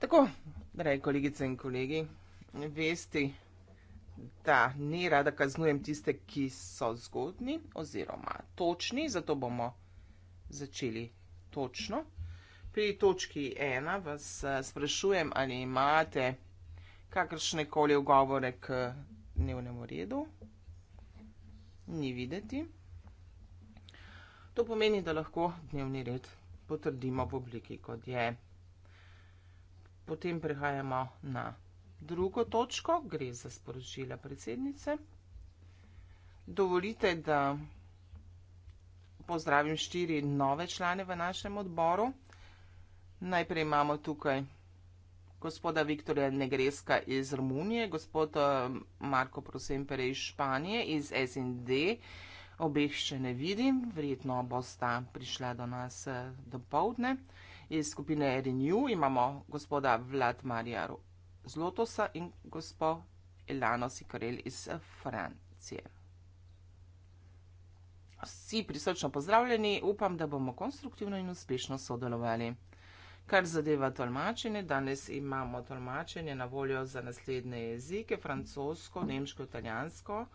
Tako, drage kolegice in kolegi, veste, da ne rada kaznujem tiste, ki so zgodni oziroma točni, zato bomo začeli točno. Pri točki ena vas eh, sprašujem, ali imate kakršne koli ugovore k dnevnemu redu. Ni videti. To pomeni, da lahko dnevni red potrdimo v obliki, kot je. Potem prehajamo na drugo točko, gre za sporočila predsednice. Dovolite, da pozdravim štiri nove člane v našem odboru. Najprej imamo tukaj gospoda Viktorja Negreska iz Romunije, gospod eh, Marko Prosemperej iz Španije, iz SND obeh še ne vidim, verjetno bosta prišla do nas eh, do povdne. Iz skupine RNU imamo gospoda Vlad Marija Zlotosa in gospo Elano Sikorel iz eh, Francije. Vsi prisrčno pozdravljeni, upam, da bomo konstruktivno in uspešno sodelovali. Kar zadeva tolmačenje, danes imamo tolmačenje na voljo za naslednje jezike, francosko, nemško, italijansko,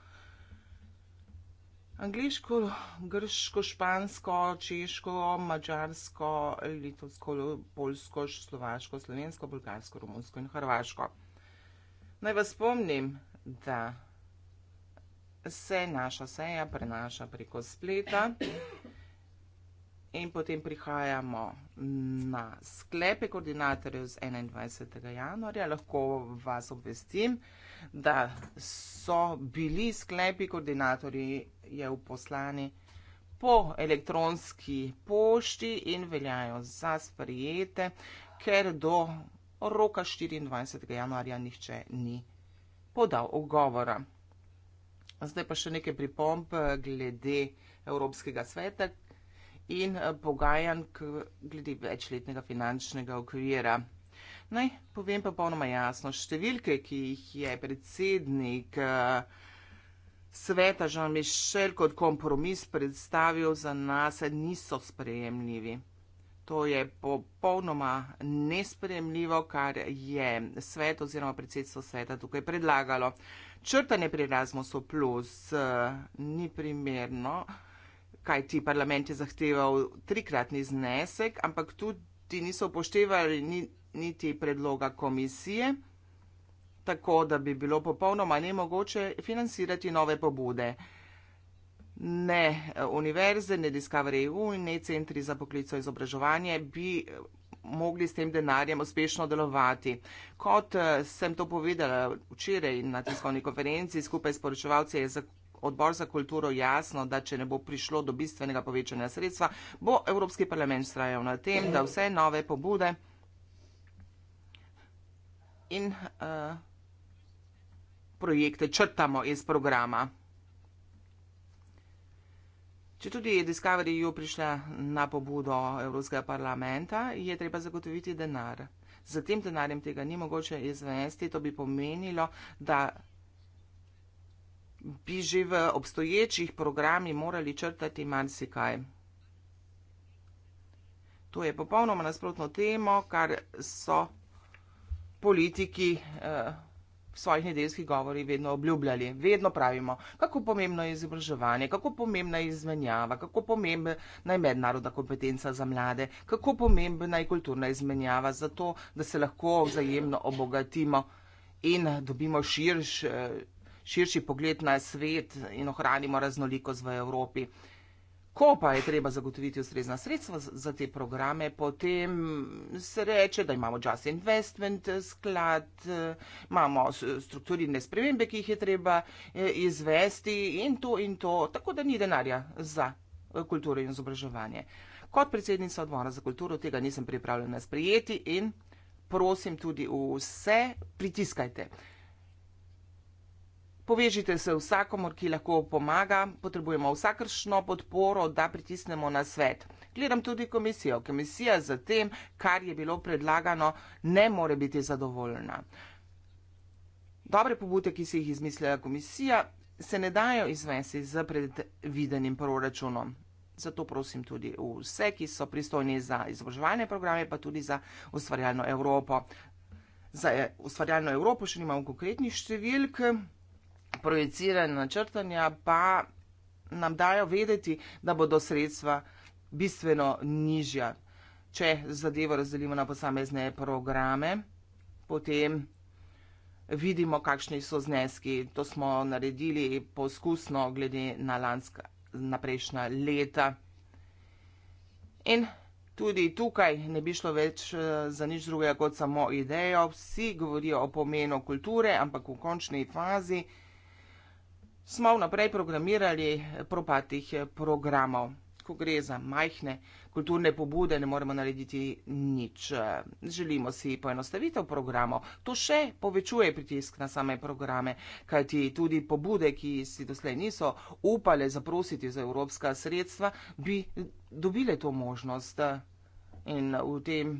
angliško, grško, špansko, češko, mađarsko, litovsko, polsko, slovaško, slovensko, bulgarsko, romunsko in hrvaško. Naj vas spomnim, da se naša seja prenaša preko spleta in potem prihajamo na sklepe koordinatorjev z 21. januarja. Lahko vas obvestim, da so bili sklepi koordinatorji je poslani po elektronski pošti in veljajo za sprijete, ker do roka 24. januarja nihče ni podal ogovora. Zdaj pa še nekaj pripomp glede Evropskega sveta in eh, pogajanj glede večletnega finančnega okvira. Naj povem pa polnoma jasno, številke, ki jih je predsednik uh, sveta Žan-Mišel kot kompromis predstavil za nas, niso sprejemljivi. To je popolnoma nespremljivo, kar je svet oziroma predsedstvo sveta tukaj predlagalo. Črtanje pri Erasmusu plus uh, ni primerno, kaj ti parlament je zahteval trikratni znesek, ampak tudi niso upoštevali ni, niti predloga komisije tako, da bi bilo popolnoma nemogoče financirati nove pobude. Ne eh, univerze, ne Discovery EU in ne centri za poklico izobraževanje bi eh, mogli s tem denarjem uspešno delovati. Kot eh, sem to povedala včeraj na tiskovni konferenci skupaj s poročevalci je za odbor za kulturo jasno, da če ne bo prišlo do bistvenega povečanja sredstva, bo Evropski parlament strajal na tem, da vse nove pobude in uh, projekte črtamo iz programa. Če tudi je Discovery EU prišla na pobudo Evropskega parlamenta, je treba zagotoviti denar. Z tem denarjem tega ni mogoče izvesti, to bi pomenilo, da bi že v obstoječih programih morali črtati marsikaj. To je popolnoma nasprotno temo, kar so politiki. Eh, svojih nedeljskih govorih vedno obljubljali, vedno pravimo, kako pomembno je izobraževanje, kako pomembna je izmenjava, kako pomembna je mednarodna kompetenca za mlade, kako pomembna je kulturna izmenjava za to, da se lahko vzajemno obogatimo in dobimo širš, eh, širši pogled na svet in ohranimo raznolikost v Evropi. Ko pa je treba zagotoviti ustrezna sredstva za te programe, potem se reče, da imamo Just Investment sklad, eh, imamo strukturirne spremembe, ki jih je treba eh, izvesti in to in to, tako da ni denarja za eh, kulturo in izobraževanje. Kot predsednica odbora za kulturo tega nisem pripravljena sprejeti in prosim tudi vse, pritiskajte. Povežite se vsakomor, ki lahko pomaga, potrebujemo vsakršno podporo, da pritisnemo na svet. Gledam tudi komisijo. Komisija za tem, kar je bilo predlagano, ne more biti zadovoljna. Dobre pobude, ki si jih izmislila komisija, se ne dajo izvesti z predvidenim proračunom. Zato prosim tudi vse, ki so pristojni za izobraževalne programe, pa tudi za ustvarjalno Evropo. Za eh, ustvarjalno Evropo še nimam konkretnih številk projiciranja črtanja, pa nam dajo vedeti, da bodo sredstva bistveno nižja. Če zadevo razdelimo na posamezne programe, potem vidimo, kakšni so zneski. To smo naredili poskusno, glede na lanska, na prejšnja leta. In tudi tukaj ne bi šlo več eh, za nič drugega kot samo idejo. Vsi govorijo o pomenu kulture, ampak v končni fazi smo vnaprej programirali propatih programov. Ko gre za majhne kulturne pobude, ne moremo narediti nič. Želimo si poenostavitev programov. To še povečuje pritisk na same programe, kajti tudi pobude, ki si doslej niso upale zaprositi za evropska sredstva, bi dobile to možnost. In v tem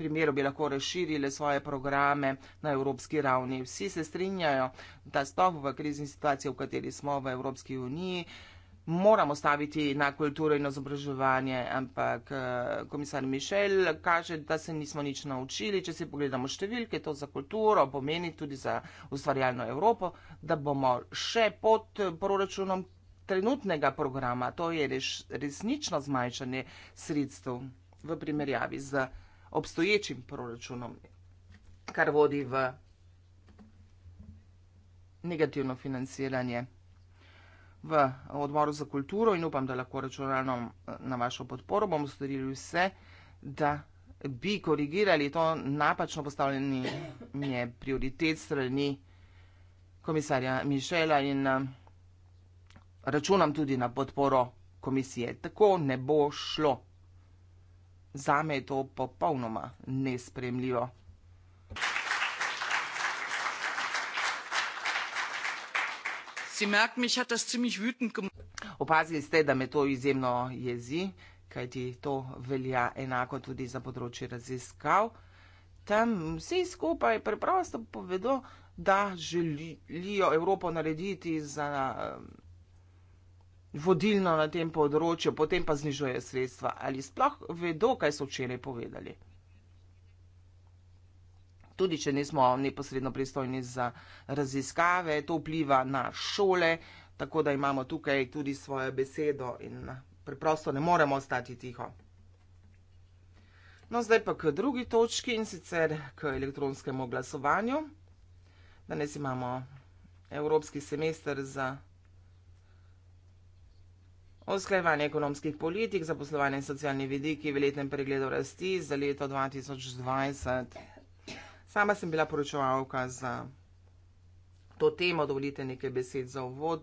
primeru bi lahko razširile svoje programe na evropski ravni. Vsi se strinjajo, da sploh v krizni situaciji, v kateri smo v Evropski uniji, moramo staviti na kulturo in izobraževanje, ampak eh, komisar Mišel kaže, da se nismo nič naučili. Če si pogledamo številke, to za kulturo pomeni tudi za ustvarjalno Evropo, da bomo še pod proračunom trenutnega programa, to je res, resnično zmanjšanje sredstev v primerjavi z obstoječim proračunom, kar vodi v negativno financiranje. V odboru za kulturo in upam, da lahko računamo eh, na vašo podporo, bomo storili vse, da bi korigirali to napačno postavljanje prioritet strani komisarja Mišela in eh, računam tudi na podporo komisije. Tako ne bo šlo. Zame je to popolnoma nespremljivo. Opazili ste, da me to izjemno jezi, kajti to velja enako tudi za področje raziskav. Tam vsi skupaj preprosto povedo, da želijo Evropo narediti za. Um, vodilna na tem področju, potem pa znižuje sredstva. Ali sploh vedo, kaj so včeraj povedali? Tudi, če nismo neposredno pristojni za raziskave, to vpliva na šole, tako da imamo tukaj tudi svojo besedo in preprosto ne moremo ostati tiho. No, zdaj pa k drugi točki in sicer k elektronskemu glasovanju. Danes imamo evropski semester za. Osklajevanje ekonomskih politik, zaposlovanje in socialni vidiki v letnem pregledu rasti za leto 2020. Sama sem bila poročevalka za to temo, dovolite nekaj besed za uvod.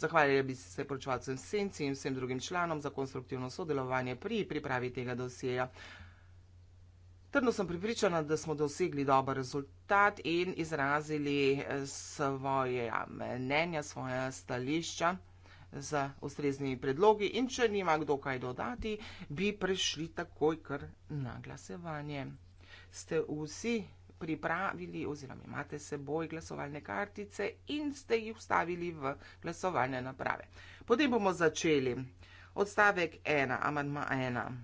Zahvaljala bi se poročevalcem Senci in vsem drugim članom za konstruktivno sodelovanje pri pripravi tega dosjeja. Trdno sem pripričana, da smo dosegli dober rezultat in izrazili eh, svoje mnenja, svoje stališča z ustreznimi predlogi in če nima kdo kaj dodati, bi prešli takoj kar na glasovanje. Ste vsi pripravili oziroma imate seboj glasovalne kartice in ste jih vstavili v glasovalne naprave. Potem bomo začeli. Odstavek 1, amadma 1.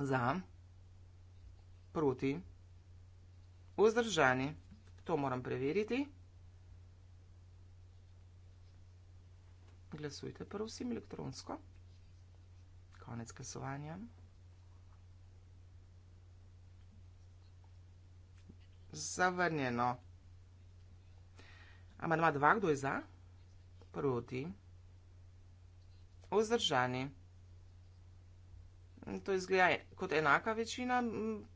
Za, proti, vzdržani, to moram preveriti. Glasujte prosim elektronsko. Konec glasovanja. Zavrnjeno. Amandma 2, kdo je za? Proti. Vzdržani. To izgleda kot enaka večina,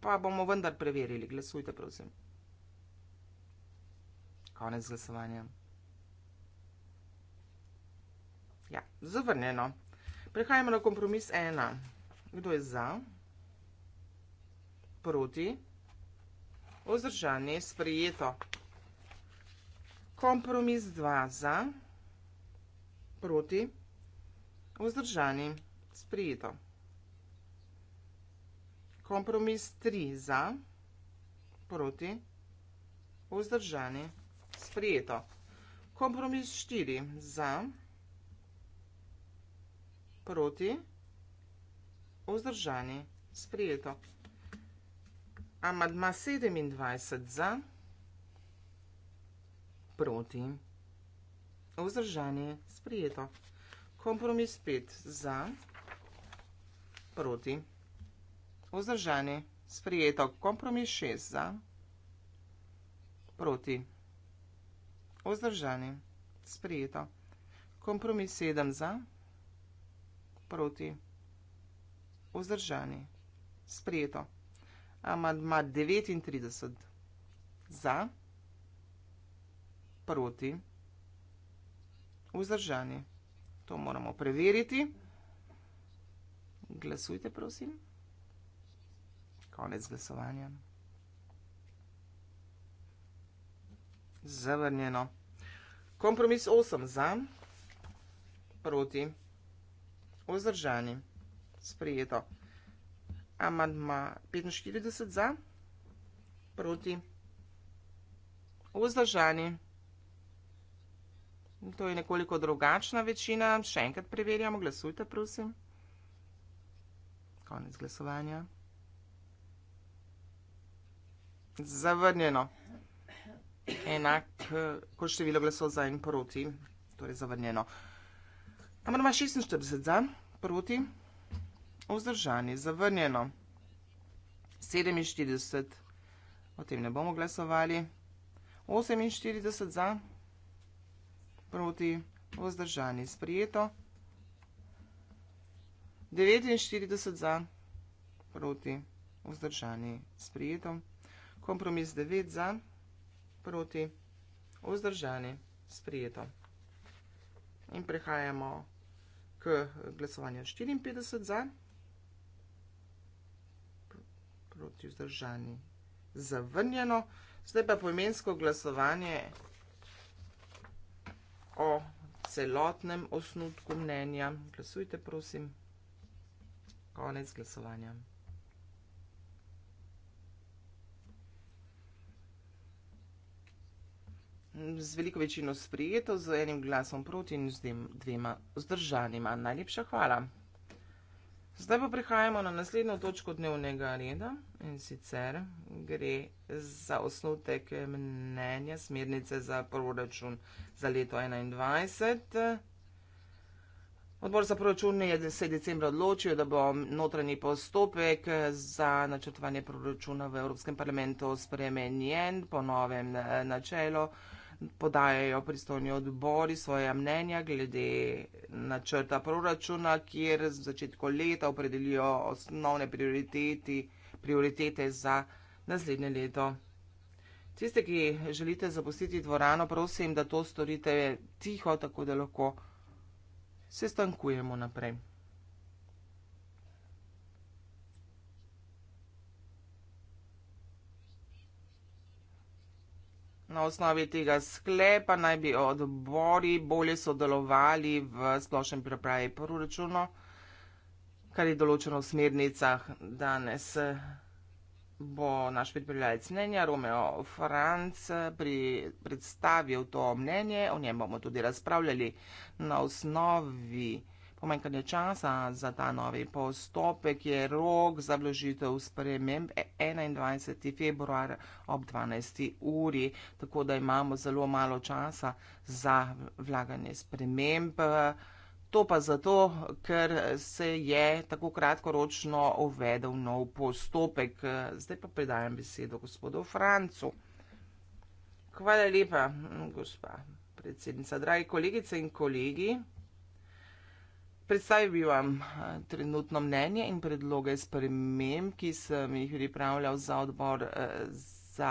pa bomo vendar preverili. Glasujte, prosim. Konec glasovanja. Ja, zavrnjeno. Prehajamo na kompromis ena. Kdo je za? Proti? Ozdržanje, sprijeto. Kompromis dva za? Proti? Ozdržanje, sprijeto. Kompromis tri za? Proti? Ozdržanje, sprijeto. Kompromis štiri za? Proti? proti, vzdržani, sprijeto. Amadma 27 za, proti, vzdržani, sprijeto. Kompromis 5 za, proti, vzdržani, sprijeto. Kompromis 6 za, proti, vzdržani, sprijeto. Kompromis 7 za, proti proti vzdržani. Sprijeto. Amadma 39 za, proti vzdržani. To moramo preveriti. Glasujte, prosim. Konec glasovanja. Zavrnjeno. Kompromis 8 za, proti vzdržani vzdržani. Sprejeto. Amandma 45 za, proti, vzdržani. To je nekoliko drugačna večina. Še enkrat preverjamo. Glasujte, prosim. Konec glasovanja. Zavrnjeno. Enako eh, kot število glasov za in proti, torej zavrnjeno. Amandma 46 za, proti, vzdržani, zavrnjeno. 47, o tem ne bomo glasovali. 48 za, proti, vzdržani, sprijeto. 49 za, proti, vzdržani, sprijeto. Kompromis 9 za, proti, vzdržani, sprijeto. In prehajamo vzdržani glasovanju 54 za, proti vzdržani zavrnjeno. Zdaj pa pojmensko glasovanje o celotnem osnutku mnenja. Glasujte, prosim. Konec glasovanja. z veliko večino sprijeto, z enim glasom proti in z dvema vzdržanima. Najlepša hvala. Zdaj pa prihajamo na naslednjo točko dnevnega reda in sicer gre za osnutek mnenja smernice za proračun za leto 2021. Odbor za proračun je 10. decembra odločil, da bo notranji postopek za načrtovanje proračuna v Evropskem parlamentu spremenjen po novem eh, načelu podajajo pristojni odbori svoje mnenja glede načrta proračuna, kjer z začetko leta opredelijo osnovne prioriteti, prioritete za naslednje leto. Tiste, ki želite zapustiti dvorano, prosim, da to storite tiho, tako da lahko sestankujemo naprej. Na osnovi tega sklepa naj bi odbori bolje sodelovali v splošnem pripravi proračuna, kar je določeno v smernicah. Danes bo naš pripravljalec mnenja Romeo Franc pri, predstavil to mnenje, o njem bomo tudi razpravljali na osnovi pomanjkanje časa za ta novi postopek je rok za vložitev sprememb 21. februar ob 12. uri, tako da imamo zelo malo časa za vlaganje sprememb. To pa zato, ker se je tako kratkoročno uvedel nov postopek. Zdaj pa predajam besedo gospodu Francu. Hvala lepa, gospa predsednica, dragi kolegice in kolegi. Predstavil bi vam eh, trenutno mnenje in predloge sprememb, ki sem jih pripravljal za odbor eh, za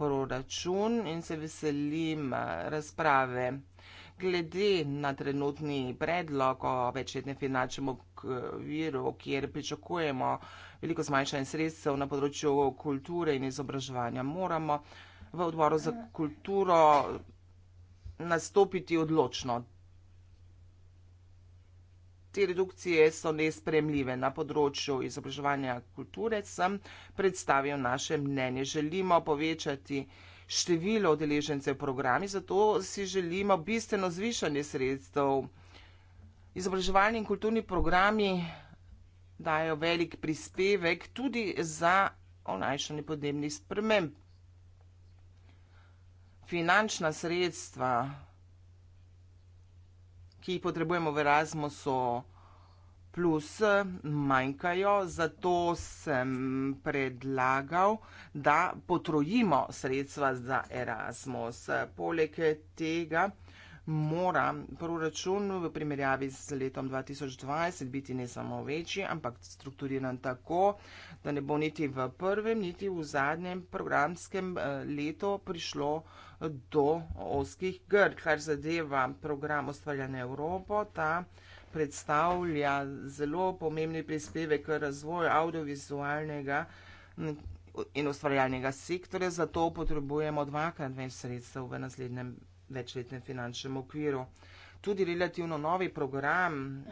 proračun in se veselim eh, razprave. Glede na trenutni predlog o večletnem finančnem okviru, kjer pričakujemo veliko zmanjšanje sredstev na področju kulture in izobraževanja, moramo v odboru za kulturo nastopiti odločno, te redukcije so nespremljive. Na področju izobraževanja kulture sem predstavil naše mnenje. Želimo povečati število odeležencev v programi, zato si želimo bistveno zvišanje sredstev. Izobraževalni in kulturni programi dajo velik prispevek tudi za olajšanje podnebnih sprememb. Finančna sredstva ki jih potrebujemo v Erasmusu, plus manjkajo, zato sem predlagal, da potrojimo sredstva za Erasmus. Poleg tega, mora proračun v primerjavi z letom 2020 biti ne samo večji, ampak strukturiran tako, da ne bo niti v prvem, niti v zadnjem programskem eh, letu prišlo do oskih grd, kar zadeva program ustvarjanja Evropo. Predstavlja zelo pomembni prispevek k razvoju audiovizualnega in ustvarjalnega sektorja, zato potrebujemo dvakrat več sredstev v naslednjem večletnem finančnem okviru. Tudi relativno novi program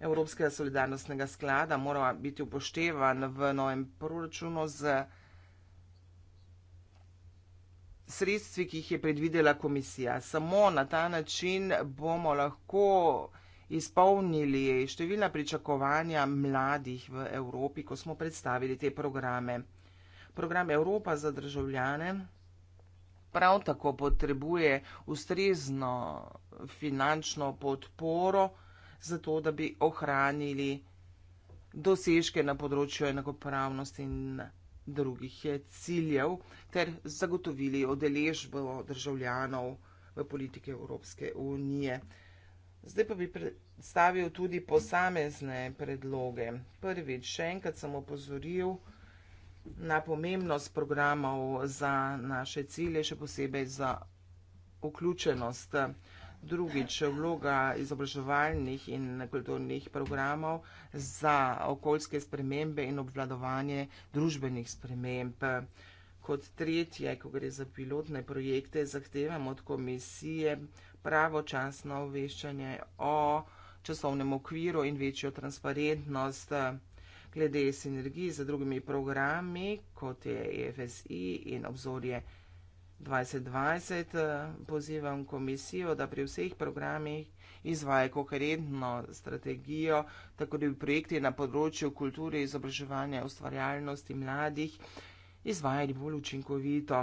Evropskega solidarnostnega sklada mora biti upoštevan v novem proračunu z sredstvi, ki jih je predvidela komisija. Samo na ta način bomo lahko izpolnili številna pričakovanja mladih v Evropi, ko smo predstavili te programe. Program Evropa za državljane prav tako potrebuje ustrezno finančno podporo, zato da bi ohranili dosežke na področju enakopravnosti in drugih ciljev ter zagotovili odeležbo državljanov v politike Evropske unije. Zdaj pa bi predstavil tudi posamezne predloge. Prvič, še enkrat sem opozoril, na pomembnost programov za naše cilje, še posebej za vključenost. Drugič, vloga izobraževalnih in kulturnih programov za okoljske spremembe in obvladovanje družbenih sprememb. Kot tretje, ko gre za pilotne projekte, zahtevamo od komisije pravočasno obveščanje o časovnem okviru in večjo transparentnost glede sinergij z drugimi programi, kot je EFSI in obzorje 2020, eh, pozivam komisijo, da pri vseh programih izvaja koherentno strategijo, tako da bi projekti na področju kulture, izobraževanja, ustvarjalnosti mladih izvajali bolj učinkovito.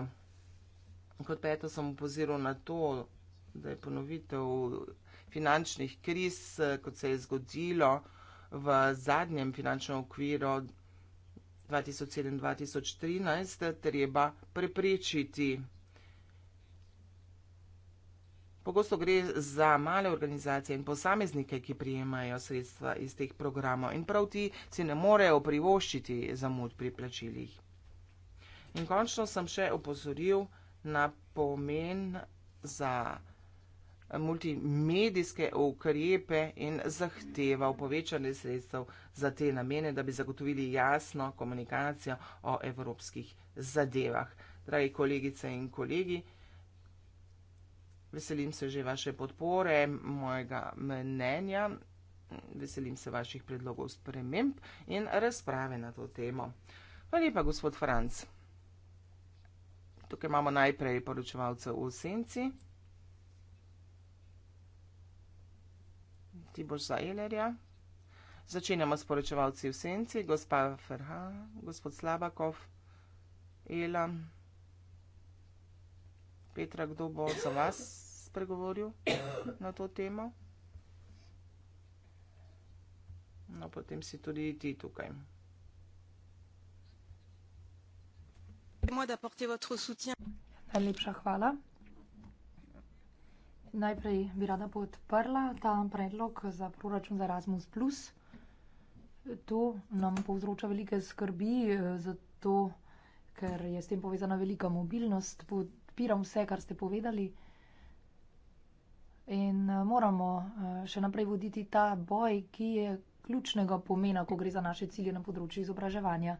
Kot peto sem upozoril na to, da je ponovitev finančnih kriz, eh, kot se je zgodilo, v zadnjem finančnem okviru 2007-2013 treba preprečiti. Pogosto gre za male organizacije in posameznike, ki prijemajo sredstva iz teh programov in prav ti si ne morejo privoščiti zamud pri plačilih. In končno sem še opozoril na pomen za multimedijske ukrepe in zahteval povečanje sredstev za te namene, da bi zagotovili jasno komunikacijo o evropskih zadevah. Dragi kolegice in kolegi, veselim se že vaše podpore, mojega mnenja, veselim se vaših predlogov sprememb in razprave na to temo. Hvala lepa, gospod Franc. Tukaj imamo najprej poročevalce v senci. Tiboša Elerja. Začenjamo s poročevalci v senci, gospa Ferha, gospod Slabakov, Ela, Petra, kdo bo za vas spregovoril na to temo? No, potem si tudi ti tukaj. Najlepša hvala. Najprej bi rada podprla ta predlog za proračun za Erasmus. To nam povzroča velike skrbi, eh, zato, ker je s tem povezana velika mobilnost. Podpiram vse, kar ste povedali. In eh, moramo eh, še naprej voditi ta boj, ki je ključnega pomena, ko gre za naše cilje na področju izobraževanja.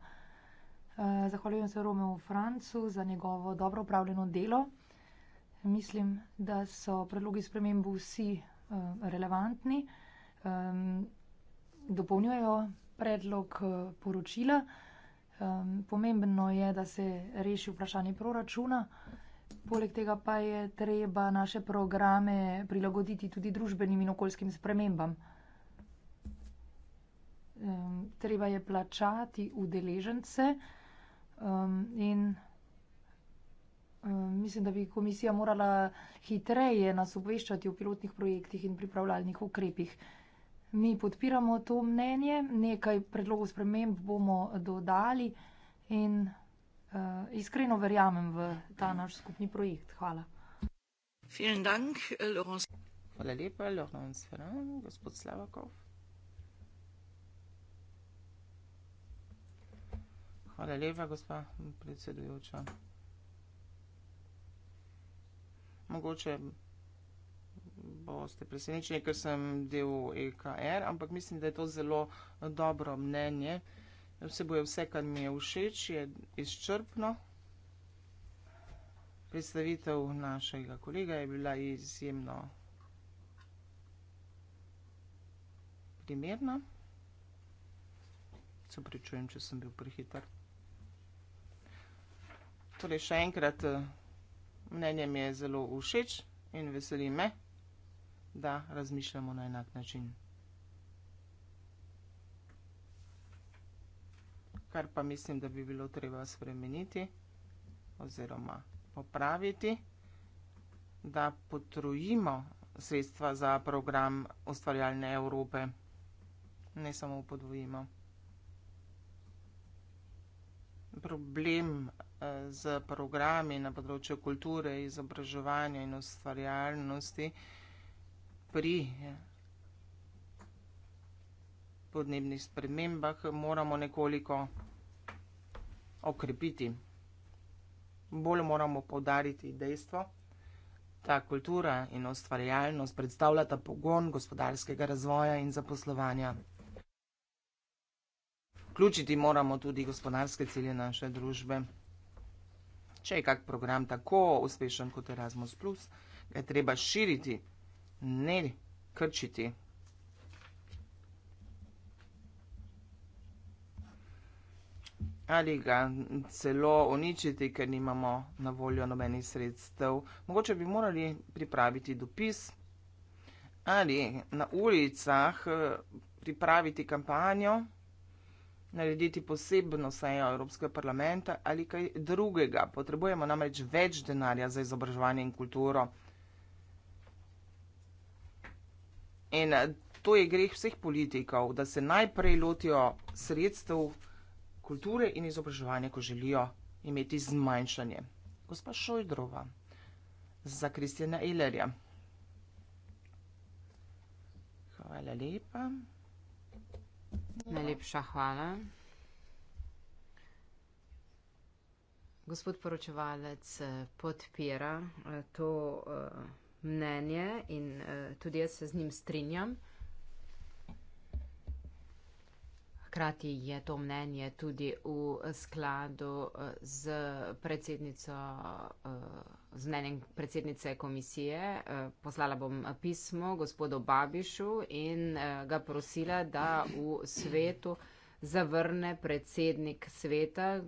Zahvaljujem se Romeo Francu za njegovo dobro upravljeno delo. Mislim, da so predlogi sprememb vsi eh, relevantni. Ehm, dopolnjujejo predlog eh, poročila. Ehm, pomembno je, da se reši vprašanje proračuna. Poleg tega pa je treba naše programe prilagoditi tudi družbenim in okoljskim spremembam. Ehm, treba je plačati udeležence in. Eh, mislim, da bi komisija morala hitreje nas obveščati o pilotnih projektih in pripravljalnih ukrepih. Mi podpiramo to mnenje, nekaj predlogov sprememb bomo dodali in uh, iskreno verjamem v ta naš skupni projekt. Hvala. Hvala lepa, Lorenz Ferran, gospod Slavakov. Hvala lepa, gospa predsedujoča mogoče boste presenečeni, ker sem del EKR, ampak mislim, da je to zelo dobro mnenje. Vse boje vse, kar mi je všeč, je izčrpno. Predstavitev našega kolega je bila izjemno primerna. Se pričujem, če sem bil prehiter. Torej, še enkrat. Eh, mnenje mi je zelo všeč in veseli me, da razmišljamo na enak način. Kar pa mislim, da bi bilo treba spremeniti oziroma popraviti, da potrojimo sredstva za program Ustvarjalne Evrope, ne samo podvojimo problem z eh, programi na področju kulture, izobraževanja in ustvarjalnosti pri eh, podnebnih spremembah moramo nekoliko okrepiti. Bolj moramo povdariti dejstvo, da kultura in ustvarjalnost predstavljata pogon gospodarskega razvoja in zaposlovanja vključiti moramo tudi gospodarske cilje naše družbe. Če je kak program tako uspešen kot Erasmus, ga je treba širiti, ne krčiti. Ali ga celo uničiti, ker nimamo na voljo nobenih sredstev. Mogoče bi morali pripraviti dopis ali na ulicah eh, pripraviti kampanjo narediti posebno sejo Evropskega parlamenta ali kaj drugega. Potrebujemo namreč več denarja za izobraževanje in kulturo. In eh, to je greh vseh politikov, da se najprej lotijo sredstev kulture in izobraževanja, ko želijo imeti zmanjšanje. Gospa Šojdrova za Kristjana Ilerja. Hvala lepa. Najlepša hvala. Gospod poročevalec eh, podpira eh, to eh, mnenje in tudi jaz se z njim strinjam. Hkrati je to mnenje tudi v skladu z predsednico z mnenjem predsednice komisije. Eh, poslala bom eh, pismo gospodu Babišu in eh, ga prosila, da v svetu zavrne predsednik sveta,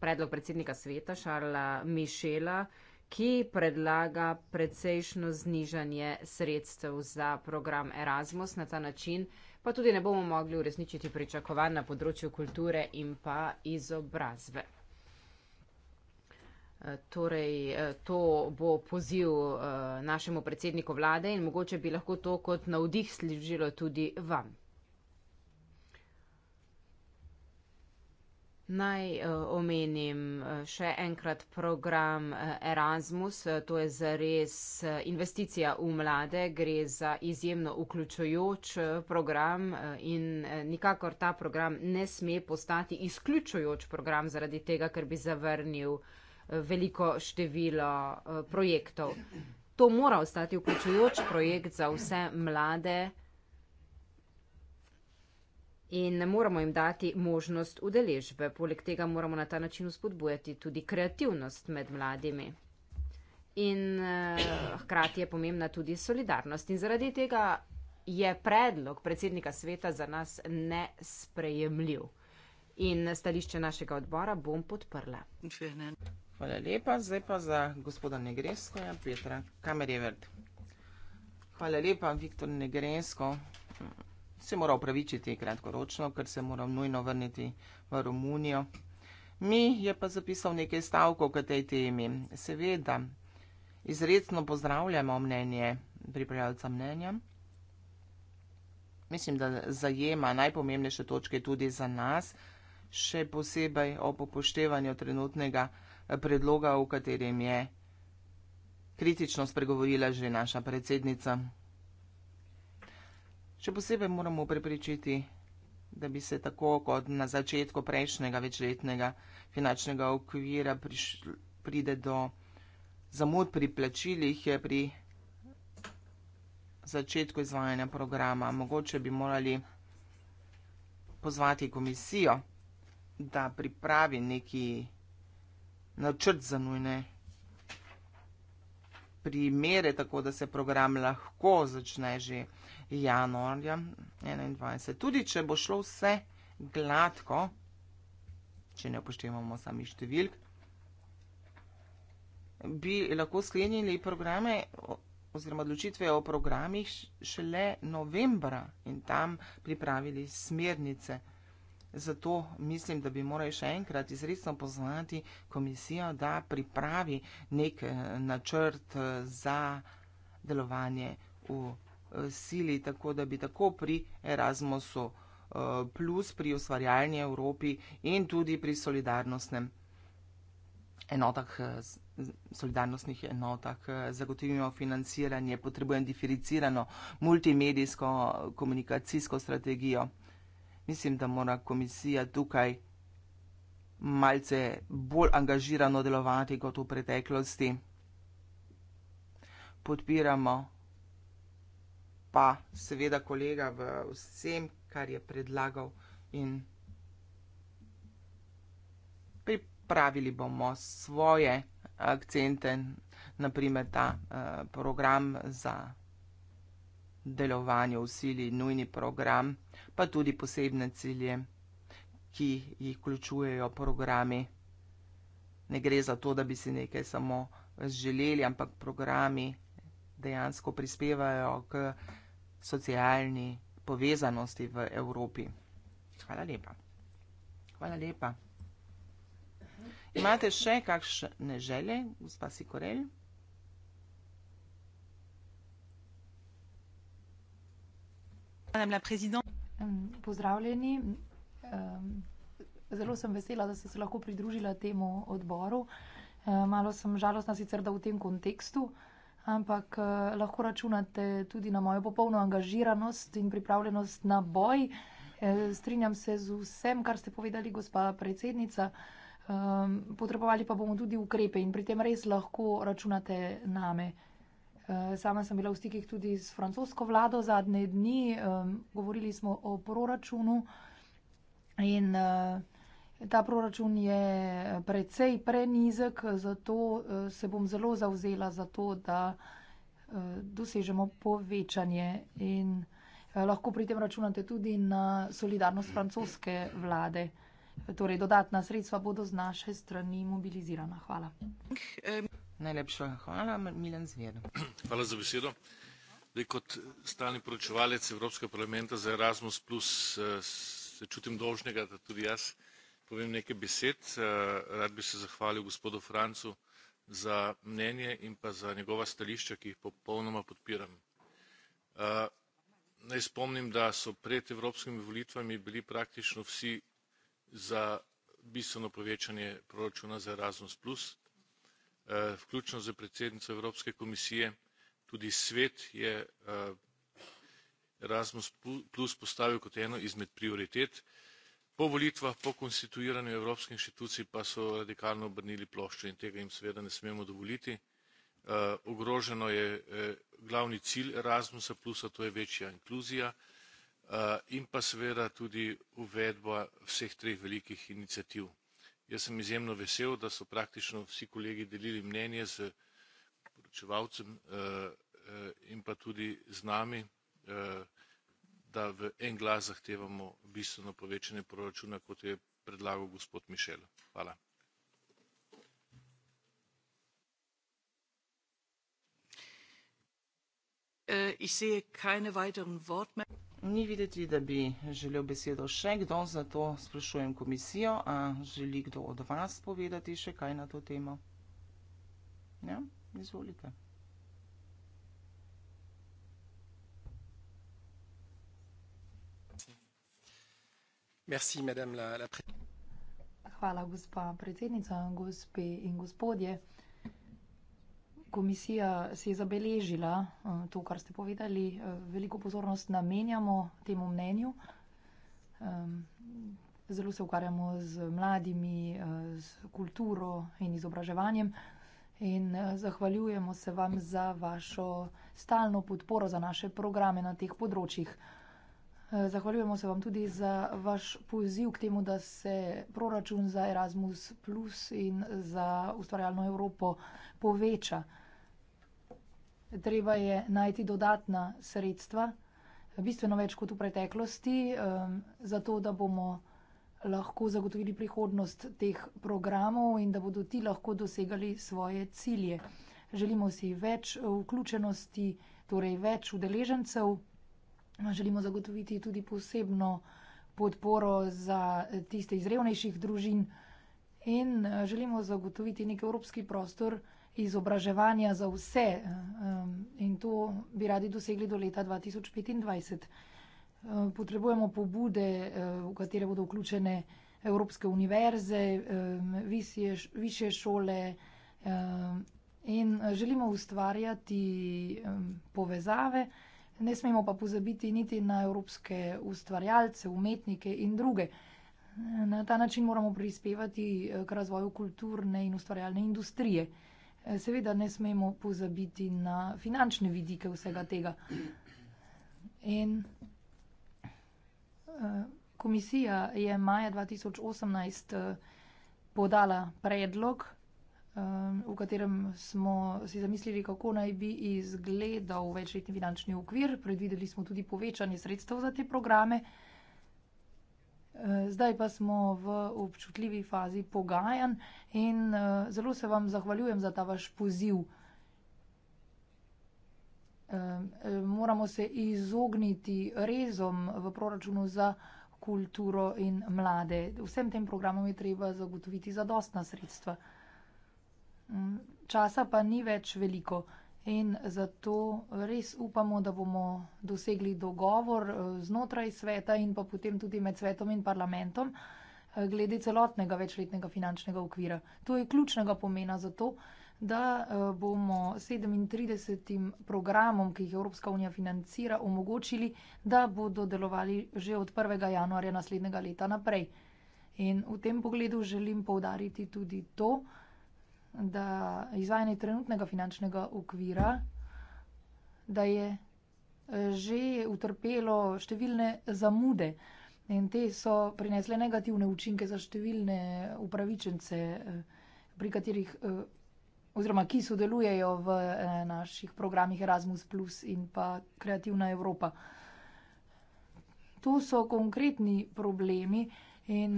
predlog predsednika sveta Šarla Mišela, ki predlaga precejšno znižanje sredstev za program Erasmus na ta način, pa tudi ne bomo mogli uresničiti pričakovanj na področju kulture in pa izobrazbe. Eh, torej, eh, to bo poziv eh, našemu predsedniku vlade in mogoče bi lahko to kot navdih služilo tudi vam. Naj omenim še enkrat program Erasmus, to je zares investicija v mlade, gre za izjemno vključujoč program in nikakor ta program ne sme postati izključujoč program zaradi tega, ker bi zavrnil veliko število eh, projektov. To mora ostati vključujoč projekt za vse mlade in ne moramo jim dati možnost udeležbe. Poleg tega moramo na ta način vzpodbujati tudi kreativnost med mladimi. In eh, hkrati je pomembna tudi solidarnost. In zaradi tega je predlog predsednika sveta za nas nesprejemljiv. In stališče našega odbora bom podprla. Fjernan. Hvala lepa. Zdaj pa za gospoda Negresko, ja, Petra Kamerjevert. Hvala lepa, Viktor Negresko. Se mora upravičiti kratkoročno, ker se mora nujno vrniti v Romunijo. Mi je pa zapisal nekaj stavkov k tej temi. Seveda, izredno pozdravljamo mnenje pripravljalca mnenja. Mislim, da zajema najpomembnejše točke tudi za nas, še posebej ob upoštevanju trenutnega predloga, v katerem je kritično spregovorila že naša predsednica. Še posebej moramo prepričiti, da bi se tako kot na začetku prejšnjega večletnega finančnega okvira prišl, pride do zamud pri plačilih, je pri začetku izvajanja programa. Mogoče bi morali pozvati komisijo, da pripravi neki načrt za nujne primere, tako da se program lahko začne že januarja 2021. Tudi če bo šlo vse gladko, če ne upoštevamo samih številk, bi lahko sklenili programe oziroma odločitve o programih šele novembra in tam pripravili smernice. Zato mislim, da bi morali še enkrat izredno pozvati komisijo, da pripravi nek eh, načrt eh, za delovanje v eh, sili, tako da bi tako pri Erasmusu plus pri ustvarjalni Evropi in tudi pri solidarnostnem enotah, solidarnostnih enotah zagotovimo financiranje, potrebujem diferencirano multimedijsko komunikacijsko strategijo mislim, da mora komisija tukaj malce bolj angažirano delovati kot v preteklosti. Podpiramo pa seveda kolega v vsem, kar je predlagal in pripravili bomo svoje akcente, naprimer ta uh, program za delovanju v sili nujni program, pa tudi posebne cilje, ki jih vključujejo programi. Ne gre za to, da bi si nekaj samo želeli, ampak programi dejansko prispevajo k socialni povezanosti v Evropi. Hvala lepa. Hvala lepa. Imate še kakšne želje, gospa Sikorelj? Madame la présidente. Pozdravljeni. Zelo sem vesela, da sem se lahko pridružila temu odboru. Malo sem žalostna sicer, da v tem kontekstu, ampak eh, lahko računate tudi na mojo popolno angažiranost in pripravljenost na boj. Eh, strinjam se z vsem, kar ste povedali, gospa predsednica. Potrebovali pa bomo tudi ukrepe in pri tem res lahko računate name. Eh, sama sem bila v stikih tudi s francosko vlado zadnje dni, govorili smo o proračunu in eh, ta proračun je precej prenizek, zato eh, se bom zelo zauzela za to, da dosežemo povečanje in lahko pri tem računate tudi na solidarnost francoske vlade. Torej, dodatna sredstva bodo z naše strani mobilizirana. Hvala. Najlepša hvala, Milan Zver. Hvala za besedo. Zdaj kot stalni poročevalec Evropskega parlamenta za Erasmus plus eh, se čutim dolžnega, da tudi jaz povem nekaj besed. Eh, rad bi se zahvalil gospodu Francu za mnenje in pa za njegova stališča, ki jih popolnoma podpiram. Eh, naj spomnim, da so pred evropskimi volitvami bili praktično vsi za bistveno povečanje proračuna za Erasmus plus. Eh, vključno s predsednico evropske komisije tudi svet je eh, erasmus postavil kot eno izmed prioritet po volitvah po konstituiranju evropskih inštitucij pa so radikalno obrnili ploščo in tega jim seveda ne smemo dovoliti. Eh, ogroženo je glavni cilj erasmusa to je večja inkluzija in pa seveda tudi uvedba vseh treh velikih iniciativ. Jaz sem izjemno vesel, da so praktično vsi kolegi delili mnenje z poročevalcem eh, eh, in pa tudi z nami, eh, da v en glas zahtevamo bistveno povečanje proračuna, kot je predlagal gospod Mišel. Hvala. Äh, ich sehe keine weiteren Wortmeldungen. Ni videti, da bi želel besedo še kdo, zato sprašujem komisijo, a želi kdo od vas povedati še kaj na to temo? Ja, izvolite. Merci, madame la, la... Hvala, gospa predsednica, gospe in gospodje komisija se je zabeležila eh, to, kar ste povedali. Eh, veliko pozornost namenjamo temu mnenju. Zelo se ukvarjamo z mladimi, eh, z kulturo in izobraževanjem. In zahvaljujemo se vam za vašo stalno podporo za naše programe na teh področjih. Eh, zahvaljujemo se vam tudi za vaš poziv k temu, da se proračun za Erasmus Plus in za ustvarjalno Evropo poveča. Treba je najti dodatna sredstva, bistveno več kot v preteklosti, eh, zato da bomo lahko zagotovili prihodnost teh programov in da bodo ti lahko dosegali svoje cilje. Želimo si več eh, vključenosti, torej več udeležencev želimo zagotoviti tudi posebno podporo za tiste iz revnejših družin in eh, želimo zagotoviti nek evropski prostor izobraževanja za vse eh, in to bi radi dosegli do leta 2025. Eh, potrebujemo pobude, v katere bodo vključene evropske univerze, više šole in želimo ustvarjati povezave. Ne smemo pa pozabiti niti na evropske ustvarjalce, umetnike in druge. Na ta način moramo prispevati eh, k razvoju kulturne in ustvarjalne industrije. Eh, seveda ne smemo pozabiti na finančne vidike vsega tega. In eh, komisija je maja 2018 podala predlog v katerem smo si zamislili, kako naj bi izgledal večletni finančni okvir. Predvideli smo tudi povečanje sredstev za te programe. Zdaj pa smo v občutljivi fazi pogajanj in zelo se vam zahvaljujem za ta vaš poziv. Moramo se izogniti rezom v proračunu za kulturo in mlade. Vsem tem programom je treba zagotoviti zadostna sredstva. Mm, časa pa ni več veliko in zato res upamo, da bomo dosegli dogovor eh, znotraj sveta in pa potem tudi med svetom in parlamentom eh, glede celotnega večletnega finančnega okvira. To je ključnega pomena za to, da eh, bomo 37. programom, ki jih Evropska unija financira, omogočili, da bodo delovali že od 1. januarja naslednjega leta naprej. In v tem pogledu želim povdariti tudi to, da izvajanje trenutnega finančnega okvira, da je eh, že utrpelo številne zamude in te so prinesle negativne učinke za številne upravičence, eh, pri katerih eh, oziroma ki sodelujejo v naših programih Erasmus Plus in pa Kreativna Evropa. Tu so konkretni problemi in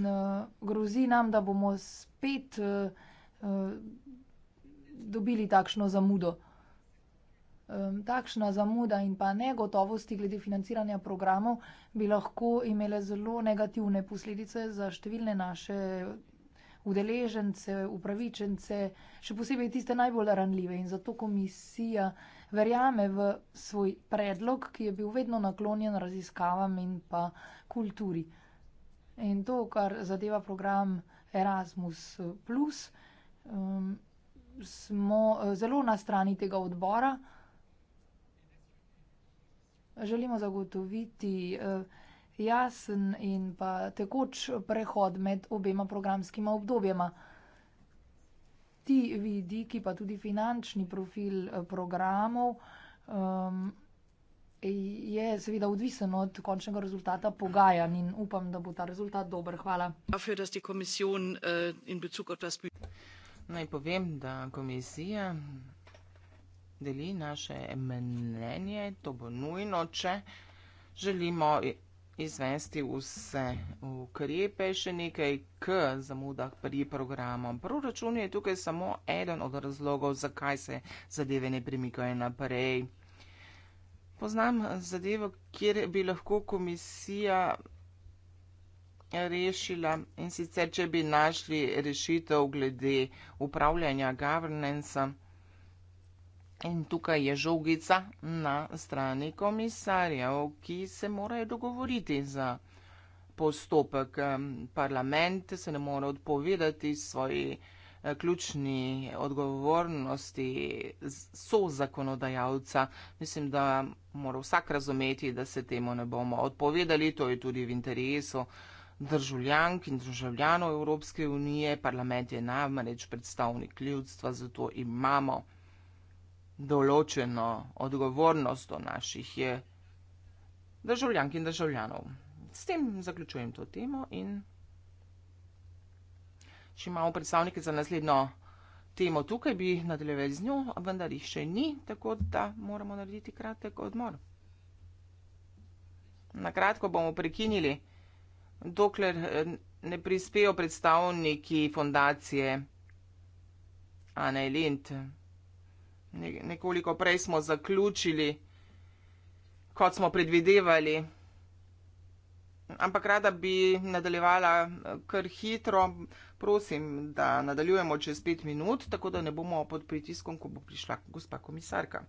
grozi nam, da bomo spet Eh, dobili takšno zamudo. Takšna zamuda in pa negotovosti glede financiranja programov bi lahko imele zelo negativne posledice za številne naše udeležence, upravičence, še posebej tiste najbolj ranljive. In zato komisija verjame v svoj predlog, ki je bil vedno naklonjen raziskavam in pa kulturi. In to, kar zadeva program Erasmus, um, smo eh, zelo na strani tega odbora. Želimo zagotoviti uh, jasen in pa tekoč prehod med obema programskima obdobjema. Ti vidiki, pa tudi finančni profil eh, programov, um, je seveda odvisen od končnega rezultata pogajanj in upam, da bo ta rezultat dober. Hvala. Dafür, Naj povem, da komisija deli naše mnenje, to bo nujno, če želimo izvesti vse ukrepe, še nekaj k zamudah pri programu. Proračun je tukaj samo eden od razlogov, zakaj se zadeve ne premikajo naprej. Poznam zadevo, kjer bi lahko komisija rešila in sicer, če bi našli rešitev glede upravljanja governance. In tukaj je žogica na strani komisarjev, ki se morajo dogovoriti za postopek. Parlament se ne more odpovedati svoji eh, ključni odgovornosti so zakonodajalca. Mislim, da mora vsak razumeti, da se temu ne bomo odpovedali, to je tudi v interesu državljank in državljanov Evropske unije, parlament je namreč predstavnik ljudstva, zato imamo določeno odgovornost do naših eh, državljank in državljanov. S tem zaključujem to temo in če imamo predstavnike za naslednjo temo tukaj, bi nadaljevali z njo, vendar jih še ni, tako da moramo narediti kratek odmor. Na kratko bomo prekinili dokler eh, ne prispejo predstavniki fondacije Ane Lind. Nekoliko prej smo zaključili, kot smo predvidevali, ampak rada bi nadaljevala eh, kar hitro. Prosim, da nadaljujemo čez pet minut, tako da ne bomo pod pritiskom, ko bo prišla gospa komisarka.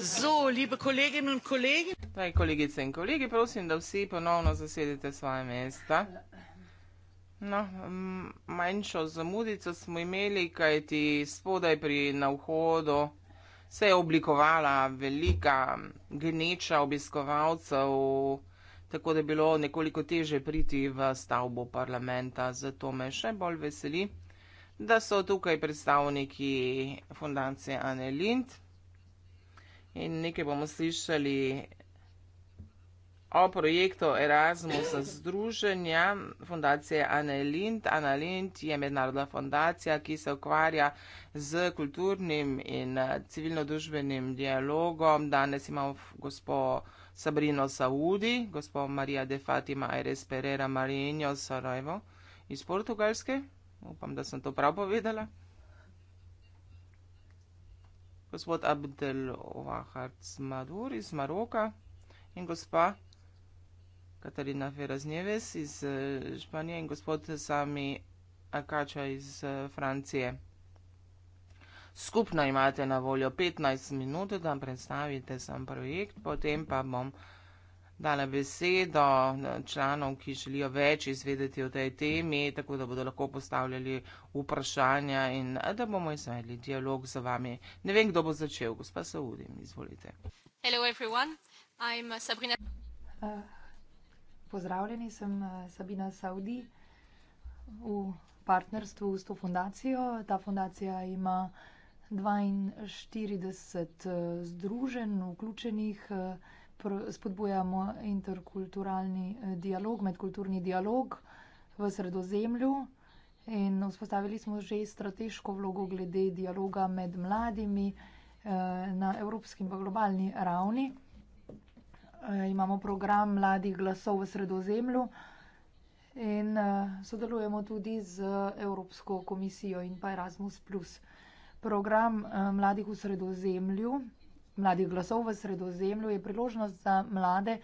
So, liebe Kolleginnen und Kollegen. Drage kolegice in kolegi, prosim, da vsi ponovno zasedete svoje mesta. No, manjšo zamudico smo imeli, kajti spodaj pri navhodu se je oblikovala velika gneča obiskovalcev, tako da je bilo nekoliko teže priti v stavbo parlamenta. Zato me še bolj veseli, da so tukaj predstavniki fundacije Anne Lind. In nekaj bomo slišali o projektu Erasmusa združenja fundacije Ana Lind. Ana Lind je mednarodna fundacija, ki se ukvarja z kulturnim in eh, civilno-družbenim dialogom. Danes imamo gospo Sabrino Saudi, gospo Marija de Fatima Aires Pereira Marinho Sarajevo iz Portugalske. Upam, da sem to prav povedala gospod Abdel Ovahard Smadur iz Maroka in gospa Katarina Ferazneves iz eh, Španije in gospod Sami Akača iz eh, Francije. Skupno imate na voljo 15 minut, da predstavite sam projekt, potem pa bom dala besedo eh, članom, ki želijo več izvedeti o tej temi, tako da bodo lahko postavljali vprašanja in eh, da bomo izvedli dialog z vami. Ne vem, kdo bo začel, gospa Saudim, izvolite. Hello everyone, I'm eh, Sabrina. Pozdravljeni, sem Sabina Saudi v partnerstvu s to fundacijo. Ta fundacija ima 42 združen, vključenih spodbujamo interkulturalni eh, dialog, medkulturni dialog v sredozemlju in vzpostavili smo že strateško vlogo glede dialoga med mladimi eh, na evropski in pa globalni ravni. Eh, imamo program mladih glasov v sredozemlju in sodelujemo tudi z Evropsko komisijo in pa Erasmus. Program mladih v sredozemlju Mladih glasov v sredozemlju je priložnost za mlade,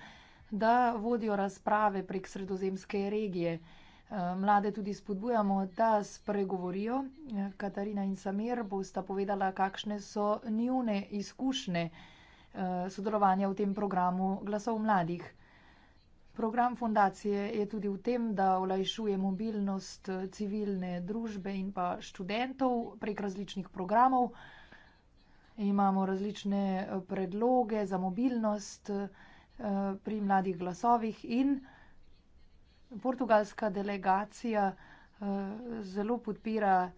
da vodijo razprave prek sredozemske regije. Eh, mlade tudi spodbujamo, da spregovorijo. Eh, Katarina in Samir bosta povedala, kakšne so njune izkušnje eh, sodelovanja v tem programu glasov mladih. Program fundacije je tudi v tem, da olajšuje mobilnost civilne družbe in pa študentov prek različnih programov imamo različne eh, predloge za mobilnost eh, pri mladih glasovih in portugalska delegacija eh, zelo podpira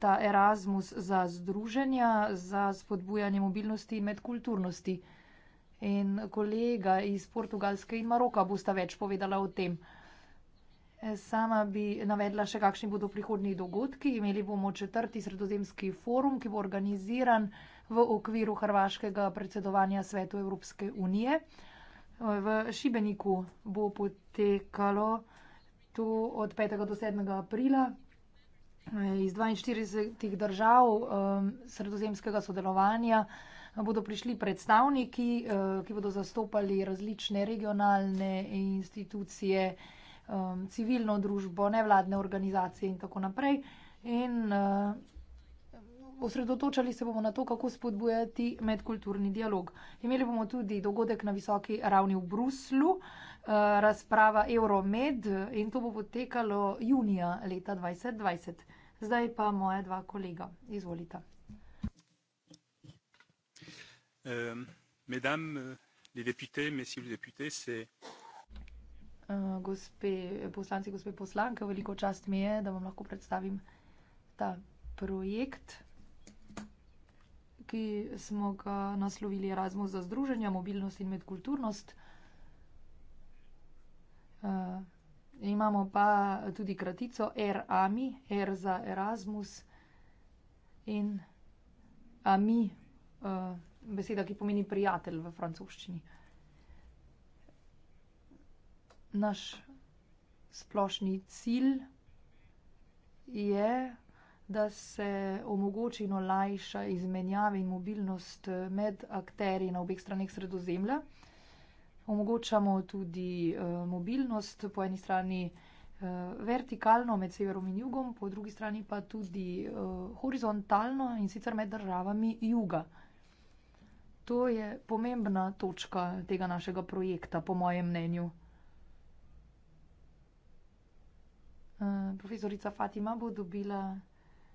ta Erasmus za združenja, za spodbujanje mobilnosti in medkulturnosti. In kolega iz Portugalske in Maroka bosta več povedala o tem. Sama bi navedla še, kakšni bodo prihodnji dogodki. Imeli bomo četrti sredozemski forum, ki bo organiziran v okviru hrvaškega predsedovanja svetu Evropske unije. V Šibeniku bo potekalo to od 5. do 7. aprila iz 42 držav um, sredozemskega sodelovanja. Bodo prišli predstavniki, uh, ki bodo zastopali različne regionalne institucije, um, civilno družbo, nevladne organizacije in tako naprej. In uh, osredotočali se bomo na to, kako spodbujati medkulturni dialog. Imeli bomo tudi dogodek na visoki ravni v Bruslu, uh, razprava Euromed in to bo potekalo junija leta 2020. Zdaj pa moja dva kolega. Izvolite. Euh, um, Mesdames, euh, les députés, messieurs les députés, c'est Eh, gospe poslanci, gospe poslanke, veliko čast mi je, da vam lahko predstavim ta projekt, ki smo ga naslovili Erasmus za združenja, mobilnost in medkulturnost. Uh, imamo pa tudi kratico RAMI, R za Erasmus in AMI, uh, beseda, ki pomeni prijatelj v francoščini naš splošni cilj je, da se omogoči in olajša izmenjave in mobilnost med akteri na obeh straneh sredozemlja. Omogočamo tudi eh, mobilnost po eni strani eh, vertikalno med severom in jugom, po drugi strani pa tudi eh, horizontalno in sicer med državami juga. To je pomembna točka tega našega projekta, po mojem mnenju. Eh, profesorica Fatima bo dobila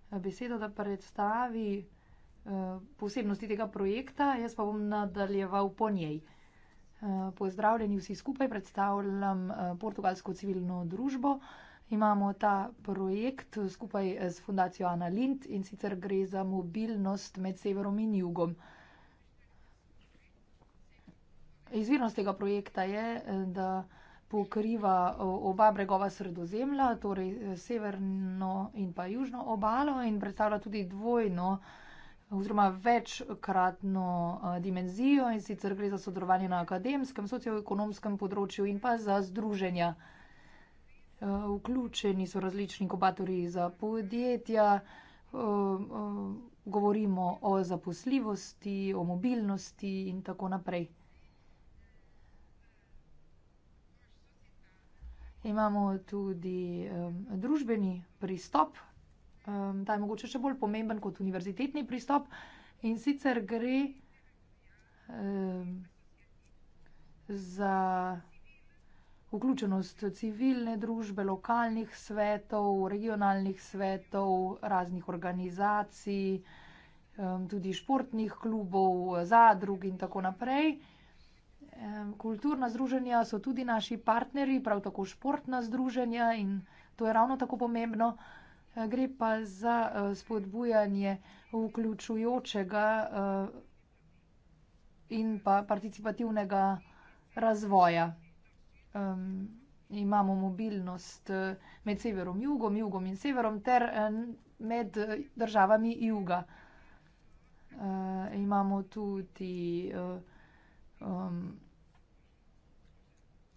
eh, besedo, da predstavi eh, posebnosti tega projekta, jaz pa bom nadaljeval po njej. Pozdravljeni vsi skupaj, predstavljam portugalsko civilno družbo. Imamo ta projekt skupaj s fundacijo Ana Lind in sicer gre za mobilnost med severom in jugom. Izvirnost tega projekta je, da pokriva oba bregova sredozemlja, torej eh, severno in pa južno obalo in predstavlja tudi dvojno oziroma večkratno eh, dimenzijo in sicer gre za sodelovanje na akademskem, socioekonomskem področju in pa za združenja. Eh, vključeni so različni inkubatorji za podjetja, govorimo o zaposljivosti, o mobilnosti in tako naprej. Imamo tudi um, družbeni pristop, um, ta je mogoče še bolj pomemben kot univerzitetni pristop in sicer gre um, za vključenost civilne družbe, lokalnih svetov, regionalnih svetov, raznih organizacij, um, tudi športnih klubov, zadrug in tako naprej. Kulturna združenja so tudi naši partnerji, prav tako športna združenja in to je ravno tako pomembno. Eh, gre pa za eh, spodbujanje vključujočega eh, in pa participativnega razvoja. Imamo mobilnost med severom in jugom, jugom in severom ter med državami juga. Imamo tudi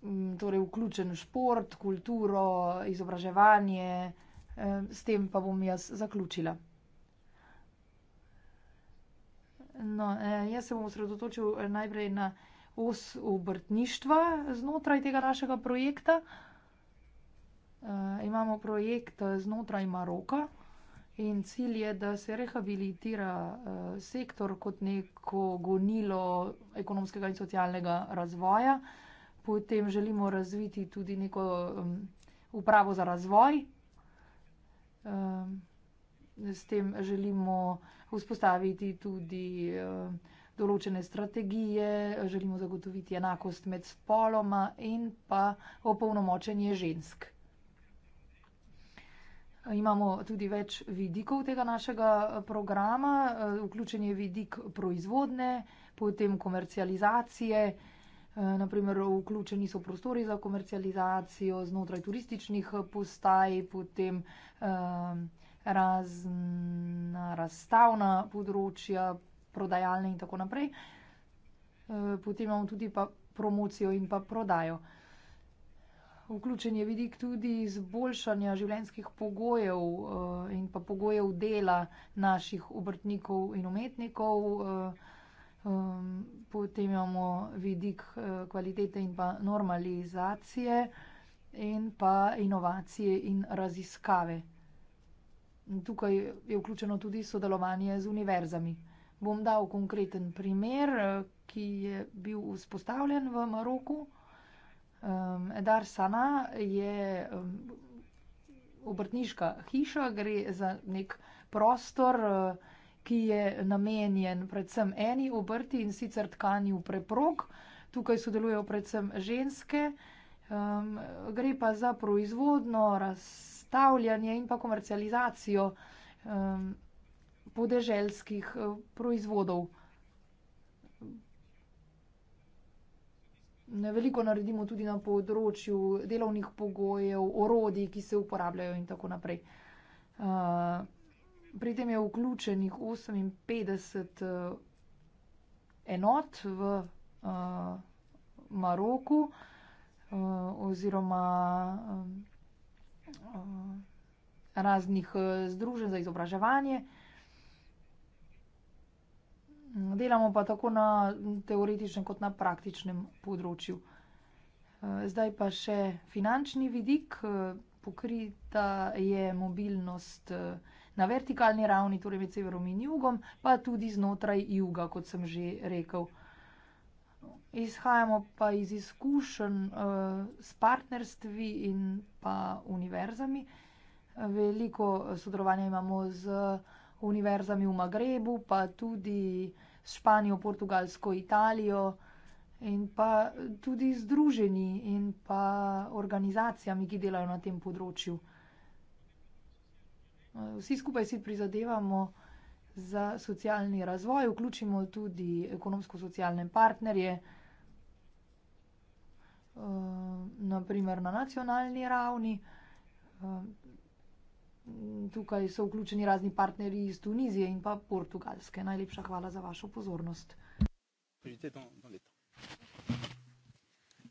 Mm, torej vključen v šport, kulturo, izobraževanje, eh, s tem pa bom jaz zaključila. No, eh, jaz se bom osredotočil eh, najprej na os obrtništva znotraj tega našega projekta. Imamo projekt znotraj Maroka in cilj je, da se rehabilitira sektor kot neko gonilo ekonomskega in socialnega razvoja potem želimo razviti tudi neko um, upravo za razvoj. Um, s tem želimo vzpostaviti tudi um, določene strategije, želimo zagotoviti enakost med spoloma in pa opolnomočenje žensk. Imamo tudi več vidikov tega našega uh, programa, uh, vključen je vidik proizvodne, potem komercializacije, Eh, naprimer vključeni so prostori za komercializacijo znotraj turističnih postaj, potem eh, razna razstavna področja, prodajalne in tako naprej. Eh, potem imamo tudi pa promocijo in pa prodajo. Vključen je vidik tudi izboljšanja življenjskih pogojev in pa pogojev dela naših obrtnikov in umetnikov. Um, potem imamo vidik uh, kvalitete in pa normalizacije in pa inovacije in raziskave. Tukaj je vključeno tudi sodelovanje z univerzami. Bom dal konkreten primer, eh, ki je bil vzpostavljen v Maroku. Um, Dar Sana je um, obrtniška hiša, gre za nek prostor. Uh, ki je namenjen predvsem eni obrti in sicer tkanju preprog. Tukaj sodelujejo predvsem ženske. Um, gre pa za proizvodno razstavljanje in pa komercializacijo um, podeželskih uh, proizvodov. Ne veliko naredimo tudi na področju delovnih pogojev, orodij, ki se uporabljajo in tako naprej. Uh, Pri tem je vključenih 58 uh, eh, enot v uh, Maroku uh, oziroma uh, raznih združenj za izobraževanje. Delamo pa tako na teoretičnem kot na praktičnem področju. Zdaj pa še finančni vidik. Pokrita je mobilnost. Uh, na vertikalni ravni, torej med severom in jugom, pa tudi znotraj juga, kot sem že rekel. No, izhajamo pa iz izkušenj eh, s partnerstvi in pa univerzami. Veliko eh, sodelovanja imamo z eh, univerzami v Magrebu, pa tudi s Španijo, Portugalsko, Italijo in pa tudi združeni in pa organizacijami, ki delajo na tem področju. Vsi skupaj si prizadevamo za socialni razvoj, vključimo tudi ekonomsko-socialne partnerje, eh, naprimer na nacionalni ravni. Eh, tukaj so vključeni razni partnerji iz Tunizije in pa Portugalske. Najlepša hvala za vašo pozornost.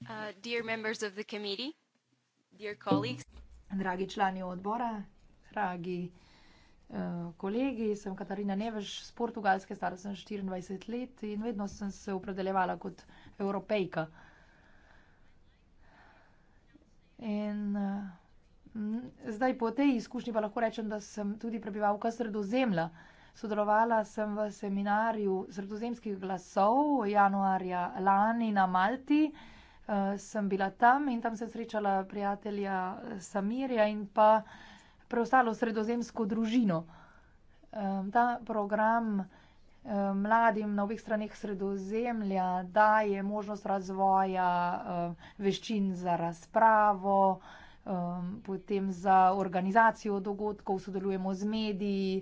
Uh, Dragi člani odbora, dragi eh, kolegi. Sem Katarina Neveš z Portugalske, stara sem 24 let in vedno sem se opredeljevala kot evropejka. In eh, zdaj po tej izkušnji pa lahko rečem, da sem tudi prebivalka sredozemlja. Sodelovala sem v seminarju sredozemskih glasov januarja lani na Malti. Eh, sem bila tam in tam sem srečala prijatelja Samirja in pa uh, preostalo sredozemsko družino. Ta program mladim na obeh straneh sredozemlja daje možnost razvoja veščin za razpravo, potem za organizacijo dogodkov, sodelujemo z mediji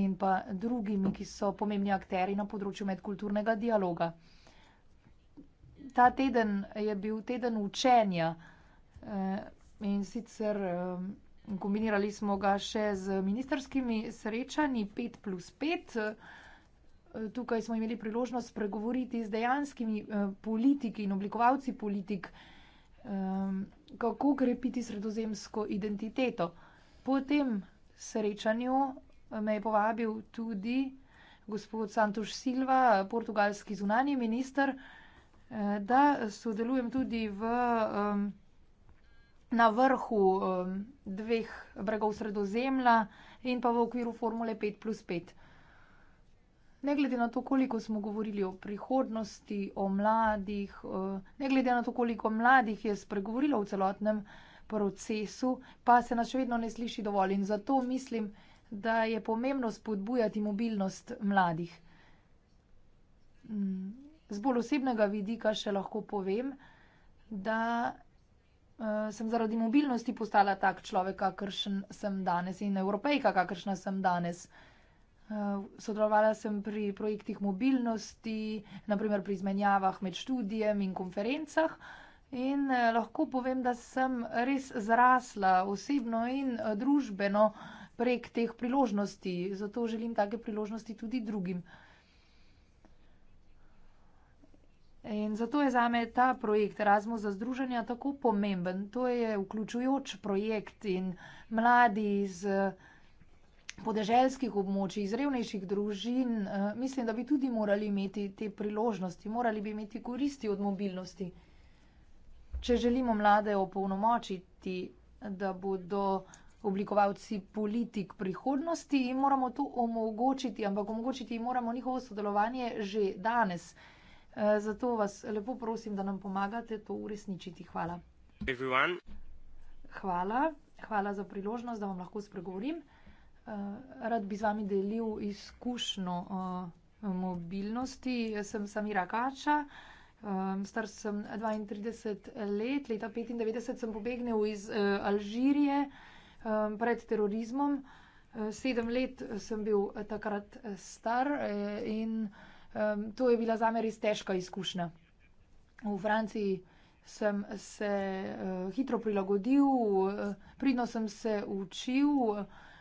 in pa drugimi, ki so pomembni akteri na področju medkulturnega dialoga. Ta teden je bil teden učenja in sicer kombinirali smo ga še z ministerskimi srečanji 5 plus 5. Tukaj smo imeli priložnost pregovoriti z dejanskimi eh, politiki in oblikovalci politik, ehm, kako krepiti sredozemsko identiteto. Po tem srečanju me je povabil tudi gospod Santoš Silva, portugalski zunani minister, eh, da sodelujem tudi v, ehm, na vrhu ehm, dveh bregov sredozemlja in pa v okviru formule 5 plus 5. Ne glede na to, koliko smo govorili o prihodnosti, o mladih, eh, ne glede na to, koliko mladih je spregovorilo v celotnem procesu, pa se nas še vedno ne sliši dovolj in zato mislim, da je pomembno spodbujati mobilnost mladih. Mm, z bolj osebnega vidika še lahko povem, da uh, sem zaradi mobilnosti postala tak človek, kakršen sem danes in evropejka, kakršna sem danes. Uh, sodelovala sem pri projektih mobilnosti, naprimer pri izmenjavah med študijem in konferencah. In eh, lahko povem, da sem res zrasla osebno in družbeno prek teh priložnosti, zato želim take priložnosti tudi drugim. In zato je zame ta projekt Razmo za združenja tako pomemben. To je vključujoč projekt in mladi iz eh, podeželskih območij, iz revnejših družin, eh, mislim, da bi tudi morali imeti te priložnosti, morali bi imeti koristi od mobilnosti. Če želimo mlade opolnomočiti, da bodo oblikovalci politik prihodnosti, jim moramo to omogočiti, ampak omogočiti jim moramo njihovo sodelovanje že danes. Eh, zato vas lepo prosim, da nam pomagate to uresničiti. Hvala. Hvala. Hvala za priložnost, da vam lahko spregovorim. Eh, rad bi z vami delil izkušnjo eh, mobilnosti. Jaz sem Samira Kača, star sem 32 let, leta 95 sem pobegnil iz Alžirije pred terorizmom. Sedem let sem bil takrat star in. Um, to je bila za me res težka izkušnja. V Franciji sem se uh, hitro prilagodil, uh, pridno sem se učil,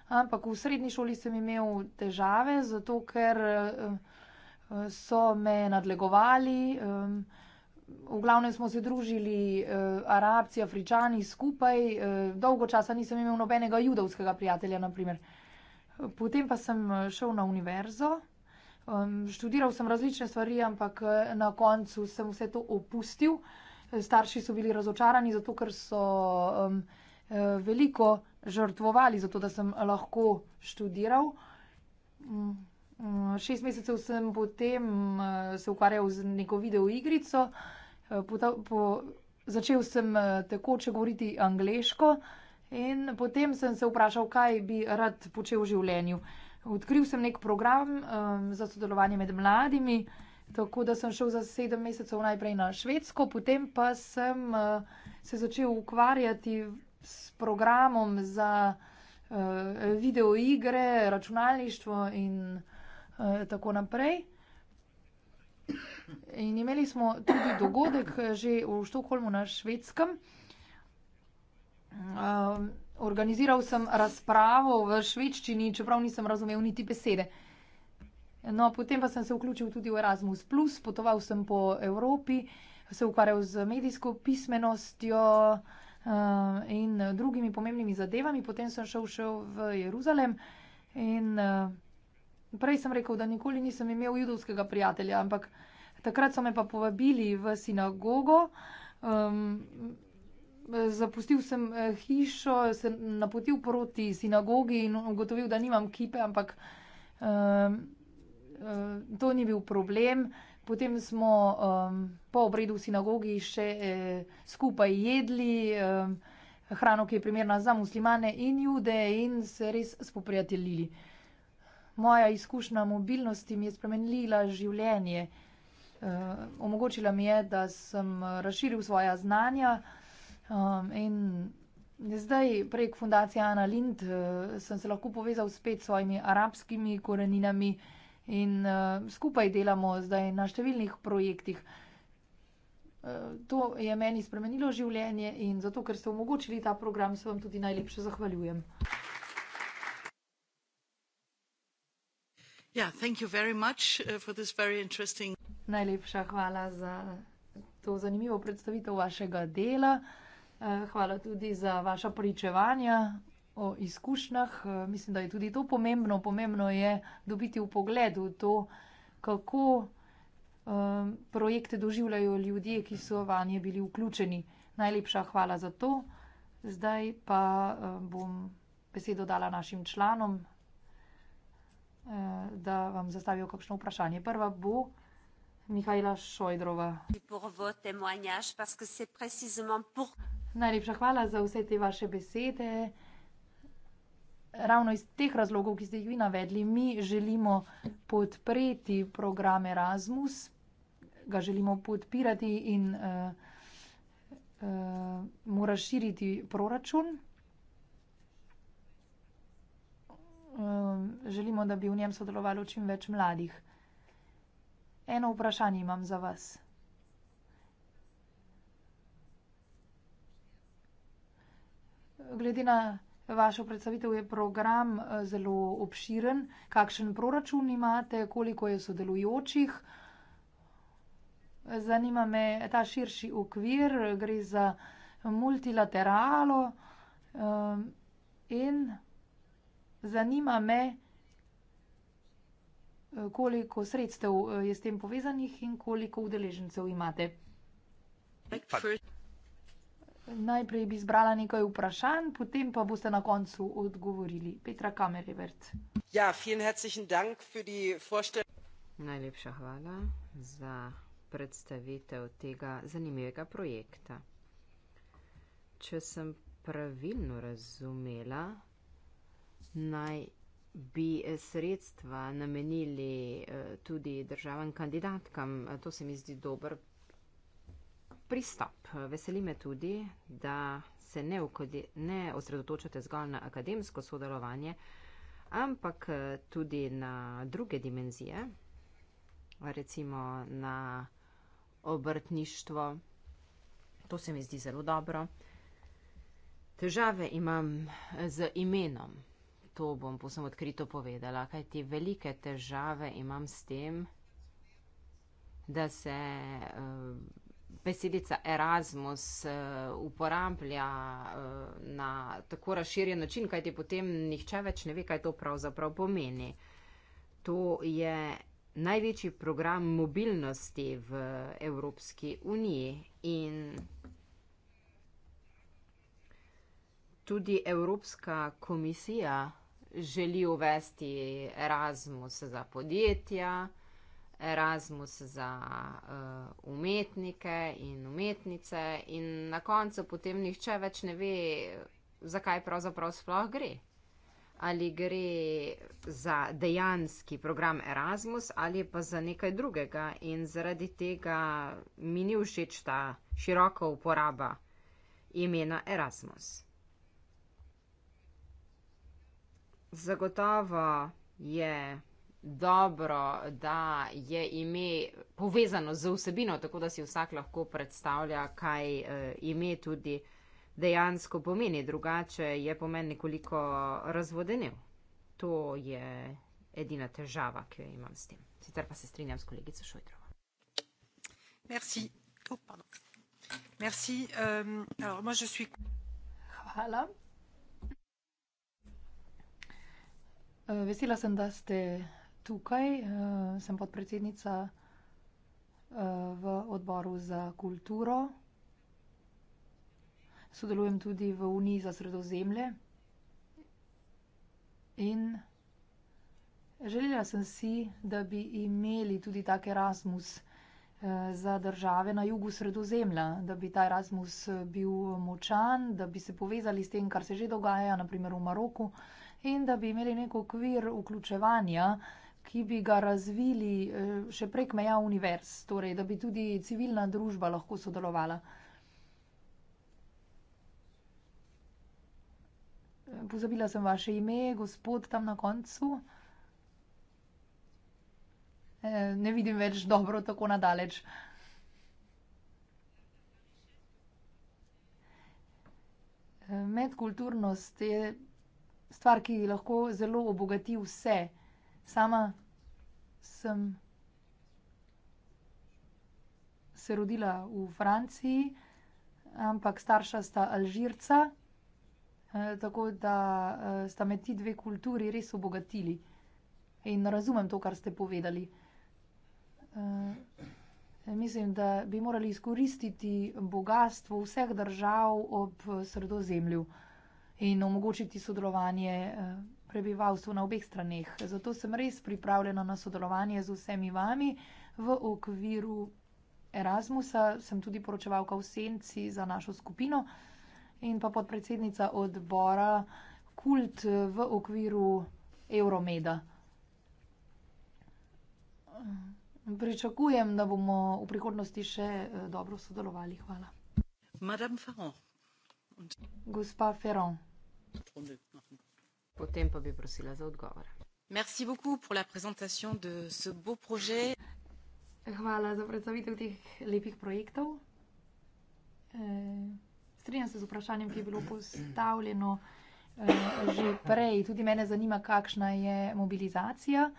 ampak v srednji šoli sem imel težave, zato ker uh, so me nadlegovali. Um, v glavnem smo se družili uh, arabci, afričani skupaj. Uh, dolgo časa nisem imel nobenega judovskega prijatelja, naprimer. Potem pa sem šel na univerzo. Um, študiral sem različne stvari, ampak eh, na koncu sem vse to opustil. Starši so bili razočarani, zato ker so um, veliko žrtvovali, zato da sem lahko študiral. Um, šest mesecev sem potem uh, se ukvarjal z neko videoigrico, uh, po, po, začel sem uh, tekoče govoriti angliško in potem sem se vprašal, kaj bi rad počel v življenju. Uh, Odkril sem nek program um, za sodelovanje med mladimi, tako da sem šel za sedem mesecev najprej na Švedsko, potem pa sem uh, se začel ukvarjati s programom za uh, videoigre, računalništvo in uh, tako naprej. In imeli smo tudi dogodek že v Štokholmu na Švedskem. Um, organiziral sem razpravo v švedščini, čeprav nisem razumel niti besede. No, potem pa sem se vključil tudi v Erasmus, potoval sem po Evropi, se ukvarjal z medijsko pismenostjo uh, in drugimi pomembnimi zadevami. Potem sem šel, šel v Jeruzalem in uh, prej sem rekel, da nikoli nisem imel judovskega prijatelja, ampak takrat so me pa povabili v sinagogo. Um, Zapustil sem eh, hišo, se napotil proti sinagogi in ugotovil, da nimam kipe, ampak um, um, to ni bil problem. Potem smo um, po obredu v sinagogi še eh, skupaj jedli um, hrano, ki je primerna za muslimane in jude in se res spoprijateljili. Moja izkušnja mobilnosti mi je spremenila življenje. Uh, omogočila mi je, da sem razširil svoja znanja. Um, in zdaj prek fundacije Ana Lind uh, sem se lahko povezal spet s svojimi arabskimi koreninami in uh, skupaj delamo zdaj na številnih projektih. Uh, to je meni spremenilo življenje in zato, ker ste omogočili ta program, se vam tudi najlepše zahvaljujem. Yeah, uh, interesting... Najlepša hvala za to zanimivo predstavitev vašega dela. Eh, hvala tudi za vaša pričevanja o izkušnjah. Eh, mislim, da je tudi to pomembno. Pomembno je dobiti v pogled v to, kako eh, projekte doživljajo ljudje, ki so vanje bili vključeni. Najlepša hvala za to. Zdaj pa bom besedo dala našim članom, da vam zastavijo kakšno vprašanje. Prva bo Mihajla Šojdrova. Najlepša hvala za vse te vaše besede. Ravno iz teh razlogov, ki ste jih vi navedli, mi želimo podpreti program Erasmus, ga želimo podpirati in uh, eh, uh, eh, mora širiti proračun. Eh, želimo, da bi v njem sodelovalo čim več mladih. Eno vprašanje imam za vas. Glede na vašo predstavitev je program eh, zelo obširen. Kakšen proračun imate, koliko je sodelujočih? Zanima me ta širši okvir, gre za multilateralo ehm, in zanima me, eh, koliko sredstev eh, je s tem povezanih in koliko udeležencev imate. Thank you. Najprej bi zbrala nekaj vprašanj, potem pa boste na koncu odgovorili. Petra Kamerevert. Ja, vorstell... Najlepša hvala za predstavitev tega zanimivega projekta. Če sem pravilno razumela, naj bi sredstva namenili eh, tudi državam kandidatkam. To se mi zdi dober pristop. Veseli me tudi, da se ne, ne osredotočate zgolj na akademsko sodelovanje, ampak tudi na druge dimenzije, recimo na obrtništvo. To se mi zdi zelo dobro. Težave imam z imenom, to bom posem odkrito povedala, kajti velike težave imam s tem, da se. Uh, besedica Erasmus uh, uporablja uh, na tako razširjen način, kajti potem nihče več ne ve, kaj to pravzaprav pomeni. To je največji program mobilnosti v Evropski uniji in tudi Evropska komisija želi uvesti Erasmus za podjetja. Erasmus za uh, umetnike in umetnice, in na koncu potem nihče več ne ve, zakaj pravzaprav sploh gre. Ali gre za dejanski program Erasmus ali pa za nekaj drugega, in zaradi tega mi ni všeč ta široka uporaba imena Erasmus. Zagotovo je dobro, da je ime povezano z vsebino, tako da si vsak lahko predstavlja, kaj eh, ime tudi dejansko pomeni. Drugače je pomen nekoliko razvodenil. To je edina težava, ki jo imam s tem. Sicer pa se strinjam s kolegico Šojdrovo. Merci. Oh, Merci. Um, alors, moi, je suis... Hvala. Vesela sem, da ste tukaj, uh, sem podpredsednica uh, v odboru za kulturo. Sodelujem tudi v Uniji za sredozemlje. In želela sem si, da bi imeli tudi tak Erasmus eh, za države na jugu sredozemlja, da bi ta Erasmus bil močan, da bi se povezali s tem, kar se že dogaja, naprimer v Maroku, in da bi imeli nek okvir vključevanja uh, ki bi ga razvili eh, še prek meja univerz, torej da bi tudi civilna družba lahko sodelovala. Eh, pozabila sem vaše ime, gospod tam na koncu. Eh, ne vidim več dobro tako nadaleč. Medkulturnost je stvar, ki lahko zelo obogati vse. Sama sem se rodila v Franciji, ampak starša sta Alžirca, eh, tako da eh, sta me ti dve kulturi res obogatili. In razumem to, kar ste povedali. Eh, mislim, da bi morali izkoristiti bogatstvo vseh držav ob sredozemlju in omogočiti sodelovanje prebivalstvu na obeh straneh. Zato sem res pripravljena na sodelovanje z vsemi vami v okviru Erasmusa. Sem tudi poročevalka v Senci za našo skupino in pa podpredsednica odbora Kult v okviru Euromeda. Pričakujem, da bomo v prihodnosti še eh, dobro sodelovali. Hvala. Gospa Ferron. Potem pa bi prosila za odgovor. Merci beaucoup pour la présentation de ce beau projet. Hvala za predstavitev teh lepih projektov. E, strinjam se z vprašanjem, ki je bilo postavljeno e, že prej. Tudi mene zanima, kakšna je mobilizacija. E,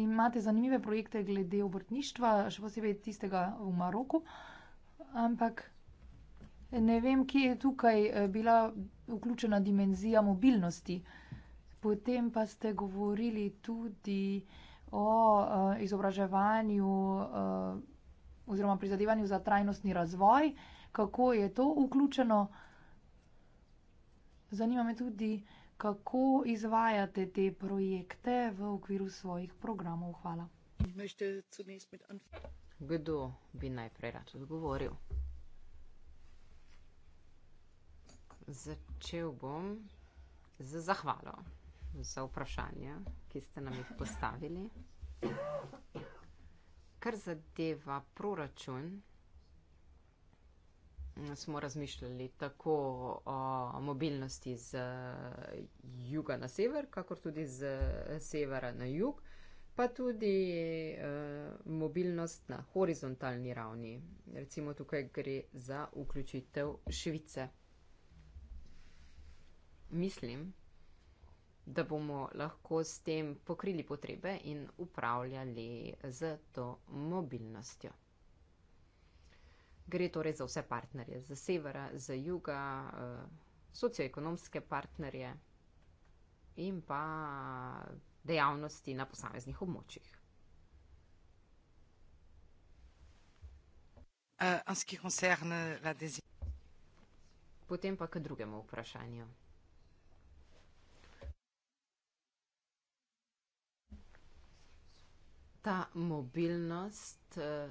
imate zanimive projekte glede obrtništva, še posebej tistega v Maroku. Ampak Ne vem, kje je tukaj eh, bila vključena dimenzija mobilnosti. Potem pa ste govorili tudi o eh, izobraževanju eh, oziroma prizadevanju za trajnostni razvoj, kako je to vključeno. Zanima me tudi, kako izvajate te projekte v okviru svojih programov. Hvala. Kdo bi najprej rad odgovoril? Začel bom z zahvalo za vprašanje, ki ste nam jih postavili. Kar zadeva proračun, smo razmišljali tako o mobilnosti z juga na sever, kakor tudi z severa na jug, pa tudi eh, mobilnost na horizontalni ravni. Recimo tukaj gre za vključitev Švice mislim, da bomo lahko s tem pokrili potrebe in upravljali z to mobilnostjo. Gre torej za vse partnerje, za severa, za juga, eh, socioekonomske partnerje in pa dejavnosti na posameznih območjih. Euh, Potem pa k drugemu vprašanju. Ta mobilnost, eh,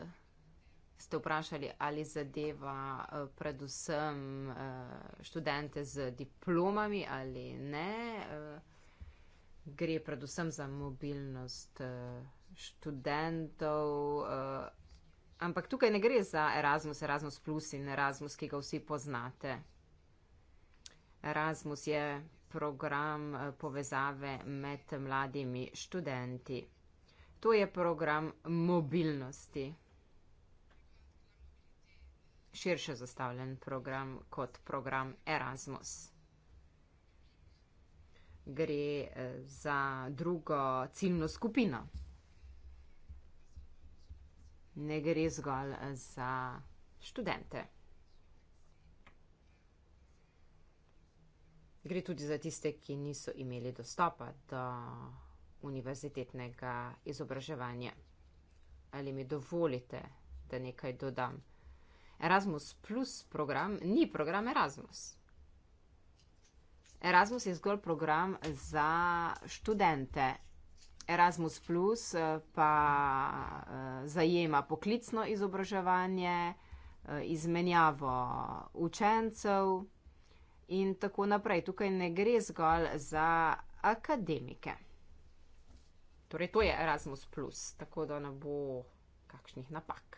ste vprašali, ali zadeva eh, predvsem eh, študente z diplomami ali ne. Gre predvsem za mobilnost študentov, ampak tukaj ne gre za Erasmus, Erasmus Plus in Erasmus, ki ga vsi poznate. Erasmus je program povezave med mladimi študenti. To je program mobilnosti. Širše zastavljen program kot program Erasmus. Gre eh, za drugo ciljno skupino. Ne gre zgolj eh, za študente. Gre tudi za tiste, ki niso imeli dostopa do univerzitetnega izobraževanja. Ali mi dovolite, da nekaj dodam? Erasmus plus program ni program Erasmus. Erasmus je zgolj program za študente. Erasmus plus eh, pa eh, zajema poklicno izobraževanje, eh, izmenjavo učencev in tako naprej. Tukaj ne gre zgolj za akademike. Torej, to je Erasmus, plus, tako da ne bo kakšnih napak.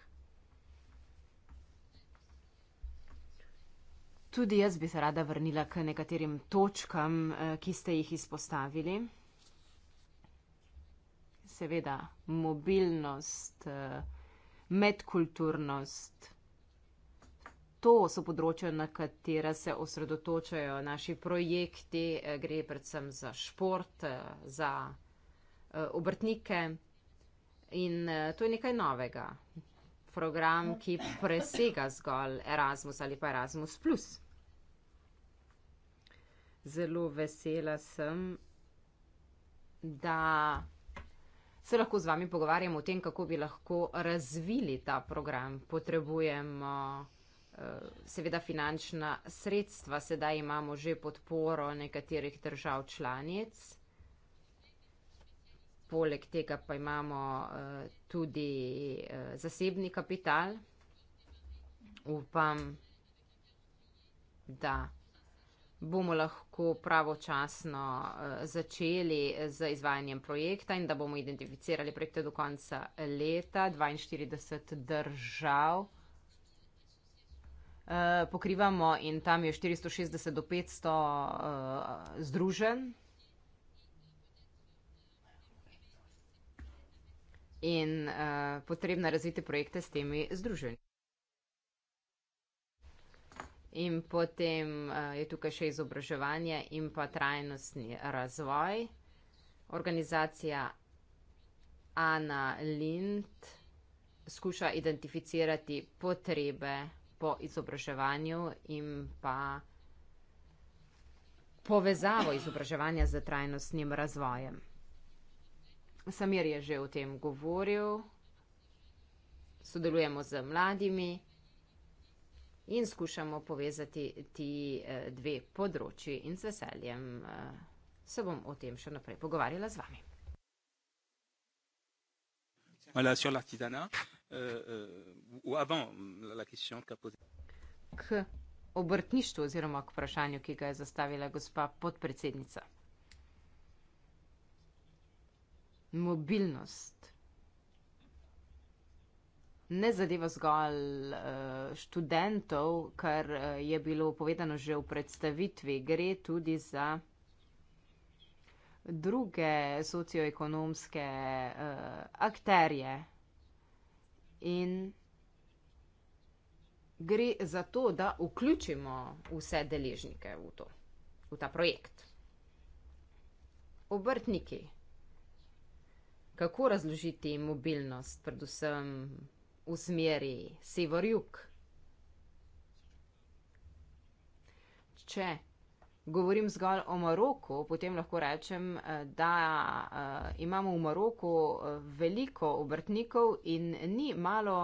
Tudi jaz bi se rada vrnila k nekaterim točkam, eh, ki ste jih izpostavili. Seveda, mobilnost, eh, medkulturnost. To so področja, na katera se osredotočajo naši projekti. Eh, gre predvsem za šport, za. Eh, obrtnike in eh, to je nekaj novega. Program, ja. ki presega zgolj Erasmus ali pa Erasmus. Zelo vesela sem, da se lahko z vami pogovarjam o tem, kako bi lahko razvili ta program. Potrebujemo eh, seveda finančna sredstva, sedaj imamo že podporo nekaterih držav članic poleg tega pa imamo uh, tudi uh, zasebni kapital. Upam, da bomo lahko pravočasno uh, začeli z izvajanjem projekta in da bomo identificirali projekte do konca leta 42 držav. Uh, pokrivamo in tam je 460 do 500 uh, združen. in uh, eh, potrebna razviti projekte s temi združenji. In potem uh, je tukaj še izobraževanje in pa trajnostni razvoj. Organizacija Ana Lind skuša identificirati potrebe po izobraževanju in pa povezavo izobraževanja z trajnostnim razvojem. Samir je že o tem govoril, sodelujemo z mladimi in skušamo povezati ti eh, dve področji in z veseljem eh, se bom o tem še naprej pogovarjala z vami. Euh, euh, k obrtništvu oziroma k vprašanju, ki ga je zastavila gospa podpredsednica. mobilnost ne zadeva zgolj eh, študentov, kar eh, je bilo povedano že v predstavitvi, gre tudi za druge socioekonomske eh, akterje. In gre za to, da vključimo vse deležnike v to, v ta projekt. Obrtniki kako razložiti mobilnost, predvsem v smeri sever-jug. Če govorim zgolj o Maroku, potem lahko rečem, eh, da eh, imamo v Maroku eh, veliko obrtnikov in ni malo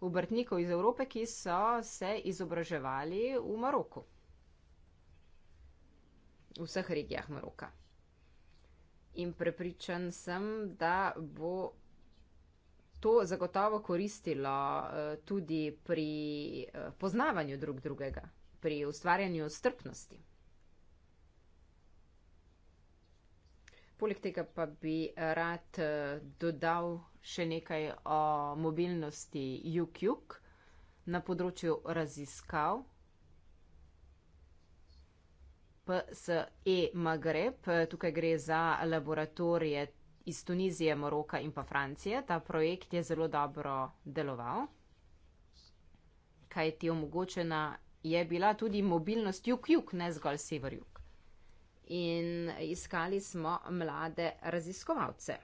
obrtnikov iz Evrope, ki so se izobraževali v Maroku. V vseh regijah Maroka in prepričan sem, da bo to zagotovo koristilo eh, tudi pri eh, poznavanju drug drugega, pri ustvarjanju strpnosti. Poleg tega pa bi rad eh, dodal še nekaj o mobilnosti Jukjuk na področju raziskav. PSE Magreb. Tukaj gre za laboratorije iz Tunizije, Moroka in pa Francije. Ta projekt je zelo dobro deloval, kaj ti omogočena je bila tudi mobilnost jug-jug, ne zgolj sever-jug. In iskali smo mlade raziskovalce.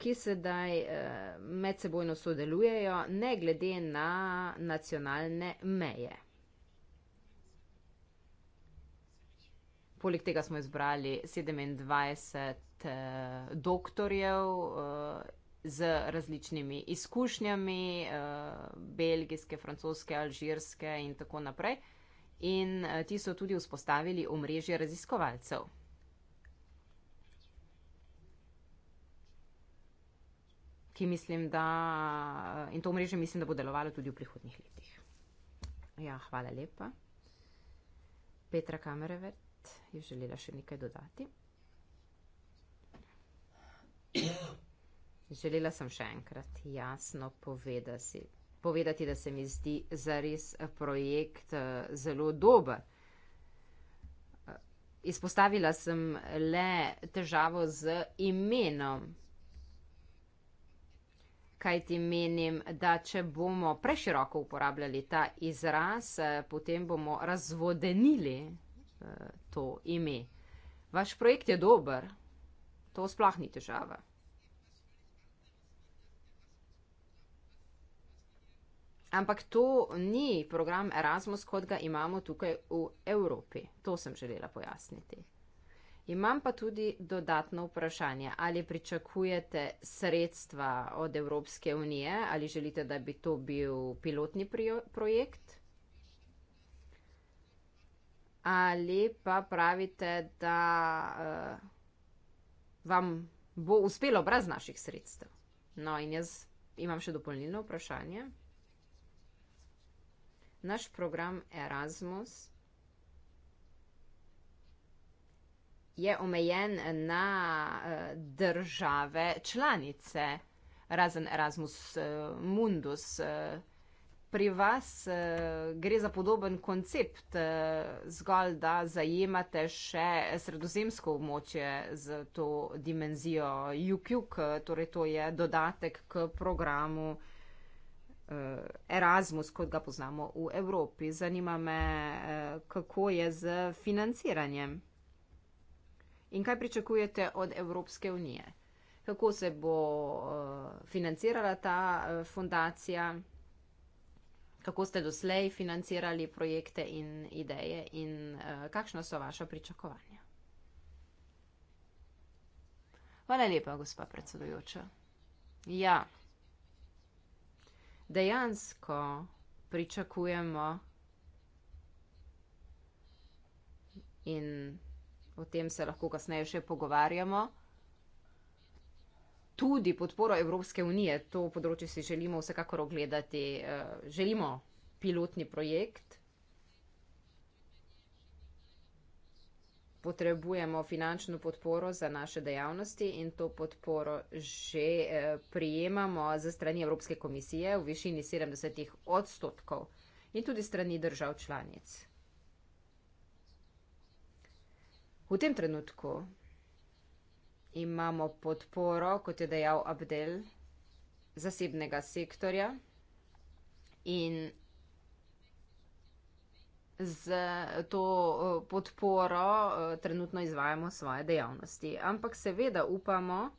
ki sedaj eh, medsebojno sodelujejo, ne glede na nacionalne meje. Poleg tega smo izbrali 27 eh, doktorjev eh, z različnimi izkušnjami, eh, belgijske, francoske, alžirske in tako naprej. In eh, ti so tudi vzpostavili omrežje raziskovalcev. Ki mislim, da eh, in to mreže mislim, da bo delovalo tudi v prihodnjih letih. Ja, hvala lepa. Petra Kamerevert je želela še nekaj dodati. Želela sem še enkrat jasno povedati, povedati da se mi zdi zares projekt zelo dober. Izpostavila sem le težavo z imenom. Kaj ti menim, da če bomo preširoko uporabljali ta izraz, potem bomo razvodenili Eh, to ime. Vaš projekt je dober, to sploh ni težava. Ampak to ni program Erasmus, kot ga imamo tukaj v Evropi. To sem želela pojasniti. Imam pa tudi dodatno vprašanje, ali pričakujete sredstva od Evropske unije, ali želite, da bi to bil pilotni projekt? ali pa pravite, da uh, vam bo uspelo brez naših sredstev. No, in jaz imam še dopolnilno vprašanje. Naš program Erasmus je omejen na eh, države članice, razen Erasmus eh, Mundus. Uh, pri vas uh, gre za podoben koncept, uh, zgolj da zajemate še sredozemsko območje z to dimenzijo UQ, eh, torej to je dodatek k programu uh, Erasmus, kot ga poznamo v Evropi. Zanima me, uh, kako je z financiranjem in kaj pričakujete od Evropske unije. Kako se bo uh, financirala ta uh, fundacija? kako ste doslej financirali projekte in ideje in uh, kakšna so vaša pričakovanja. Hvala lepa, gospa predsedujoča. Ja, dejansko pričakujemo in o tem se lahko kasneje še pogovarjamo tudi podporo Evropske unije. To področje si želimo vsekakor ogledati. Eh, želimo pilotni projekt. Potrebujemo finančno podporo za naše dejavnosti in to podporo že eh, prijemamo za strani Evropske komisije v višini 70 odstotkov in tudi strani držav članic. V tem trenutku imamo podporo, kot je dejal Abdel, zasebnega sektorja in z to eh, podporo eh, trenutno izvajamo svoje dejavnosti. Ampak seveda upamo,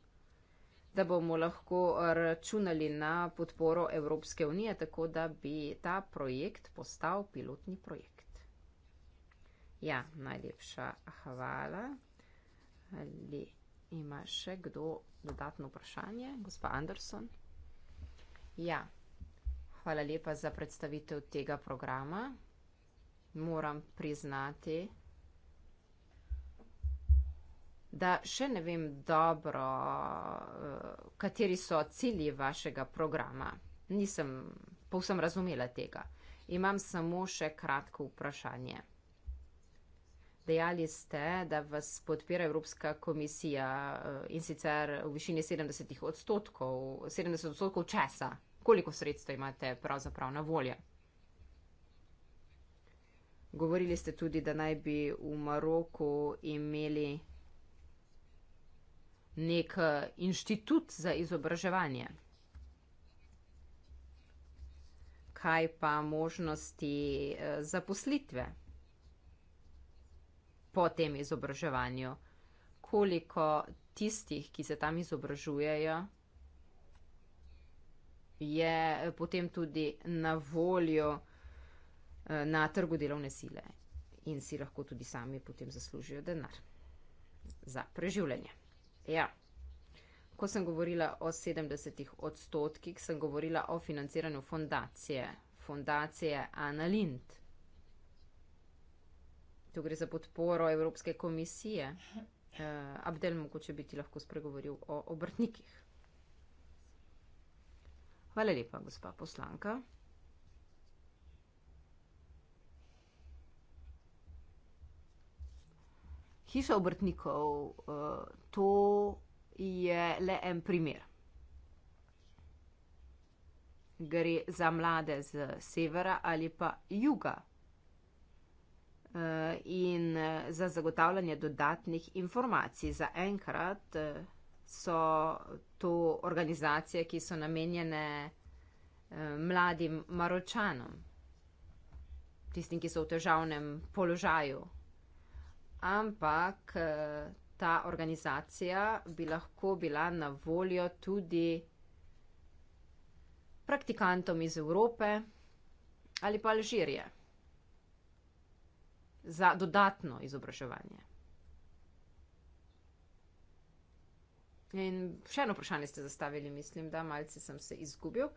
da bomo lahko računali na podporo Evropske unije, tako da bi ta projekt postal pilotni projekt. Ja, najlepša hvala. Ali ima še kdo dodatno vprašanje? Gospa Anderson? Ja, hvala lepa za predstavitev tega programa. Moram priznati, da še ne vem dobro, eh, kateri so cilji vašega programa. Nisem povsem razumela tega. Imam samo še kratko vprašanje. Dejali ste, da vas podpira Evropska komisija eh, in sicer v višini 70 odstotkov, 70 odstotkov česa. Koliko sredstev imate pravzaprav na voljo? Govorili ste tudi, da naj bi v Maroku imeli nek eh, inštitut za izobraževanje. Kaj pa možnosti eh, zaposlitve? po tem izobraževanju, koliko tistih, ki se tam izobražujejo, je potem tudi na voljo eh, na trgu delovne sile in si lahko tudi sami potem zaslužijo denar za preživljanje. Ja. Ko sem govorila o 70 odstotkih, sem govorila o financiranju fondacije, fondacije Analint. Tu gre za podporo Evropske komisije. Uh, Abdel, mogoče bi ti lahko spregovoril o obrtnikih. Hvala lepa, gospa poslanka. Hiša obrtnikov, uh, to je le en primer. Gre za mlade z severa ali pa juga Eh, in eh, za zagotavljanje dodatnih informacij. Za enkrat eh, so to organizacije, ki so namenjene mladim maročanom, tistim, ki so v težavnem položaju. Ampak ta organizacija bi lahko bila na voljo tudi praktikantom iz Evrope ali pa Alžirije za dodatno izobraževanje? In še eno vprašanje ste zastavili, mislim, da malce sem se izgubil.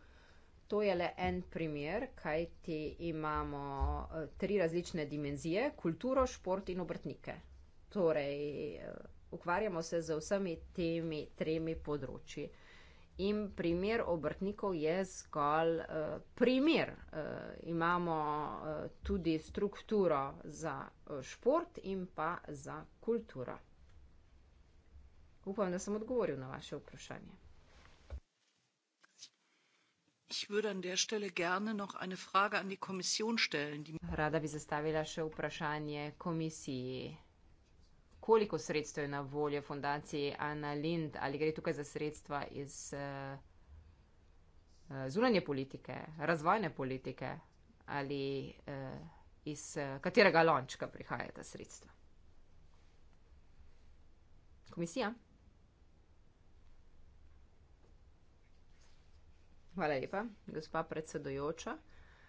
To je le en primer, kaj ti imamo eh, tri različne dimenzije: kulturo, šport in obrtnike. Torej, eh, ukvarjamo se z vsemi temi tremi področji. In primer obrtnikov je zgolj uh, primer. Uh, imamo uh, tudi strukturo za uh, šport in pa za kulturo. Upam, da sem odgovoril na vaše vprašanje. Rada bi zastavila še vprašanje komisiji koliko sredstev je na voljo fundaciji Ana Lind, ali gre tukaj za sredstva iz uh, zunanje politike, razvojne politike ali uh, iz uh, katerega lončka prihaja ta sredstva. Komisija. Hvala lepa, gospa predsedojoča.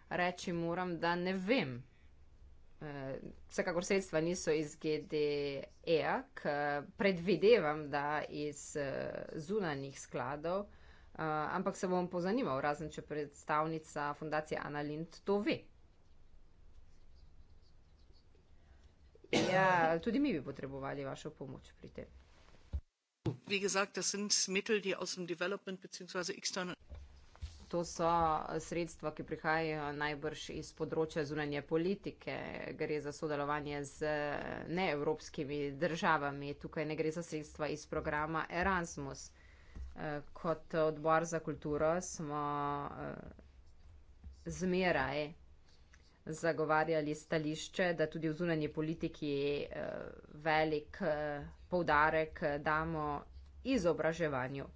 Reči moram, da ne vem. Uh, vsekakor sredstva niso iz GDE, k predvidevam, da iz uh, zunanjih skladov, uh, ampak se bom pozanimal, razen če predstavnica fundacije Ana Lind to ve. Ja, tudi mi bi potrebovali vašo pomoč pri tem to so sredstva, ki prihajajo najbrž iz področja zunanje politike, gre za sodelovanje z neevropskimi državami, tukaj ne gre za sredstva iz programa Erasmus. Eh, kot odbor za kulturo smo eh, zmeraj zagovarjali stališče, da tudi v zunanje politiki eh, velik poudarek damo izobraževanju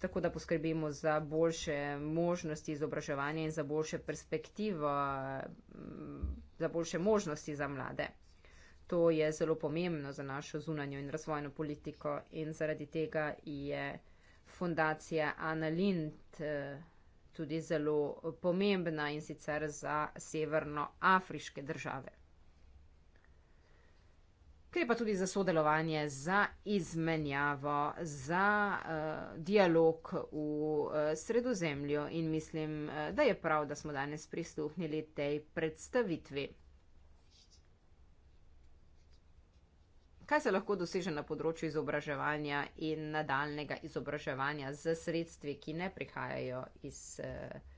tako da poskrbimo za boljše možnosti izobraževanja in za boljše perspektivo, za boljše možnosti za mlade. To je zelo pomembno za našo zunanjo in razvojno politiko in zaradi tega je fundacija Analint eh, tudi zelo pomembna in sicer za severnoafriške države gre pa tudi za sodelovanje, za izmenjavo, za uh, dialog v uh, sredozemlju in mislim, uh, da je prav, da smo danes prisluhnili tej predstavitvi. Kaj se lahko doseže na področju izobraževanja in nadaljnega izobraževanja z sredstvi, ki ne prihajajo iz. Uh,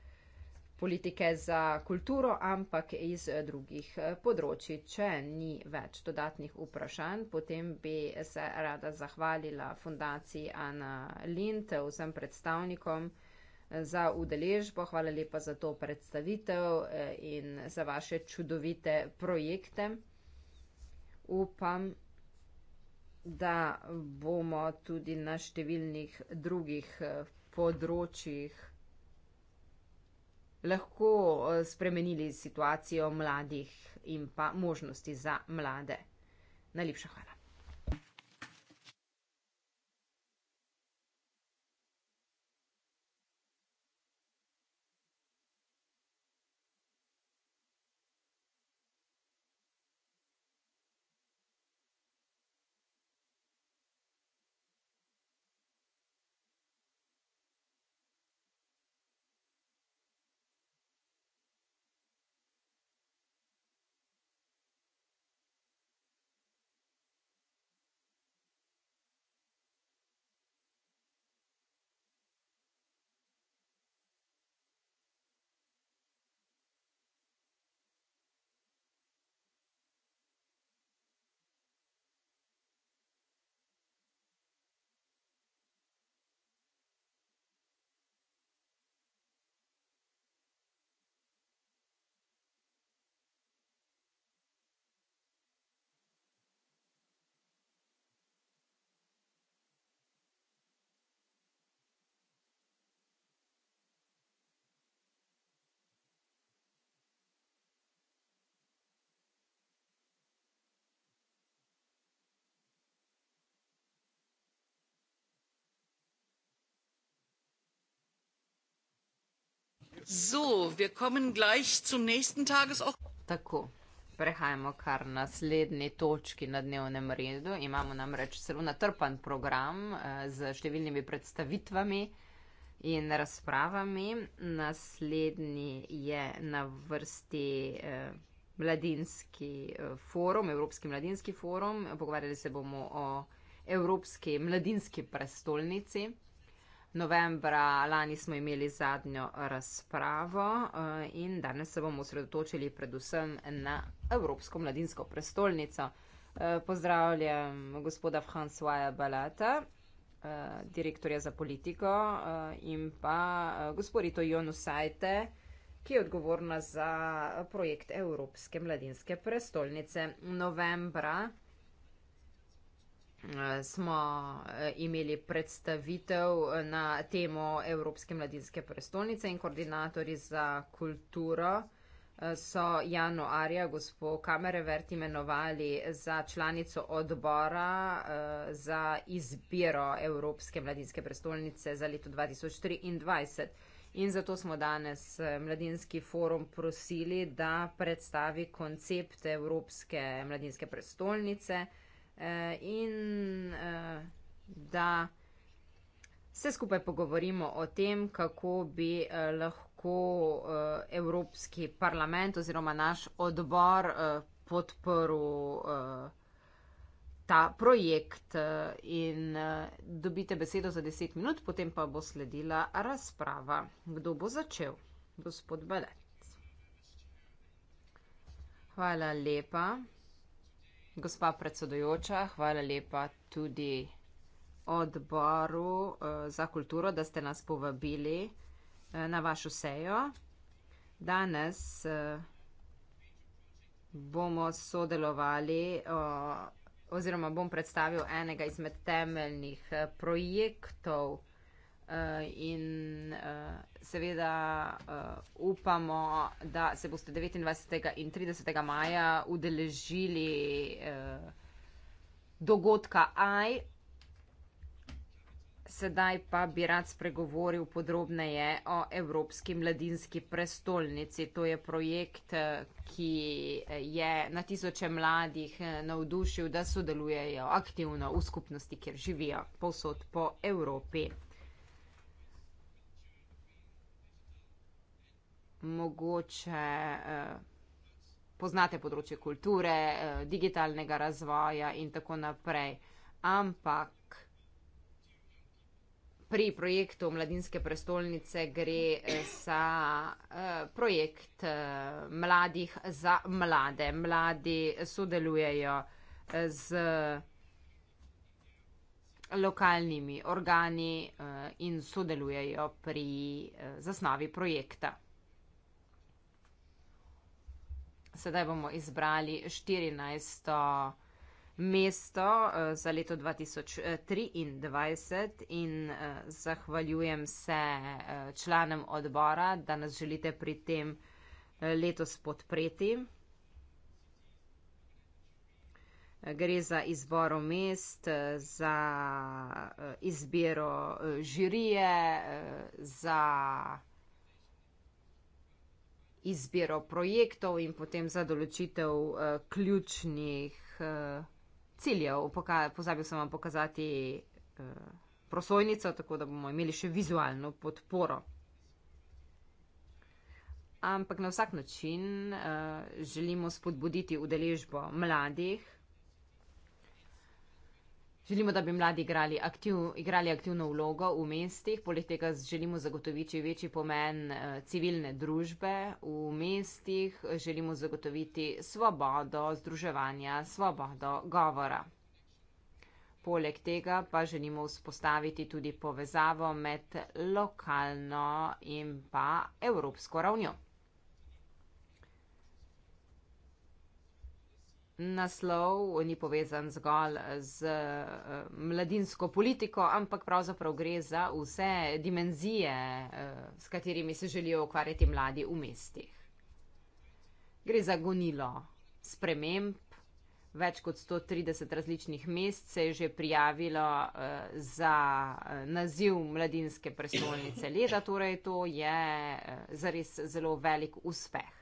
politike za kulturo, ampak iz eh, drugih eh, področji. Če ni več dodatnih vprašanj, potem bi se rada zahvalila fundaciji Ana Lind, vsem predstavnikom eh, za udeležbo. Hvala lepa za to predstavitev in za vaše čudovite projekte. Upam, da bomo tudi na številnih drugih področjih lahko eh, spremenili situacijo mladih in pa možnosti za mlade. Najlepša hvala. Tako, prehajamo kar na naslednji točki na dnevnem redu. Imamo namreč zelo natrpan program eh, z številnimi predstavitvami in razpravami. Naslednji je na vrsti eh, mladinski eh, forum, Evropski mladinski forum. Pogovarjali se bomo o Evropski mladinski prestolnici. Novembra lani smo imeli zadnjo razpravo eh, in danes se bomo osredotočili predvsem na Evropsko mladinsko prestolnico. Eh, pozdravljam gospoda Francoisa Balata, eh, direktorja za politiko in pa gospodito Jonu Sajte, ki je odgovorna za projekt Evropske mladinske prestolnice. Novembra smo eh, imeli predstavitev eh, na temo Evropske mladinske prestolnice in koordinatori za kulturo eh, so januarja gospo Kamerevert imenovali za članico odbora za izbiro Evropske mladinske prestolnice za leto 2023. In zato smo danes Mladinski forum prosili, da predstavi koncept Evropske mladinske prestolnice Eh, in eh, da se skupaj pogovorimo o tem, kako bi eh, lahko Evropski parlament oziroma naš odbor podprl ta projekt in dobite besedo za 10 minut, potem pa bo sledila razprava. Kdo bo začel? Gospod Belec. Hvala lepa. Gospa predsedujoča, hvala lepa tudi odboru eh, za kulturo, da ste nas povabili eh, na vašo sejo. Danes eh, bomo sodelovali oziroma bom predstavil enega izmed temeljnih projektov Eh, in uh, seveda uh, upamo, da se boste 29. in 30. maja udeležili uh, dogodka AI. Sedaj pa bi rad spregovoril podrobneje o Evropski mladinski prestolnici. To je projekt, ki je na tisoče mladih navdušil, da sodelujejo aktivno v skupnosti, kjer živijo posod po Evropi. mogoče eh, poznate področje kulture, eh, digitalnega razvoja in tako naprej. Ampak pri projektu Mladinske prestolnice gre eh, za projekt mladih za mlade. Mladi sodelujejo z lokalnimi organi in sodelujejo pri zasnovi projekta. Sedaj bomo izbrali 14. mesto eh, za leto 2023 in eh, zahvaljujem se eh, članem odbora, da nas želite pri tem letos podpreti. Gre za izboro mest, za izbiro žirije, za izbiro projektov in potem za določitev uh, ključnih uh, ciljev. Poka pozabil sem vam pokazati uh, prosojnico, tako da bomo imeli še vizualno podporo. Ampak na vsak način uh, želimo spodbuditi udeležbo mladih. Želimo, da bi mladi igrali, aktiv, igrali aktivno vlogo v mestih, poleg tega želimo zagotoviti večji pomen eh, civilne družbe v mestih, želimo zagotoviti svobodo združevanja, svobodo govora. Poleg tega pa želimo vzpostaviti tudi povezavo med lokalno in pa evropsko ravnjo. naslov ni povezan zgolj z eh, mladinsko politiko, ampak pravzaprav gre za vse dimenzije, eh, s katerimi se želijo ukvarjati mladi v mestih. Gre za gonilo sprememb. Več kot 130 različnih mest se je že prijavilo eh, za naziv mladinske prestolnice leta, torej to je zares zelo velik uspeh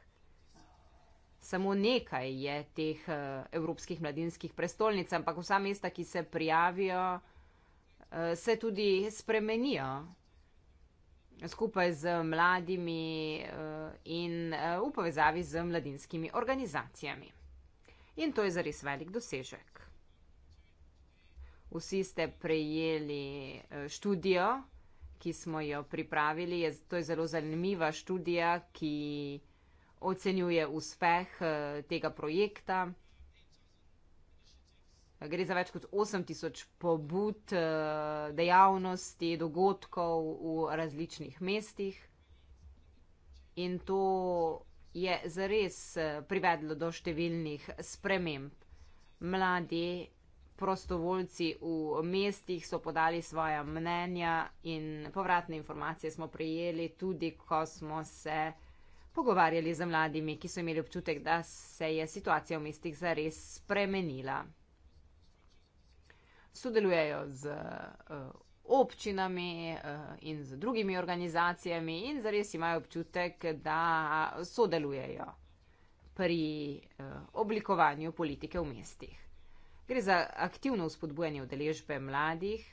samo nekaj je teh eh, evropskih mladinskih prestolnic, ampak vsa mesta, ki se prijavijo, eh, se tudi spremenijo skupaj z mladimi eh, in v povezavi z mladinskimi organizacijami. In to je zares velik dosežek. Vsi ste prejeli študijo, ki smo jo pripravili. To je zelo zanimiva študija, ki ocenjuje uspeh eh, tega projekta. Gre za več kot 8000 pobud, eh, dejavnosti, dogodkov v različnih mestih. In to je zares eh, privedlo do številnih sprememb. Mladi prostovoljci v mestih so podali svoja mnenja in povratne informacije smo prijeli tudi, ko smo se pogovarjali z mladimi, ki so imeli občutek, da se je situacija v mestih zares spremenila. Sodelujejo z eh, občinami eh, in z drugimi organizacijami in zares imajo občutek, da sodelujejo pri eh, oblikovanju politike v mestih. Gre za aktivno vzpodbujanje udeležbe mladih,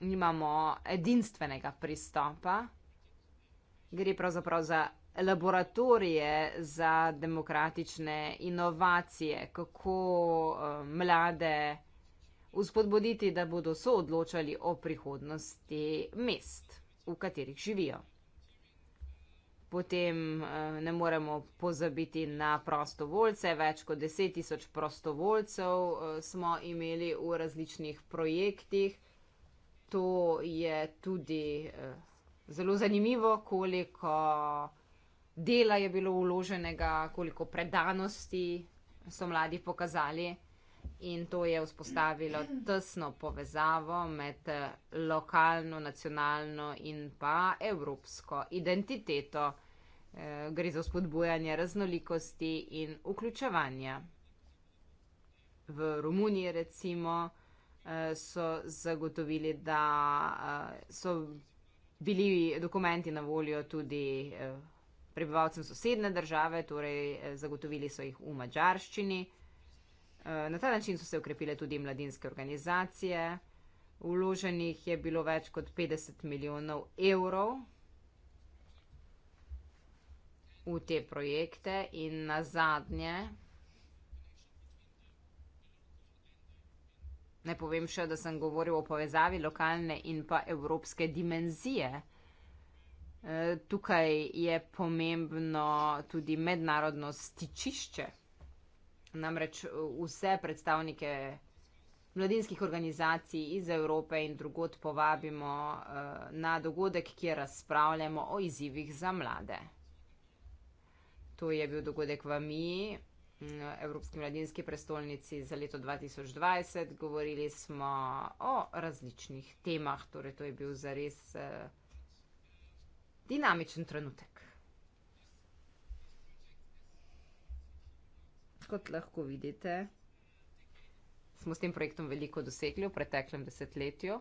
nimamo edinstvenega pristopa, gre pravzaprav za laboratorije za demokratične inovacije, kako eh, mlade vzpodbuditi, da bodo soodločali o prihodnosti mest, v katerih živijo. Potem eh, ne moremo pozabiti na prostovoljce. Več kot deset tisoč prostovoljcev eh, smo imeli v različnih projektih. To je tudi zelo zanimivo, koliko dela je bilo uloženega, koliko predanosti so mladi pokazali. In to je vzpostavilo tesno povezavo med eh, lokalno, nacionalno in pa evropsko identiteto. Eh, gre za spodbujanje raznolikosti in vključevanja. V Romuniji, recimo, eh, so zagotovili, da so bili dokumenti na voljo tudi prebivalcem sosedne države, torej eh, zagotovili so jih v mačarščini. Eh, na ta način so se ukrepile tudi mladinske organizacije. Uloženih je bilo več kot 50 milijonov evrov v te projekte in na zadnje. Ne povem še, da sem govoril o povezavi lokalne in pa evropske dimenzije E, tukaj je pomembno tudi mednarodno stičišče. Namreč e, vse predstavnike mladinskih organizacij iz Evrope in drugot povabimo e, na dogodek, kjer razpravljamo o izzivih za mlade. To je bil dogodek v Miji, Evropski mladinski prestolnici za leto 2020. Govorili smo o različnih temah, torej to je bil zares dinamičen trenutek. Kot lahko vidite, smo s tem projektom veliko dosegli v preteklem desetletju.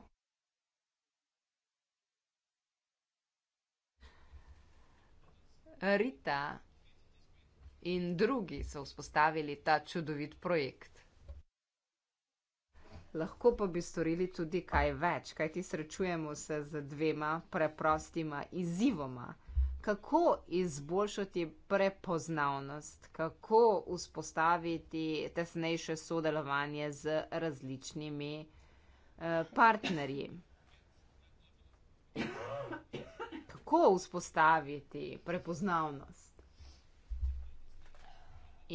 Rita in drugi so vzpostavili ta čudovit projekt. Lahko pa bi storili tudi kaj več, kajti srečujemo se z dvema preprostima izzivoma. Kako izboljšati prepoznavnost, kako vzpostaviti tesnejše sodelovanje z različnimi eh, partnerji? Kako vzpostaviti prepoznavnost?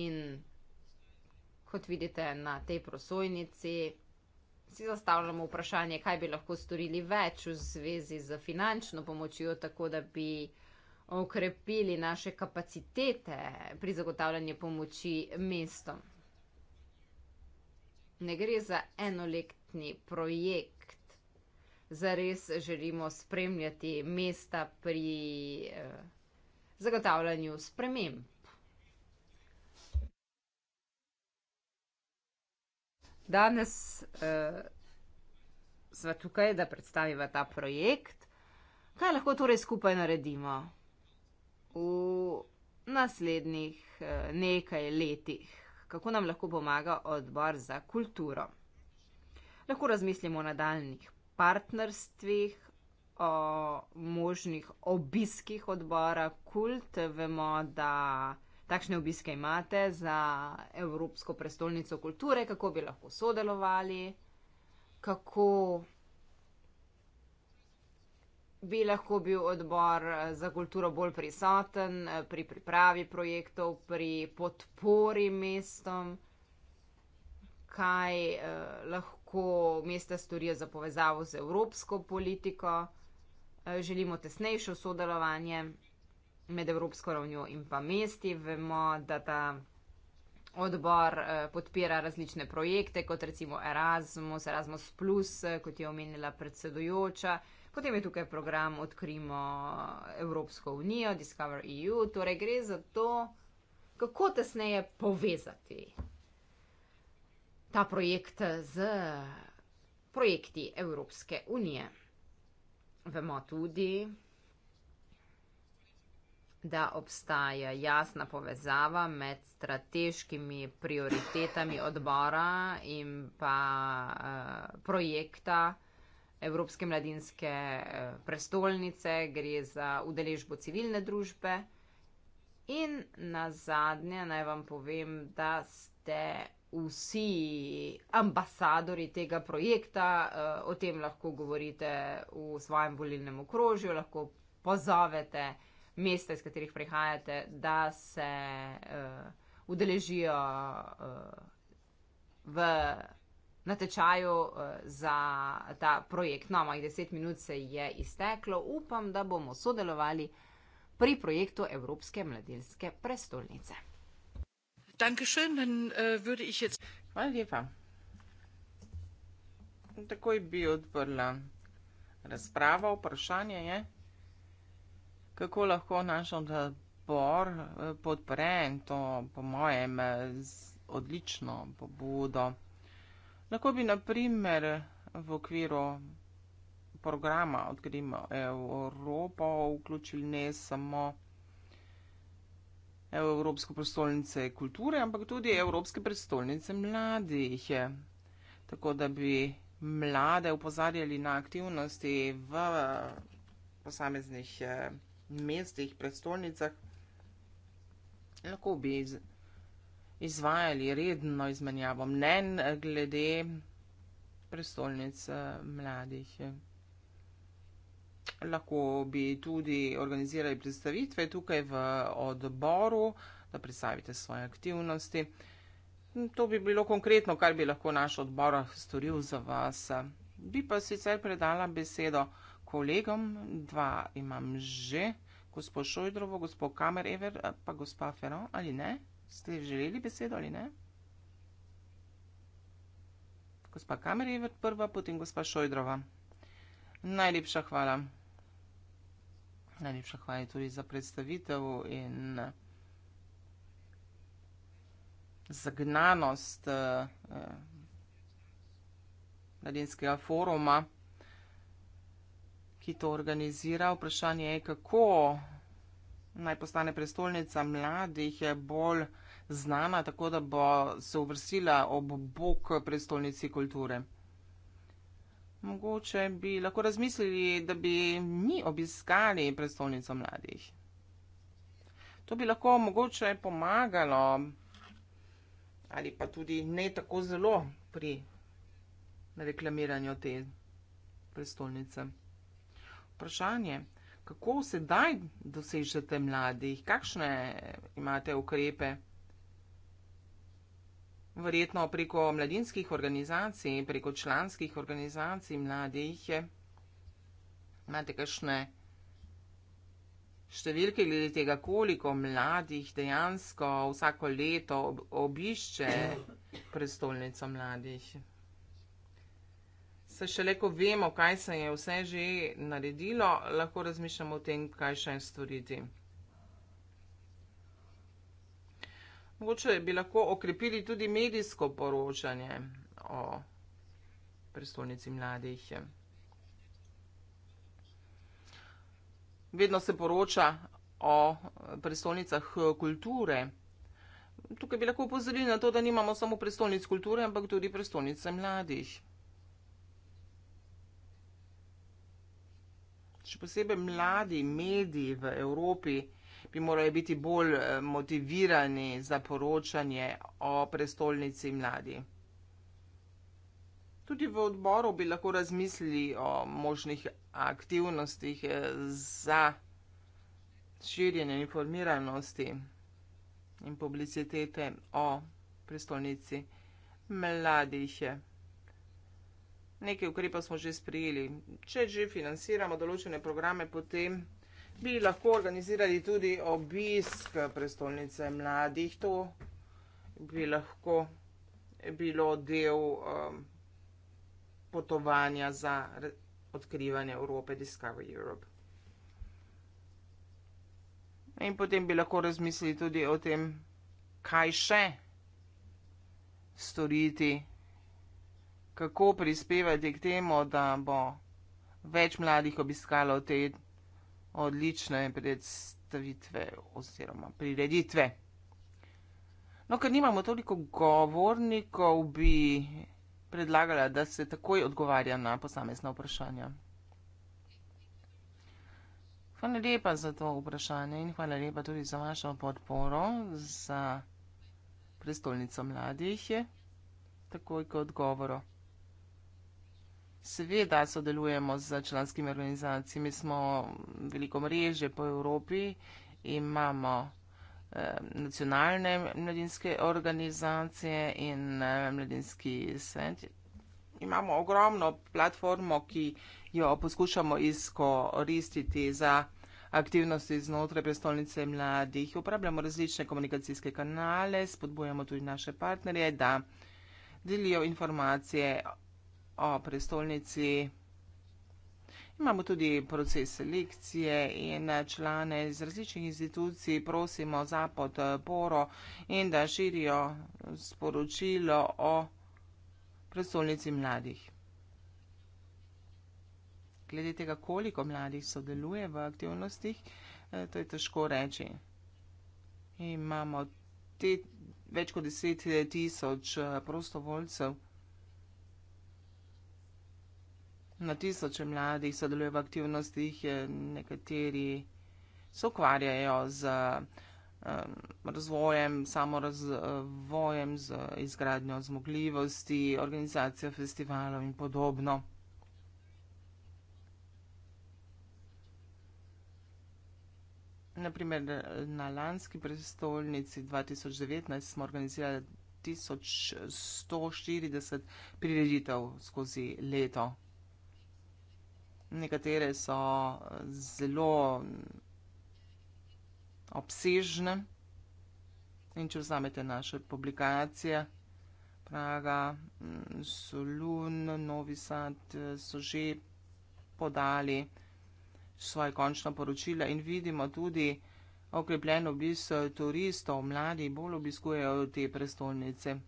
In kot vidite na tej prosojnici, si zastavljamo vprašanje, kaj bi lahko storili več v zvezi z finančno pomočjo, tako da bi okrepili naše kapacitete pri zagotavljanju pomoči mestom. Ne gre za enoletni projekt. Zares želimo spremljati mesta pri eh, zagotavljanju sprememb. Danes uh, eh, smo tukaj, da predstavimo ta projekt. Kaj lahko torej skupaj naredimo v naslednjih uh, nekaj letih? Kako nam lahko pomaga odbor za kulturo? Lahko razmislimo o nadaljnih partnerstvih, o možnih obiskih odbora kult. Vemo, da takšne obiske imate za Evropsko prestolnico kulture, kako bi lahko sodelovali, kako bi lahko bil odbor za kulturo bolj prisoten pri pripravi projektov, pri podpori mestom, kaj eh, lahko mesta storijo za povezavo z evropsko politiko. Eh, želimo tesnejše sodelovanje med evropsko ravnjo in pa mesti. Vemo, da ta odbor eh, podpira različne projekte, kot recimo Erasmus, Erasmus, eh, kot je omenila predsedujoča. Potem je tukaj program Odkrijmo Evropsko unijo, Discover EU. Torej gre za to, kako tesneje povezati ta projekt z projekti Evropske unije. Vemo tudi, da obstaja jasna povezava med strateškimi prioritetami odbora in pa uh, projekta Evropske mladinske eh, prestolnice, gre za udeležbo civilne družbe. In na zadnje naj vam povem, da ste vsi ambasadori tega projekta, uh, o tem lahko govorite v svojem volilnem okrožju, lahko pozovete mesta, iz katerih prihajate, da se uh, udeležijo uh, v natečaju uh, eh, za ta projekt. No, mojih deset minut se je izteklo. Upam, da bomo sodelovali pri projektu Evropske mladinske prestolnice. Dankeschön, dann uh, würde ich jetzt. Hvala lepa. Takoj bi odprla razpravo, vprašanje je kako lahko naš odbor eh, podpre in to po mojem z odlično pobudo. Lahko bi naprimer v okviru programa Odkrijmo Evropo vključili ne samo Evropsko prestolnice kulture, ampak tudi Evropske prestolnice mladih. Tako da bi mlade upozarjali na aktivnosti v posameznih eh, mestih, prestolnicah, lahko bi iz, izvajali redno izmenjavo mnen glede prestolnic eh, mladih. Lahko bi tudi organizirali predstavitve tukaj v odboru, da predstavite svoje aktivnosti. To bi bilo konkretno, kar bi lahko naš odbor storil za vas. Bi pa sicer predala besedo kolegom, dva imam že, gospod Šojdrovo, gospod Kamer Ever, eh, pa gospa Ferro, ali ne? Ste želeli besedo ali ne? Gospa Kamer Ever prva, potem gospa Šojdrova. Najlepša hvala. Najlepša hvala tudi za predstavitev in eh, zagnanost uh, uh, Mladinskega foruma ki to organizira. Vprašanje je, kako naj postane prestolnica mladih bolj znana, tako da bo se uvrstila ob bok prestolnici kulture. Mogoče bi lahko razmislili, da bi mi obiskali prestolnico mladih. To bi lahko mogoče pomagalo ali pa tudi ne tako zelo pri reklamiranju te prestolnice vprašanje. Kako sedaj dosežete mladih? Kakšne imate ukrepe? Verjetno preko mladinskih organizacij, preko članskih organizacij mladih. Imate kakšne številke glede tega, koliko mladih dejansko vsako leto obišče prestolnico mladih? se šele, ko vemo, kaj se je vse že naredilo, lahko razmišljamo o tem, kaj še je storiti. Mogoče bi lahko okrepili tudi medijsko poročanje o prestolnici mladih. Vedno se poroča o prestolnicah kulture. Tukaj bi lahko upozorili na to, da nimamo samo prestolnic kulture, ampak tudi prestolnice mladih. še posebej mladi mediji v Evropi bi morali biti bolj eh, motivirani za poročanje o prestolnici mladi. Tudi v odboru bi lahko razmislili o možnih aktivnostih eh, za širjenje informiranosti in publicitete o prestolnici mladih. Nekaj ukrepa smo že sprijeli. Če že financiramo določene programe, potem bi lahko organizirali tudi obisk prestolnice mladih. To bi lahko bilo del um, potovanja za odkrivanje Evrope, Discover Europe. In potem bi lahko razmislili tudi o tem, kaj še storiti kako prispevati k temu, da bo več mladih obiskalo te odlične predstavitve oziroma prireditve. No, ker nimamo toliko govornikov, bi predlagala, da se takoj odgovarja na posamezna vprašanja. Hvala lepa za to vprašanje in hvala lepa tudi za vašo podporo za prestolnico mladih, je takoj kot govoro. Seveda sodelujemo z članskimi organizacijami, smo veliko mreže po Evropi, imamo eh, nacionalne mladinske organizacije in eh, mladinski svet. Imamo ogromno platformo, ki jo poskušamo izkoristiti za aktivnosti znotraj prestolnice mladih. Upravljamo različne komunikacijske kanale, spodbujamo tudi naše partnerje, da delijo informacije o prestolnici. Imamo tudi proces selekcije in člane iz različnih institucij prosimo za podporo in da širijo sporočilo o prestolnici mladih. Glede tega, koliko mladih sodeluje v aktivnostih, eh, to je težko reči. Imamo te, več kot deset eh, tisoč eh, prostovoljcev. Na tisoče mladih sodeluje v aktivnostih, eh, nekateri se ukvarjajo z um, razvojem, samorazvojem, z izgradnjo zmogljivosti, organizacijo festivalov in podobno. Naprimer, na lanski prestolnici 2019 smo organizirali 1140 prireditev skozi leto nekatere so eh, zelo obsežne. In če vzamete naše publikacije, Praga, mm, Solun, Novi Sad, eh, so že podali svoje končno poročilo in vidimo tudi okrepljen obisk turistov, mladi bolj obiskujejo te prestolnice.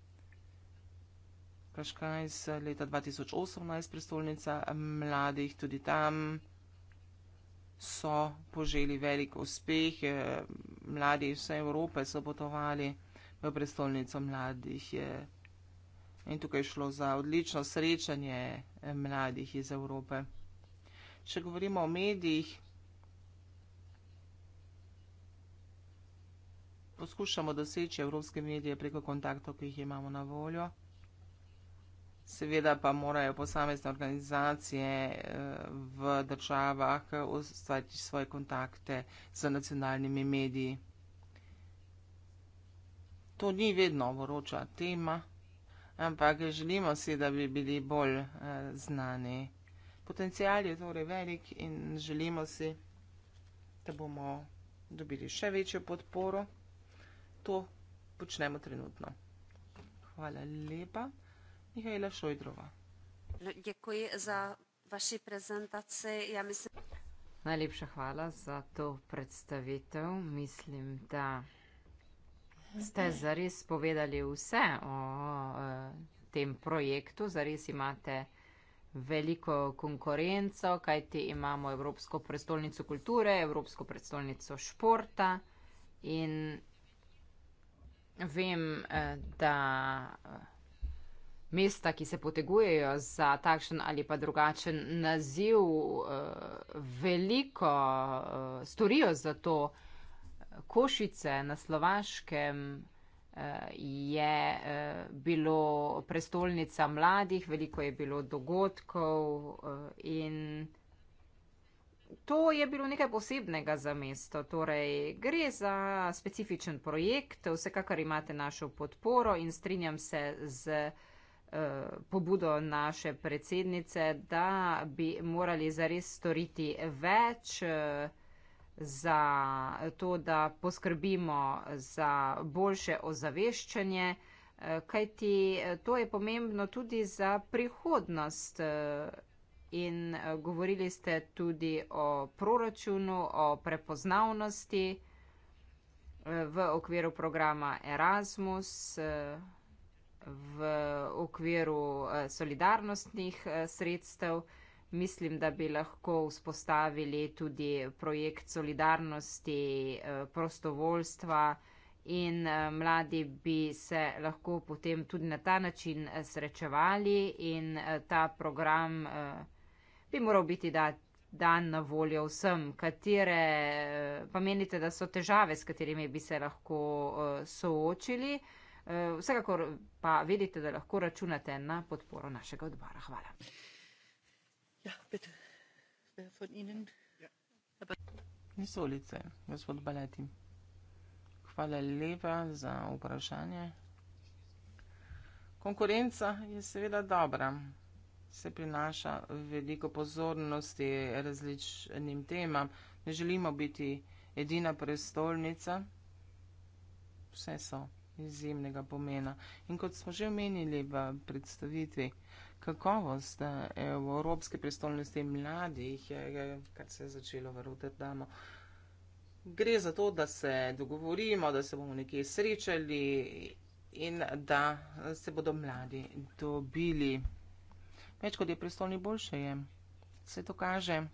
Kaškaj iz leta 2018, prestolnica mladih, tudi tam so poželi velik uspeh. Eh, mladi iz vse Evrope so potovali v prestolnico mladih. Eh. In tukaj je šlo za odlično srečanje eh, mladih iz Evrope. Če govorimo o medijih, poskušamo doseči evropske medije preko kontaktov, ki jih imamo na voljo. Seveda pa morajo posamezne organizacije eh, v državah ustvariti svoje kontakte z nacionalnimi mediji. To ni vedno vroča tema, ampak želimo si, da bi bili bolj eh, znani. Potencijal je torej velik in želimo si, da bomo dobili še večjo podporo. To počnemo trenutno. Hvala lepa. Mihajla Šojdrova. No, děkuji za vaši prezentaci. Já myslím... Najlepša hvala za to predstavitev. Mislim, da ste zares povedali vse o eh, tem projektu, zares imate veliko konkurenco, kajti imamo Evropsko predstolnico kulture, Evropsko predstolnico športa in vem, eh, da mesta, ki se potegujejo za takšen ali pa drugačen naziv, eh, veliko eh, storijo za to. Košice na slovaškem eh, je bilo prestolnica mladih, veliko je bilo dogodkov in to je bilo nekaj posebnega za mesto. Torej, gre za specifičen projekt, vsekakor imate našo podporo in strinjam se z. Eh, pobudo naše predsednice, da bi morali zares storiti več eh, za to, da poskrbimo za boljše ozaveščanje, eh, kajti to je pomembno tudi za prihodnost. In govorili ste tudi o proračunu, o prepoznavnosti v okviru programa Erasmus v okviru eh, solidarnostnih eh, sredstev. Mislim, da bi lahko vzpostavili tudi projekt solidarnosti, eh, prostovoljstva in mladi bi se lahko potem tudi na ta način srečevali in ta program bi moral biti dan na voljo vsem, katere pa menite, da so težave, s katerimi bi se lahko soočili. Vsekakor pa vedite, da lahko računate na podporo našega odbora. Hvala. Ja, Nisolice, ja. gospod Baleti. Hvala lepa za vprašanje. Konkurenca je seveda dobra, se prinaša veliko pozornosti različnim temam. Ne želimo biti edina prestolnica. Vse so izjemnega pomena. In kot smo že omenili v predstavitvi, kakovost v eh, Evropske prestolnosti mladih, kar se je začelo v Rotterdamu, gre za to, da se dogovorimo, da se bomo nekje srečali in da se bodo mladi dobili. Več kot je prestolni, boljše je. Se to kaže.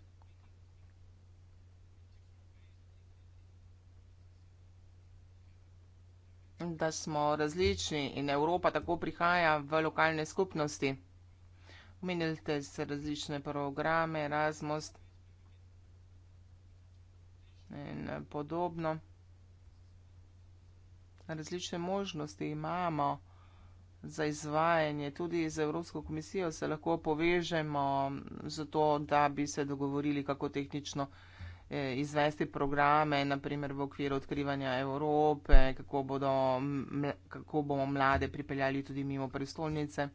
da smo različni in Evropa tako prihaja v lokalne skupnosti. Omenili ste se različne programe, Erasmus in podobno. Različne možnosti imamo za izvajanje, tudi z Evropsko komisijo se lahko povežemo, zato da bi se dogovorili, kako tehnično. Eh, izvesti programe, naprimer v okviru odkrivanja Evrope, kako, bodo, kako bomo mlade pripeljali tudi mimo prestolnice.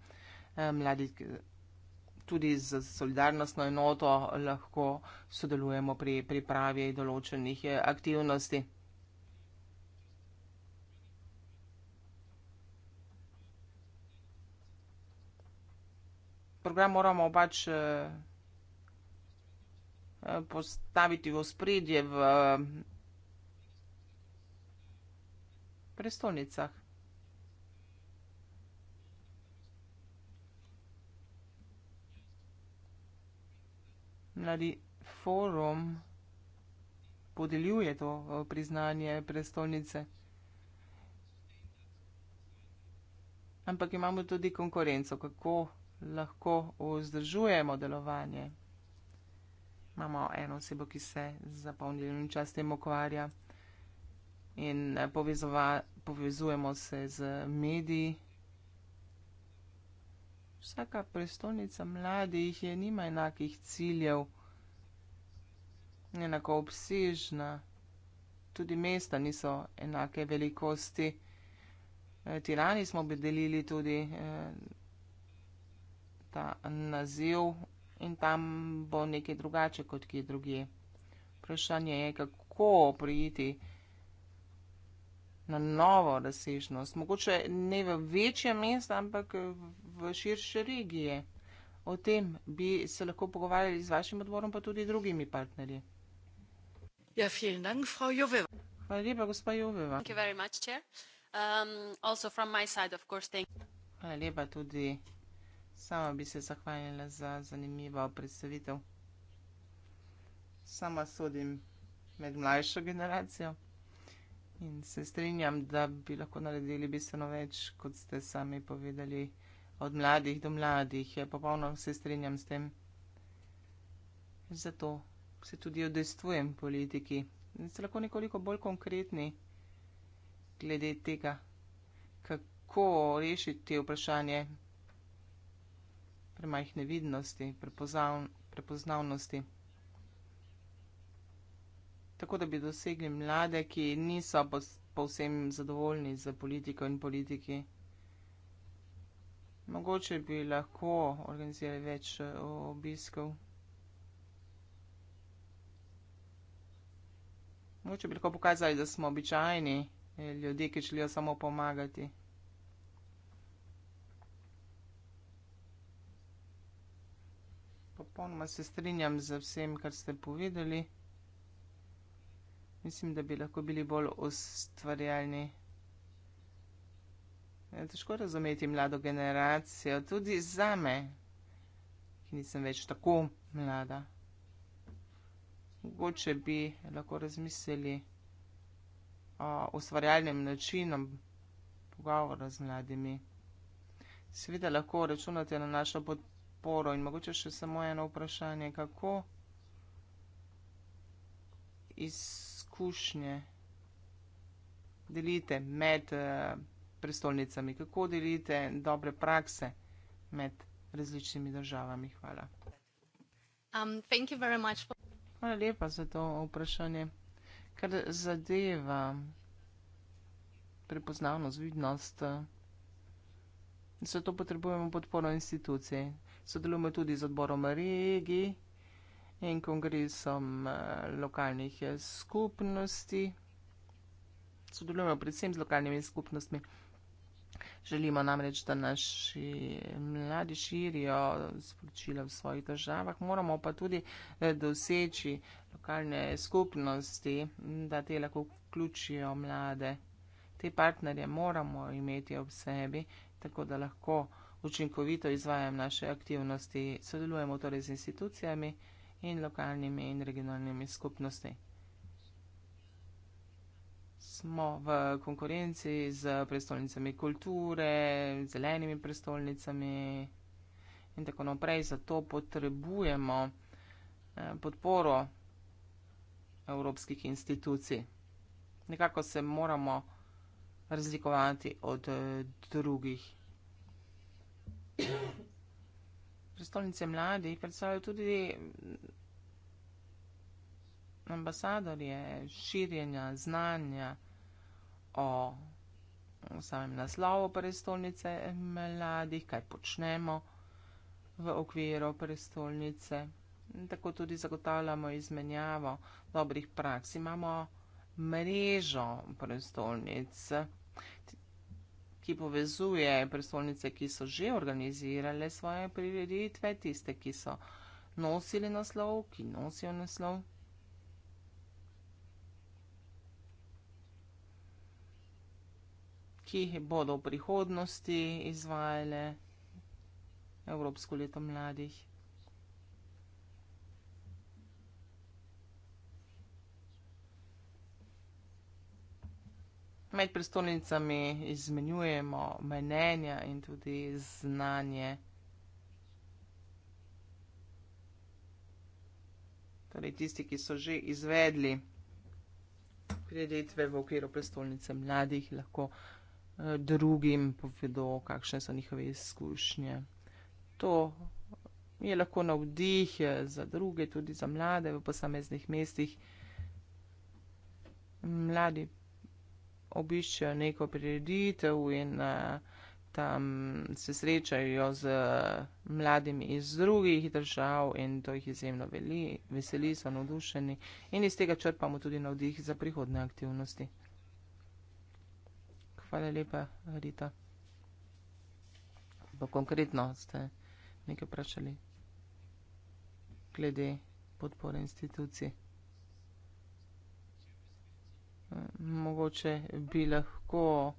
Eh, mladi tudi z solidarnostno enoto lahko sodelujemo pri pripravi določenih eh, aktivnosti. Program moramo pač Eh, postaviti v spredje v eh, prestolnicah. Mladi forum podeljuje to eh, priznanje prestolnice. Ampak imamo tudi konkurenco, kako lahko vzdržujemo delovanje imamo eno osebo, ki se za polnilni čas tem ukvarja in eh, povezova, povezujemo se z mediji. Vsaka prestolnica mladih je nima enakih ciljev, enako obsežna, tudi mesta niso enake velikosti. Eh, tirani smo bedelili tudi eh, ta naziv in tam bo nekaj drugače kot kje drugje. Vprašanje je, kako prijeti na novo razsežnost, mogoče ne v večje mesta, ampak v širše regije. O tem bi se lahko pogovarjali z vašim odborom, pa tudi drugimi partnerji. Ja, dank, Hvala lepa, gospa Joveva. Um, Hvala lepa tudi Sama bi se zahvalila za zanimivo predstavitev. Sama sodim med mlajšo generacijo in se strinjam, da bi lahko naredili bistveno več, kot ste sami povedali, od mladih do mladih. Ja, popolnoma se strinjam s tem. Zato se tudi odestujem politiki. Se lahko nekoliko bolj konkretni glede tega, kako rešiti vprašanje premajhne vidnosti, prepoznavnosti. Tako da bi dosegli mlade, ki niso povsem zadovoljni z politiko in politiki. Mogoče bi lahko organizirali več eh, obiskov. Mogoče bi lahko pokazali, da smo običajni eh, ljudje, ki želijo samo pomagati. Popolnoma se strinjam z vsem, kar ste povedali. Mislim, da bi lahko bili bolj ustvarjalni. Je ja, težko razumeti mlado generacijo, tudi zame, ki nisem več tako mlada. Mogoče bi lahko razmislili o ustvarjalnem načinu pogovora z mladimi. Seveda lahko računate na našo podporo podporo. In mogoče še samo eno vprašanje, kako izkušnje delite med uh, prestolnicami, kako delite dobre prakse med različnimi državami. Hvala. Um, for... Hvala lepa za to vprašanje. Kar zadeva prepoznavnost, vidnost, eh, zato potrebujemo podporo institucije sodelujemo tudi z odborom regij in kongresom eh, lokalnih eh, skupnosti. Sodelujemo predvsem z lokalnimi skupnostmi. Želimo namreč, da naši mladi širijo sporočila v svojih državah, moramo pa tudi eh, doseči lokalne skupnosti, da te lahko vključijo mlade. Te partnerje moramo imeti ob sebi, tako da lahko uh, učinkovito izvajam naše aktivnosti, sodelujemo torej z institucijami in lokalnimi in regionalnimi skupnosti. Smo v konkurenci z predstavnicami kulture, zelenimi predstavnicami in tako naprej. Zato potrebujemo eh, podporo evropskih institucij. Nekako se moramo razlikovati od eh, drugih institucij prestolnice mladih predstavljajo tudi ambasadorje širjenja znanja o samem naslovu prestolnice mladih, kaj počnemo v okviru prestolnice. Tako tudi zagotavljamo izmenjavo dobrih praks. Imamo mrežo prestolnic, ki povezuje prestolnice, ki so že organizirale svoje prireditve, tiste, ki so nosili naslov, ki nosijo naslov. Ki bodo v prihodnosti izvajale Evropsko leto mladih. med prestolnicami izmenjujemo mnenja in tudi znanje. Torej, tisti, ki so že izvedli prireditve v okviru prestolnice mladih, lahko eh, drugim povedo, kakšne so njihove izkušnje. To je lahko navdih eh, za druge, tudi za mlade v posameznih mestih. Mladi obiščejo neko prireditev in uh, tam se srečajo z eh, mladimi iz drugih držav in to jih izjemno veli, veseli, so navdušeni in iz tega črpamo tudi navdih za prihodne aktivnosti. Hvala lepa, Rita. Pa konkretno ste nekaj vprašali glede podpore institucije mogoče bi lahko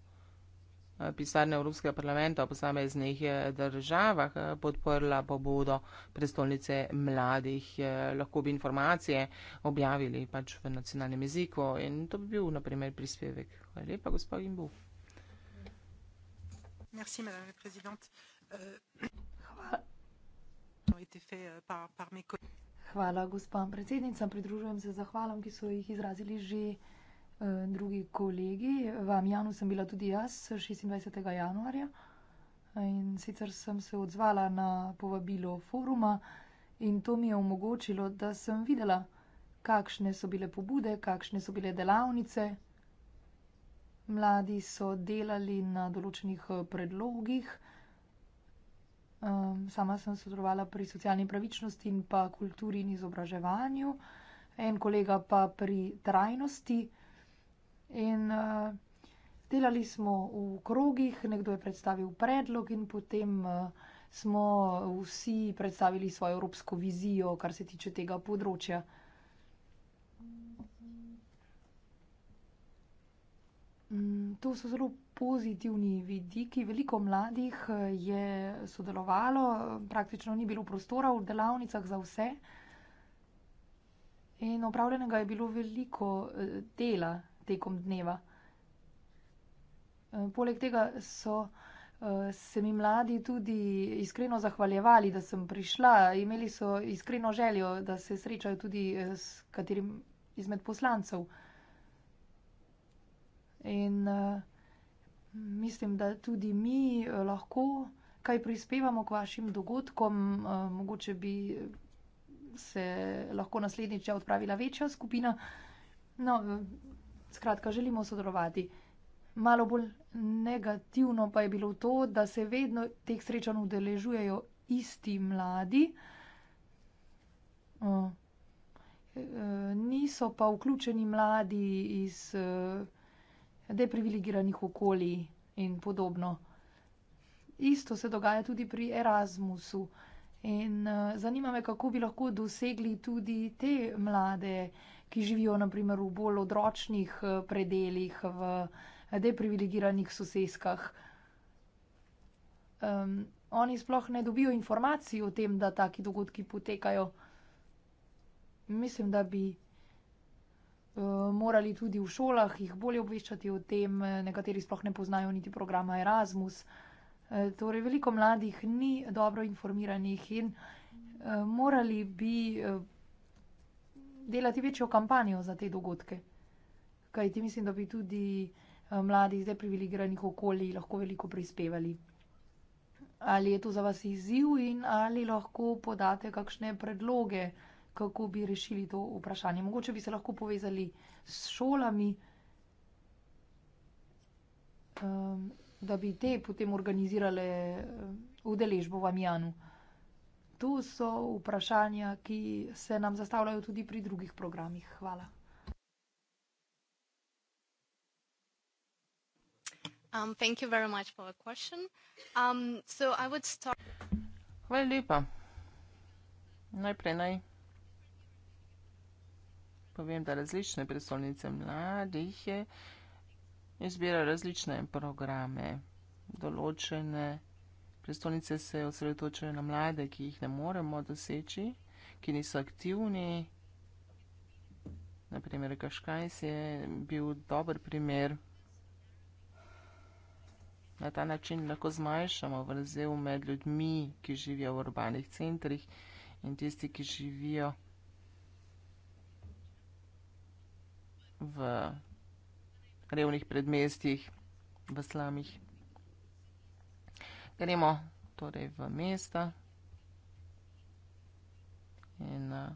eh, pisarne Evropskega parlamenta v posameznih eh, državah eh, podprla pobudo prestolnice mladih. Lahko bi informacije objavili pač v nacionalnem jeziku in to bi bil, na primer, prispevek. Hvala lepa, gospod Gimbu. Merci, madame la présidente. Euh, Hvala, euh, gospod predsednica. Pridružujem se zahvalam, ki so jih izrazili že vsega. Eh, drugi kolegi. V Amjanu sem bila tudi jaz 26. januarja in sicer sem se odzvala na povabilo foruma in to mi je omogočilo, da sem videla, kakšne so bile pobude, kakšne so bile delavnice. Mladi so delali na določenih eh, predlogih. Eh, sama sem sodelovala pri socialni pravičnosti in pa kulturi in izobraževanju, en kolega pa pri trajnosti. In uh, delali smo v krogih, nekdo je predstavil predlog in potem uh, smo vsi predstavili svojo evropsko vizijo, kar se tiče tega področja. Mm, to so zelo pozitivni vidiki. Veliko mladih eh, je sodelovalo, praktično ni bilo prostora v delavnicah za vse. In opravljenega je bilo veliko dela, tekom dneva. Eh, poleg tega so eh, se mi mladi tudi iskreno zahvaljevali, da sem prišla. Imeli so iskreno željo, da se srečajo tudi eh, s katerim izmed poslancev. In mislim, da tudi mi lahko kaj prispevamo k vašim dogodkom. Mogoče bi se lahko naslednjič odpravila večja skupina. No, Skratka, želimo sodelovati. Malo bolj negativno pa je bilo to, da se vedno teh srečanj udeležujejo isti mladi, e, e, niso pa vključeni mladi iz e, deprivilegiranih okolij in podobno. Isto se dogaja tudi pri Erasmusu. In uh, zanima me, kako bi lahko dosegli tudi te mlade, ki živijo naprimer v bolj odročnih eh, predeljih, v eh, deprivilegiranih sosedskah. Um, oni sploh ne dobijo informacij o tem, da taki dogodki potekajo. Mislim, da bi uh, morali tudi v šolah jih bolje obveščati o tem, nekateri sploh ne poznajo niti programa Erasmus. Uh, Eh, torej, veliko mladih ni dobro informiranih in eh, morali bi eh, delati večjo kampanjo za te dogodke. Kaj ti mislim, da bi tudi mladi iz deprivilegiranih okolij lahko veliko prispevali? Ali je to za vas izziv in ali lahko podate kakšne predloge, kako bi rešili to vprašanje? Mogoče bi se lahko povezali s šolami. Um, da bi te potem organizirale eh, udeležbo v Amjanu. To so vprašanja, ki se nam zastavljajo tudi pri drugih programih. Hvala. Um, um, so start... Hvala lepa. Najprej naj povem, da različne predstavnice mladih je izbira različne programe, določene. Prestolnice se osredotočajo na mlade, ki jih ne moremo doseči, ki niso aktivni. Naprimer, Kaškajs je bil dober primer. Na ta način lahko zmanjšamo vrzel med ljudmi, ki živijo v urbanih centrih in tisti, ki živijo v revnih predmestjih, v slamih. Gremo torej v mesta in uh,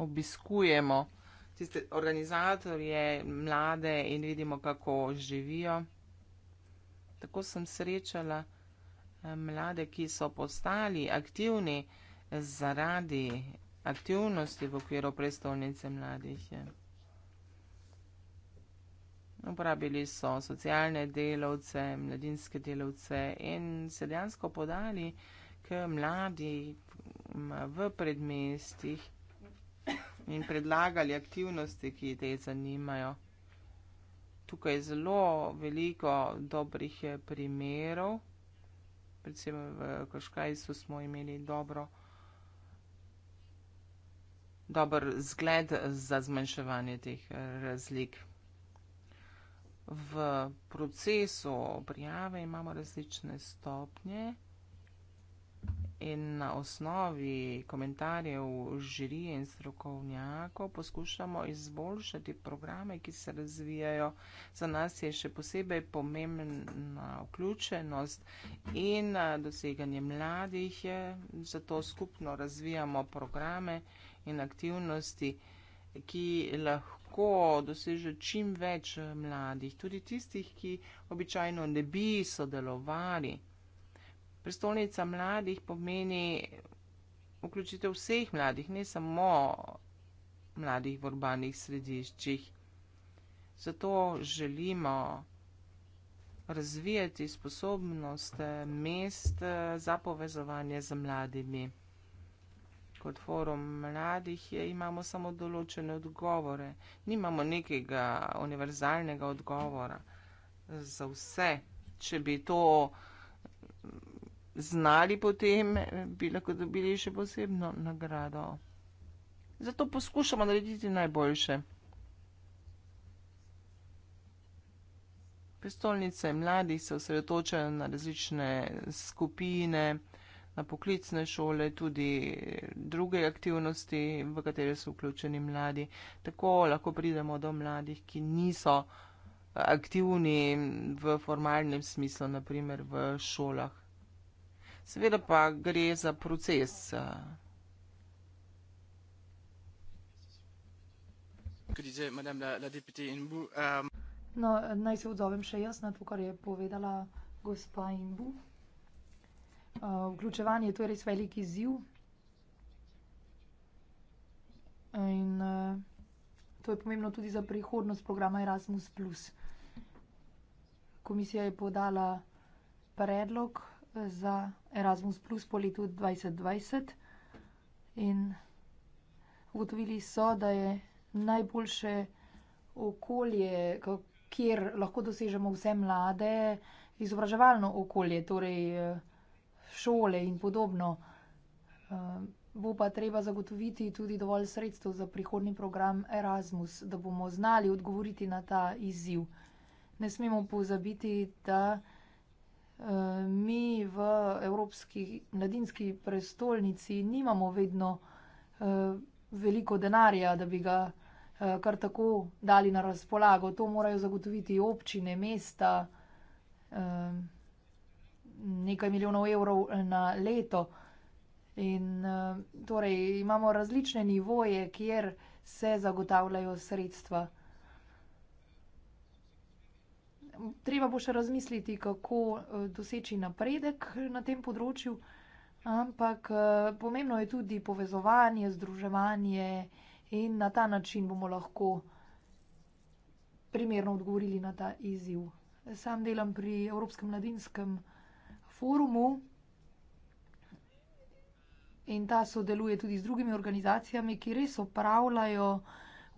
obiskujemo tiste organizatorje, mlade in vidimo, kako živijo. Tako sem srečala uh, mlade, ki so postali aktivni zaradi aktivnosti v okviru prestolnice mladih. Je. Eh. Uporabili so socialne delavce, mladinske delavce in se dejansko podali k mladim v predmestih in predlagali aktivnosti, ki te zanimajo. Tukaj je zelo veliko dobrih primerov. Predvsem v Koškajsu smo imeli dobro, dober zgled za zmanjševanje teh razlik v procesu prijave imamo različne stopnje in na osnovi komentarjev žirije in strokovnjakov poskušamo izboljšati programe, ki se razvijajo. Za nas je še posebej pomembna vključenost in doseganje mladih, zato skupno razvijamo programe in aktivnosti, ki lahko lahko doseže čim več eh, mladih, tudi tistih, ki običajno ne bi sodelovali. Prestolnica mladih pomeni vključitev vseh mladih, ne samo mladih v urbanih središčih. Zato želimo razvijati sposobnost eh, mest eh, za povezovanje z mladimi kot forum mladih je, imamo samo določene odgovore. Nimamo nekega univerzalnega odgovora za vse. Če bi to znali potem, bi lahko dobili še posebno nagrado. Zato poskušamo narediti najboljše. Pestolnice mladih se osredotočajo na različne skupine, na poklicne šole, tudi druge aktivnosti, v katere so vključeni mladi. Tako lahko pridemo do mladih, ki niso aktivni v formalnem smislu, naprimer v šolah. Seveda pa gre za proces. Um, no, naj se odzovem še jaz na to, kar je povedala gospa Inbu. Eh, vključevanje to je res velik izziv. In, eh, to je pomembno tudi za prihodnost programa Erasmus+. Komisija je podala predlog eh, za Erasmus Plus po letu 2020 in ugotovili so, da je najboljše okolje, kjer lahko dosežemo vse mlade, izobraževalno okolje, torej šole in podobno. Eh, bo pa treba zagotoviti tudi dovolj sredstev za prihodni program Erasmus, da bomo znali odgovoriti na ta izziv. Ne smemo pozabiti, da eh, mi v Evropski mladinski prestolnici nimamo vedno eh, veliko denarja, da bi ga kar tako dali na razpolago. To morajo zagotoviti občine, mesta nekaj milijonov evrov na leto. In eh, torej imamo različne nivoje, kjer se zagotavljajo sredstva. Treba bo še razmisliti, kako eh, doseči napredek na tem področju, ampak eh, pomembno je tudi povezovanje, združevanje in na ta način bomo lahko primerno odgovorili na ta izziv. Sam delam pri Evropskem mladinskem forumu in ta sodeluje tudi z drugimi organizacijami, ki res opravljajo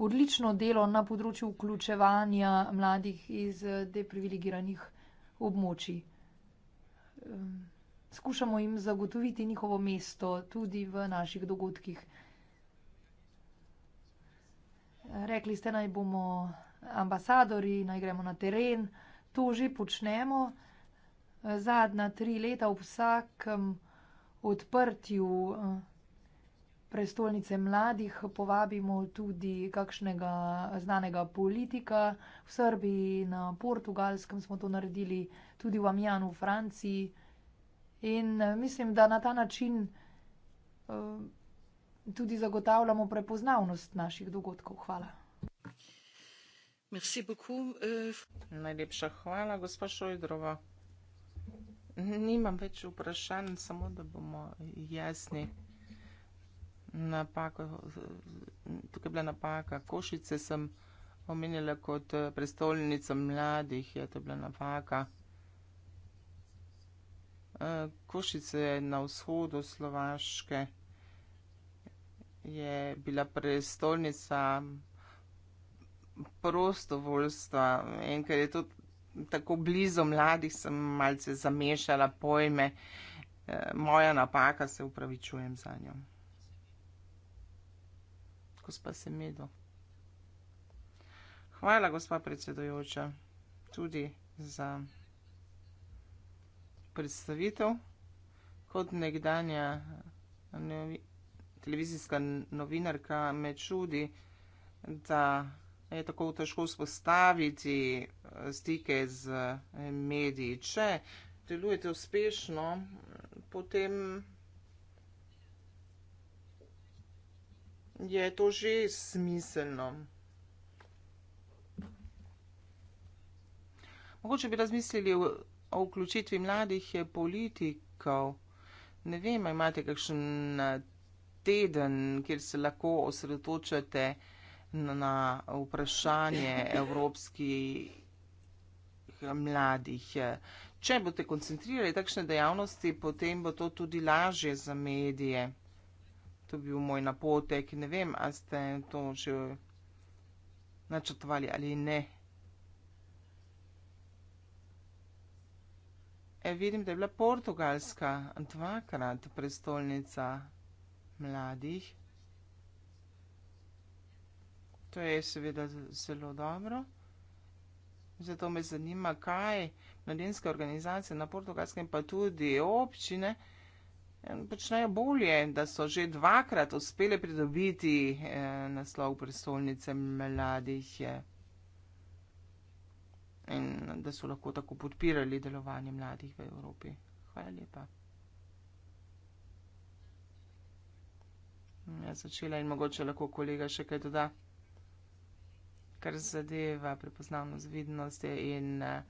odlično delo na področju vključevanja mladih iz deprivilegiranih območij. Ehm, skušamo jim zagotoviti njihovo mesto tudi v naših dogodkih. Rekli ste, naj bomo ambasadori, naj gremo na teren. To že počnemo zadnja tri leta v vsakem odprtju eh, prestolnice mladih povabimo tudi kakšnega znanega politika. V Srbiji, na Portugalskem smo to naredili, tudi v Amjanu, v Franciji. In eh, mislim, da na ta način eh, tudi zagotavljamo prepoznavnost naših dogodkov. Hvala. Euh. Najlepša hvala, gospa Šojdrova. Nimam več vprašanj, samo da bomo jasni. Napako, tukaj je bila napaka. Košice sem omenila kot prestolnico mladih, ja, je to bila napaka. E, Košice na vzhodu Slovaške je bila prestolnica prostovoljstva in ker je tudi tako blizu mladih, sem malce zamešala pojme. E, moja napaka, se upravičujem za njo. Gospa Semedo. Hvala, gospa predsedojoča, tudi za predstavitev. Kot nekdanja novi, televizijska novinarka me čudi, da je tako težko spostaviti eh, stike z eh, mediji. Če delujete uspešno, potem je to že smiselno. Mogoče bi razmislili o vključitvi mladih eh, politikov. Ne vem, imate kakšen teden, kjer se lahko osredotočate na na vprašanje evropskih mladih. Če boste koncentrirali takšne dejavnosti, potem bo to tudi lažje za medije. To bi bil moj napotek. Ne vem, a ste to že načrtovali ali ne. E, vidim, da je bila Portugalska dvakrat prestolnica mladih. To je seveda zelo dobro. Zato me zanima, kaj mladinske organizacije na portugalskem, pa tudi občine, eh, počnejo bolje, da so že dvakrat uspele pridobiti eh, naslov prestolnice mladih eh, in da so lahko tako podpirali delovanje mladih v Evropi. Hvala lepa. Jaz začela in mogoče lahko kolega še kaj doda kar zadeva prepoznavnost vidnosti in eh,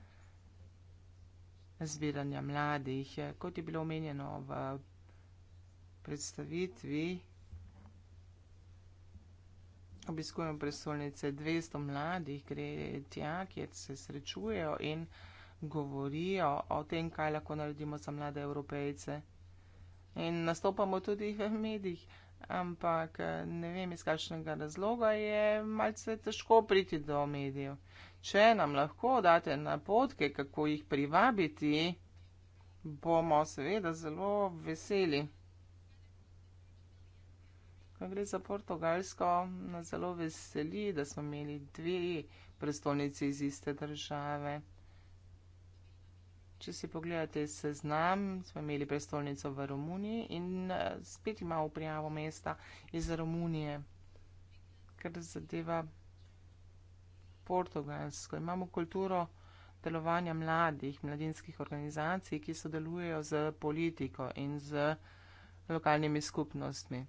zbiranja mladih. Kot je bilo omenjeno v predstavitvi, obiskujemo prestolnice 200 mladih, gre tja, kjer se srečujejo in govorijo o tem, kaj lahko naredimo za mlade evropejce. In nastopamo tudi v medijih ampak eh, ne vem iz kakšnega razloga je malce težko priti do medijev. Če nam lahko date napotke, kako jih privabiti, bomo seveda zelo veseli. Ko gre za Portugalsko, nas zelo veseli, da smo imeli dve prestolnici iz iste države če si pogledate seznam, smo imeli prestolnico v Romuniji in eh, spet imamo prijavo mesta iz Romunije, kar zadeva portugalsko. Imamo kulturo delovanja mladih, mladinskih organizacij, ki sodelujejo z politiko in z lokalnimi skupnostmi.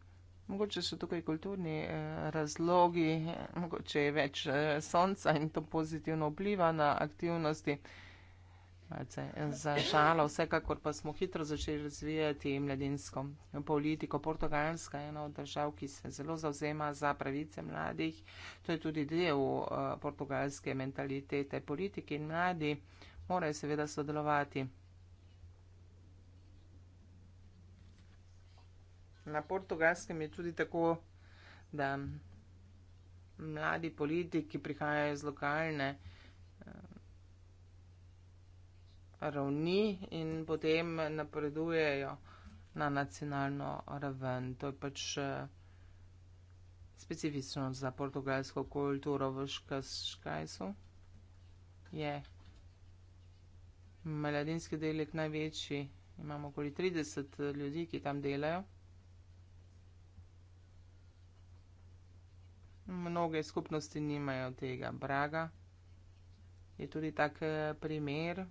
Mogoče so tukaj kulturni eh, razlogi, eh, mogoče je več sonca in to pozitivno vpliva na aktivnosti malce zažala. Vsekakor pa smo hitro začeli razvijati mladinsko politiko. Portugalska je ena od držav, ki se zelo zauzema za pravice mladih. To je tudi del uh, portugalske mentalitete. Politiki in mladi morajo seveda sodelovati. Na portugalskem je tudi tako, da mladi politiki prihajajo iz lokalne. ravni in potem napredujejo na nacionalno raven. To je pač eh, specifično za portugalsko kulturo v Škajsu. Je mladinski delek največji, imamo okoli 30 eh, ljudi, ki tam delajo. Mnoge skupnosti nimajo tega braga. Je tudi tak eh, primer.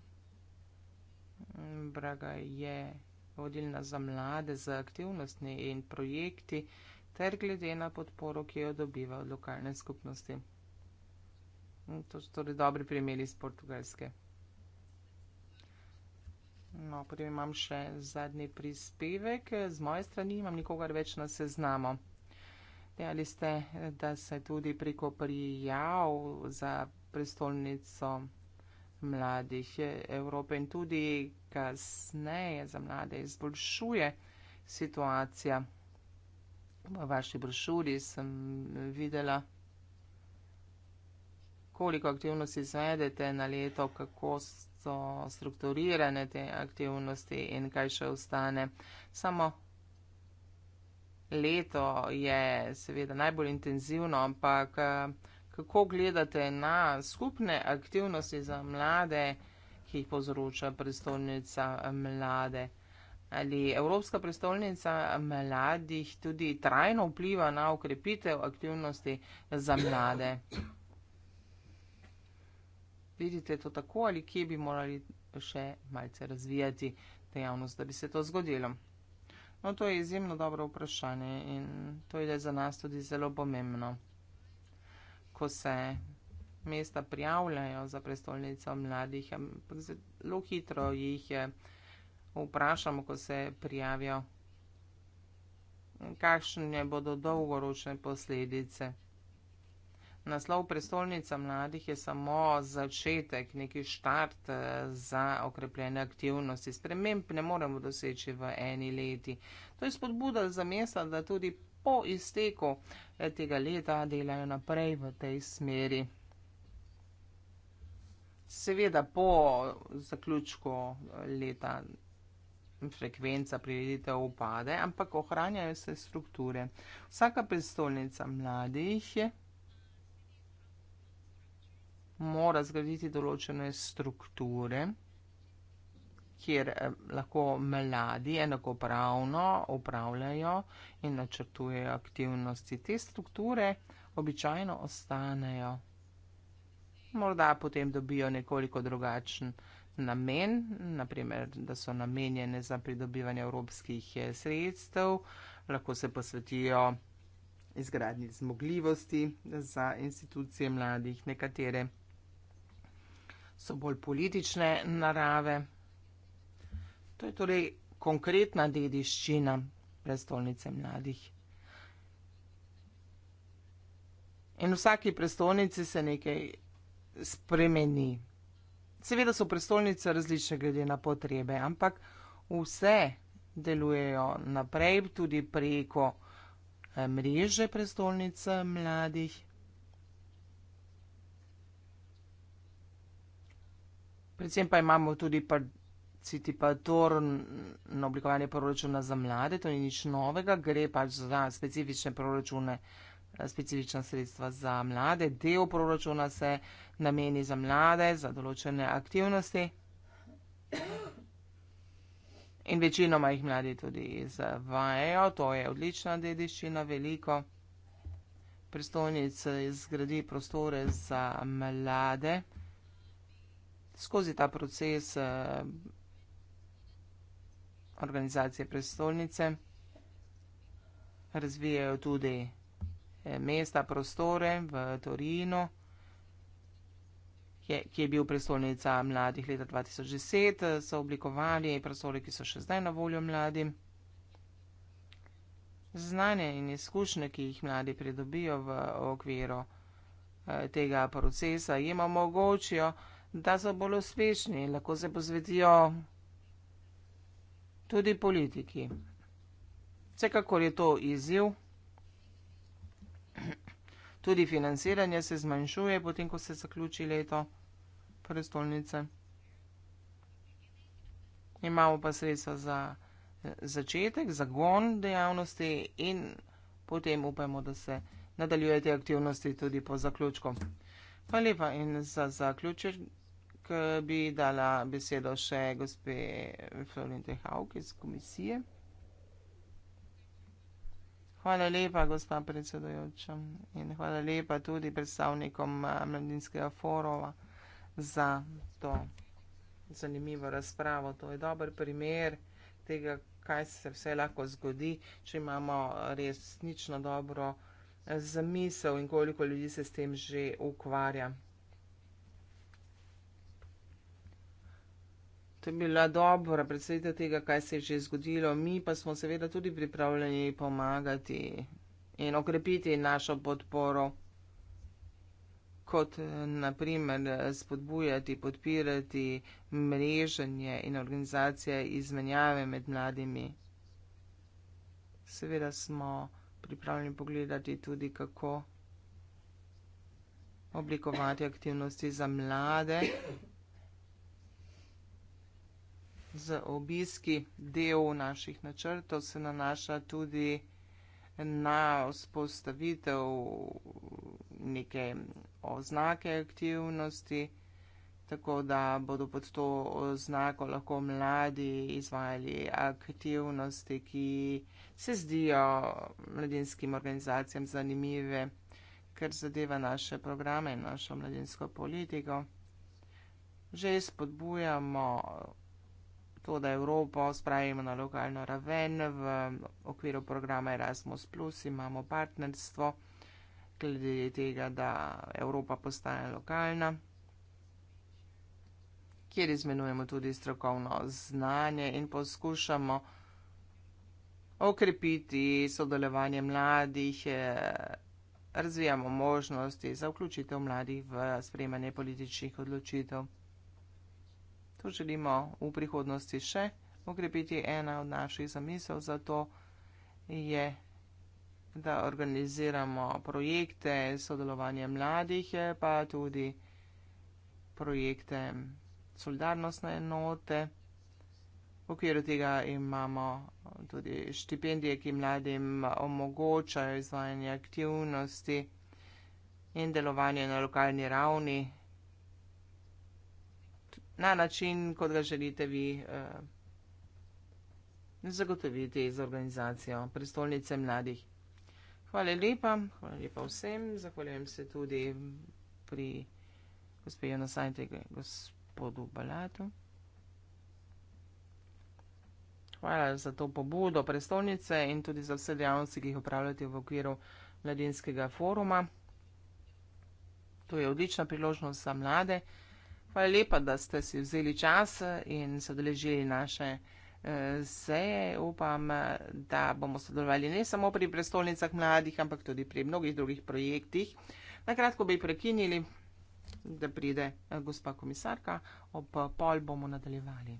Braga je vodilna za mlade, za aktivnostni in projekti ter glede na podporo, ki jo dobiva od lokalne skupnosti. To so torej dobri primeri iz Portugalske. No, potem imam še zadnji prispevek. Z moje strani imam nikogar več na seznamo. Dejali ste, da se tudi preko prijav za prestolnico mladih Evrope in tudi kasneje za mlade izboljšuje situacija. V vaši brošuri sem videla, koliko aktivnosti izvedete na leto, kako so strukturirane te aktivnosti in kaj še ostane. Samo leto je seveda najbolj intenzivno, ampak kako gledate na skupne aktivnosti za mlade, ki jih povzroča prestolnica mlade? Ali Evropska prestolnica mladih tudi trajno vpliva na ukrepitev aktivnosti za mlade? Vidite to tako ali kje bi morali še malce razvijati dejavnost, da bi se to zgodilo? No, to je izjemno dobro vprašanje in to je za nas tudi zelo pomembno ko se mesta prijavljajo za prestolnico mladih, ampak zelo hitro jih vprašamo, ko se prijavijo, kakšne bodo dolgoročne posledice. Naslov prestolnica mladih je samo začetek, neki štart eh, za okrepljene aktivnosti. Sprememb ne moremo doseči v eni leti. To je spodbuda za mesta, da tudi po izteku eh, tega leta delajo naprej v tej smeri. Seveda po zaključku eh, leta frekvenca prireditev upade, ampak ohranjajo se strukture. Vsaka prestolnica mladih je mora zgraditi določene strukture kjer eh, lahko mladi enakopravno upravljajo in načrtujejo aktivnosti. Te strukture običajno ostanejo. Morda potem dobijo nekoliko drugačen namen, naprimer, da so namenjene za pridobivanje evropskih eh, sredstev, lahko se posvetijo izgradnji zmogljivosti za institucije mladih, nekatere so bolj politične narave. To je torej konkretna dediščina prestolnice mladih. In v vsaki prestolnici se nekaj spremeni. Seveda so prestolnice različne glede na potrebe, ampak vse delujejo naprej, tudi preko eh, mreže prestolnice eh, mladih. Predvsem pa imamo tudi pa Citi pa Torn na oblikovanje proračuna za mlade, to ni nič novega, gre pač za specifične proračune, eh, specifična sredstva za mlade. Del proračuna se nameni za mlade, za določene aktivnosti. In večinoma jih mladi tudi izvajajo, to je odlična dediščina, veliko prestolnice zgradi prostore za mlade. Skozi ta proces. Uh, organizacije prestolnice. Razvijajo tudi eh, mesta, prostore v Torino, ki je bil prestolnica mladih leta 2010, eh, so oblikovali prostore, ki so še zdaj na voljo mladim. Znanje in izkušnje, ki jih mladi pridobijo v okviru eh, tega procesa, jim omogočijo, da so bolj uspešni in lahko se pozvedijo tudi politiki. Vsekakor je to izziv. Tudi financiranje se zmanjšuje, potem ko se zaključi leto prestolnice. Imamo pa sredstva za eh, začetek, za gon dejavnosti in potem upajmo, da se nadaljujete aktivnosti tudi po zaključku. Hvala lepa in za zaključek ampak eh, bi dala besedo še gospe Florinte Hauk iz komisije. Hvala lepa, gospa predsedojoča in hvala lepa tudi predstavnikom eh, Mladinskega foruma za to zanimivo razpravo. To je dober primer tega, kaj se vse lahko zgodi, če imamo eh, resnično dobro zamisel in koliko ljudi se s tem že ukvarja. To je bila dobra predstavitev tega, kaj se je že zgodilo. Mi pa smo seveda tudi pripravljeni pomagati in okrepiti našo podporo, kot naprimer spodbujati, podpirati mreženje in organizacije izmenjave med mladimi. Seveda smo pripravljeni pogledati tudi, kako oblikovati aktivnosti za mlade, z obiski. Del naših načrtov se nanaša tudi na vzpostavitev neke oznake aktivnosti, tako da bodo pod to oznako lahko mladi izvajali aktivnosti, ki se zdijo mladinskim organizacijam zanimive, ker zadeva naše programe in našo mladinsko politiko. Že spodbujamo to, da Evropo spravimo na lokalno raven v okviru programa Erasmus, Plus, imamo partnerstvo, glede tega, da Evropa postane lokalna, kjer izmenujemo tudi strokovno znanje in poskušamo okrepiti sodelovanje mladih, eh, razvijamo možnosti za vključitev mladih v sprejemanje političnih odločitev. To želimo v prihodnosti še ukrepiti. Ena od naših zamisel za to je, da organiziramo projekte sodelovanja mladih, pa tudi projekte solidarnostne enote. V okviru tega imamo tudi štipendije, ki mladim omogočajo izvajanje aktivnosti in delovanje na lokalni ravni na način, kot ga želite vi eh, zagotoviti z organizacijo prestolnice mladih. Hvala lepa, hvala lepa vsem, zahvaljujem se tudi pri gospodinu Nasajte, gospodu Balatu. Hvala za to pobudo prestolnice in tudi za vse dejavnosti, ki jih upravljate v okviru mladinskega foruma. To je odlična priložnost za mlade. Hvala lepa, da ste si vzeli čas in se odeležili naše eh, seje. Upam, da bomo sodelovali ne samo pri prestolnicah mladih, ampak tudi pri mnogih drugih projektih. Nakratko bi prekinili, da pride eh, gospa komisarka, ob pol bomo nadaljevali.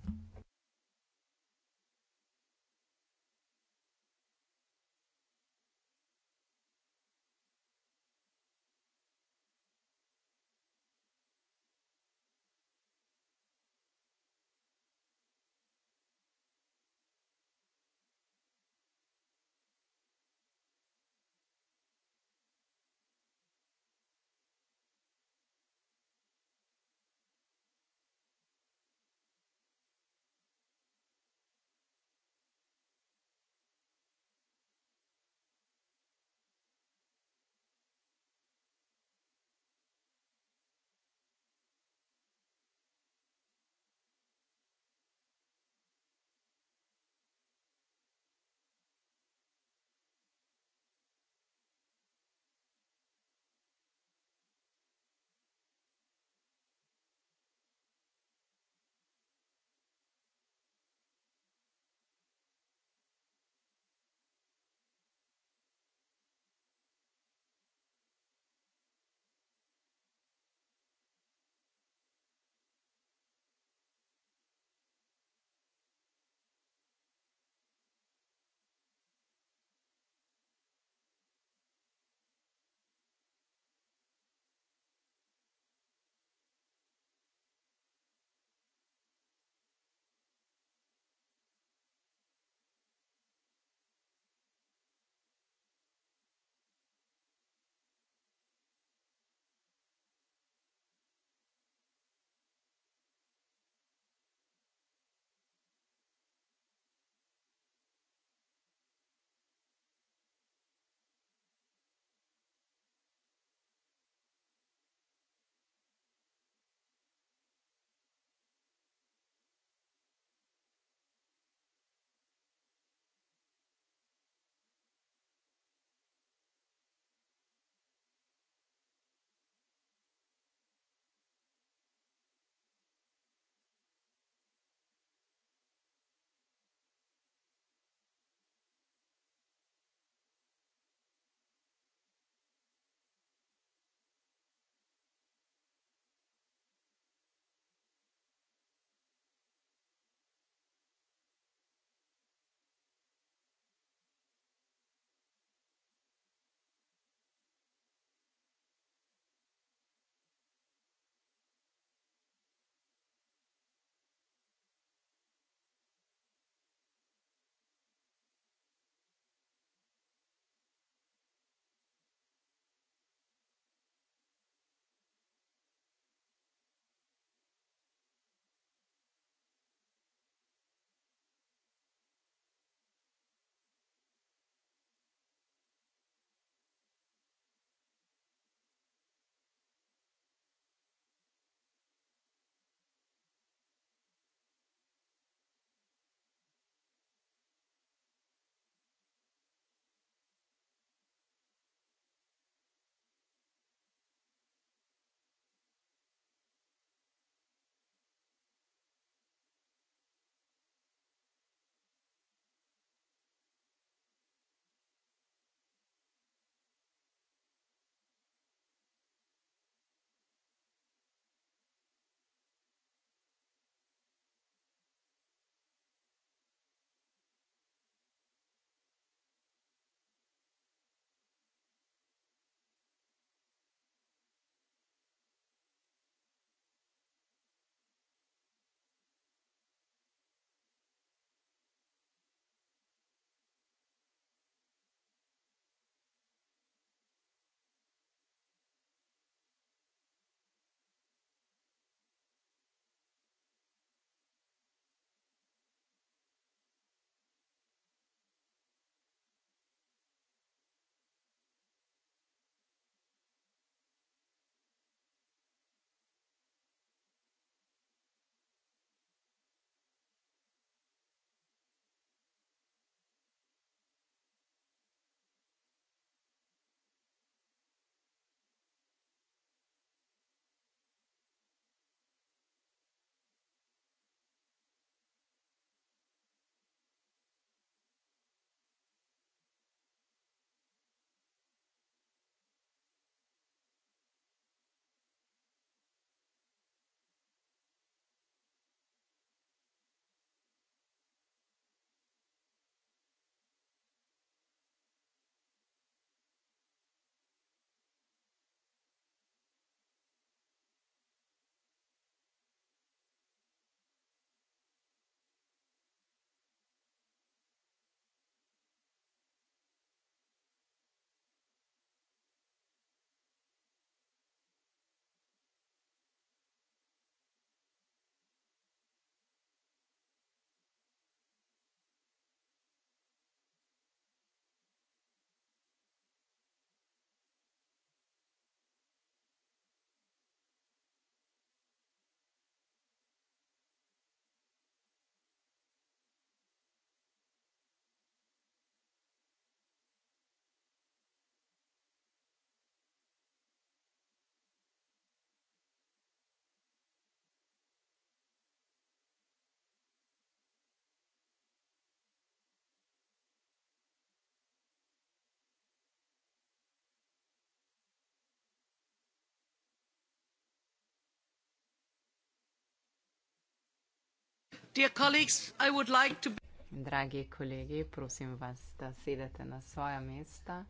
Dragi kolegi, prosim vas, da sedete na svoja mesta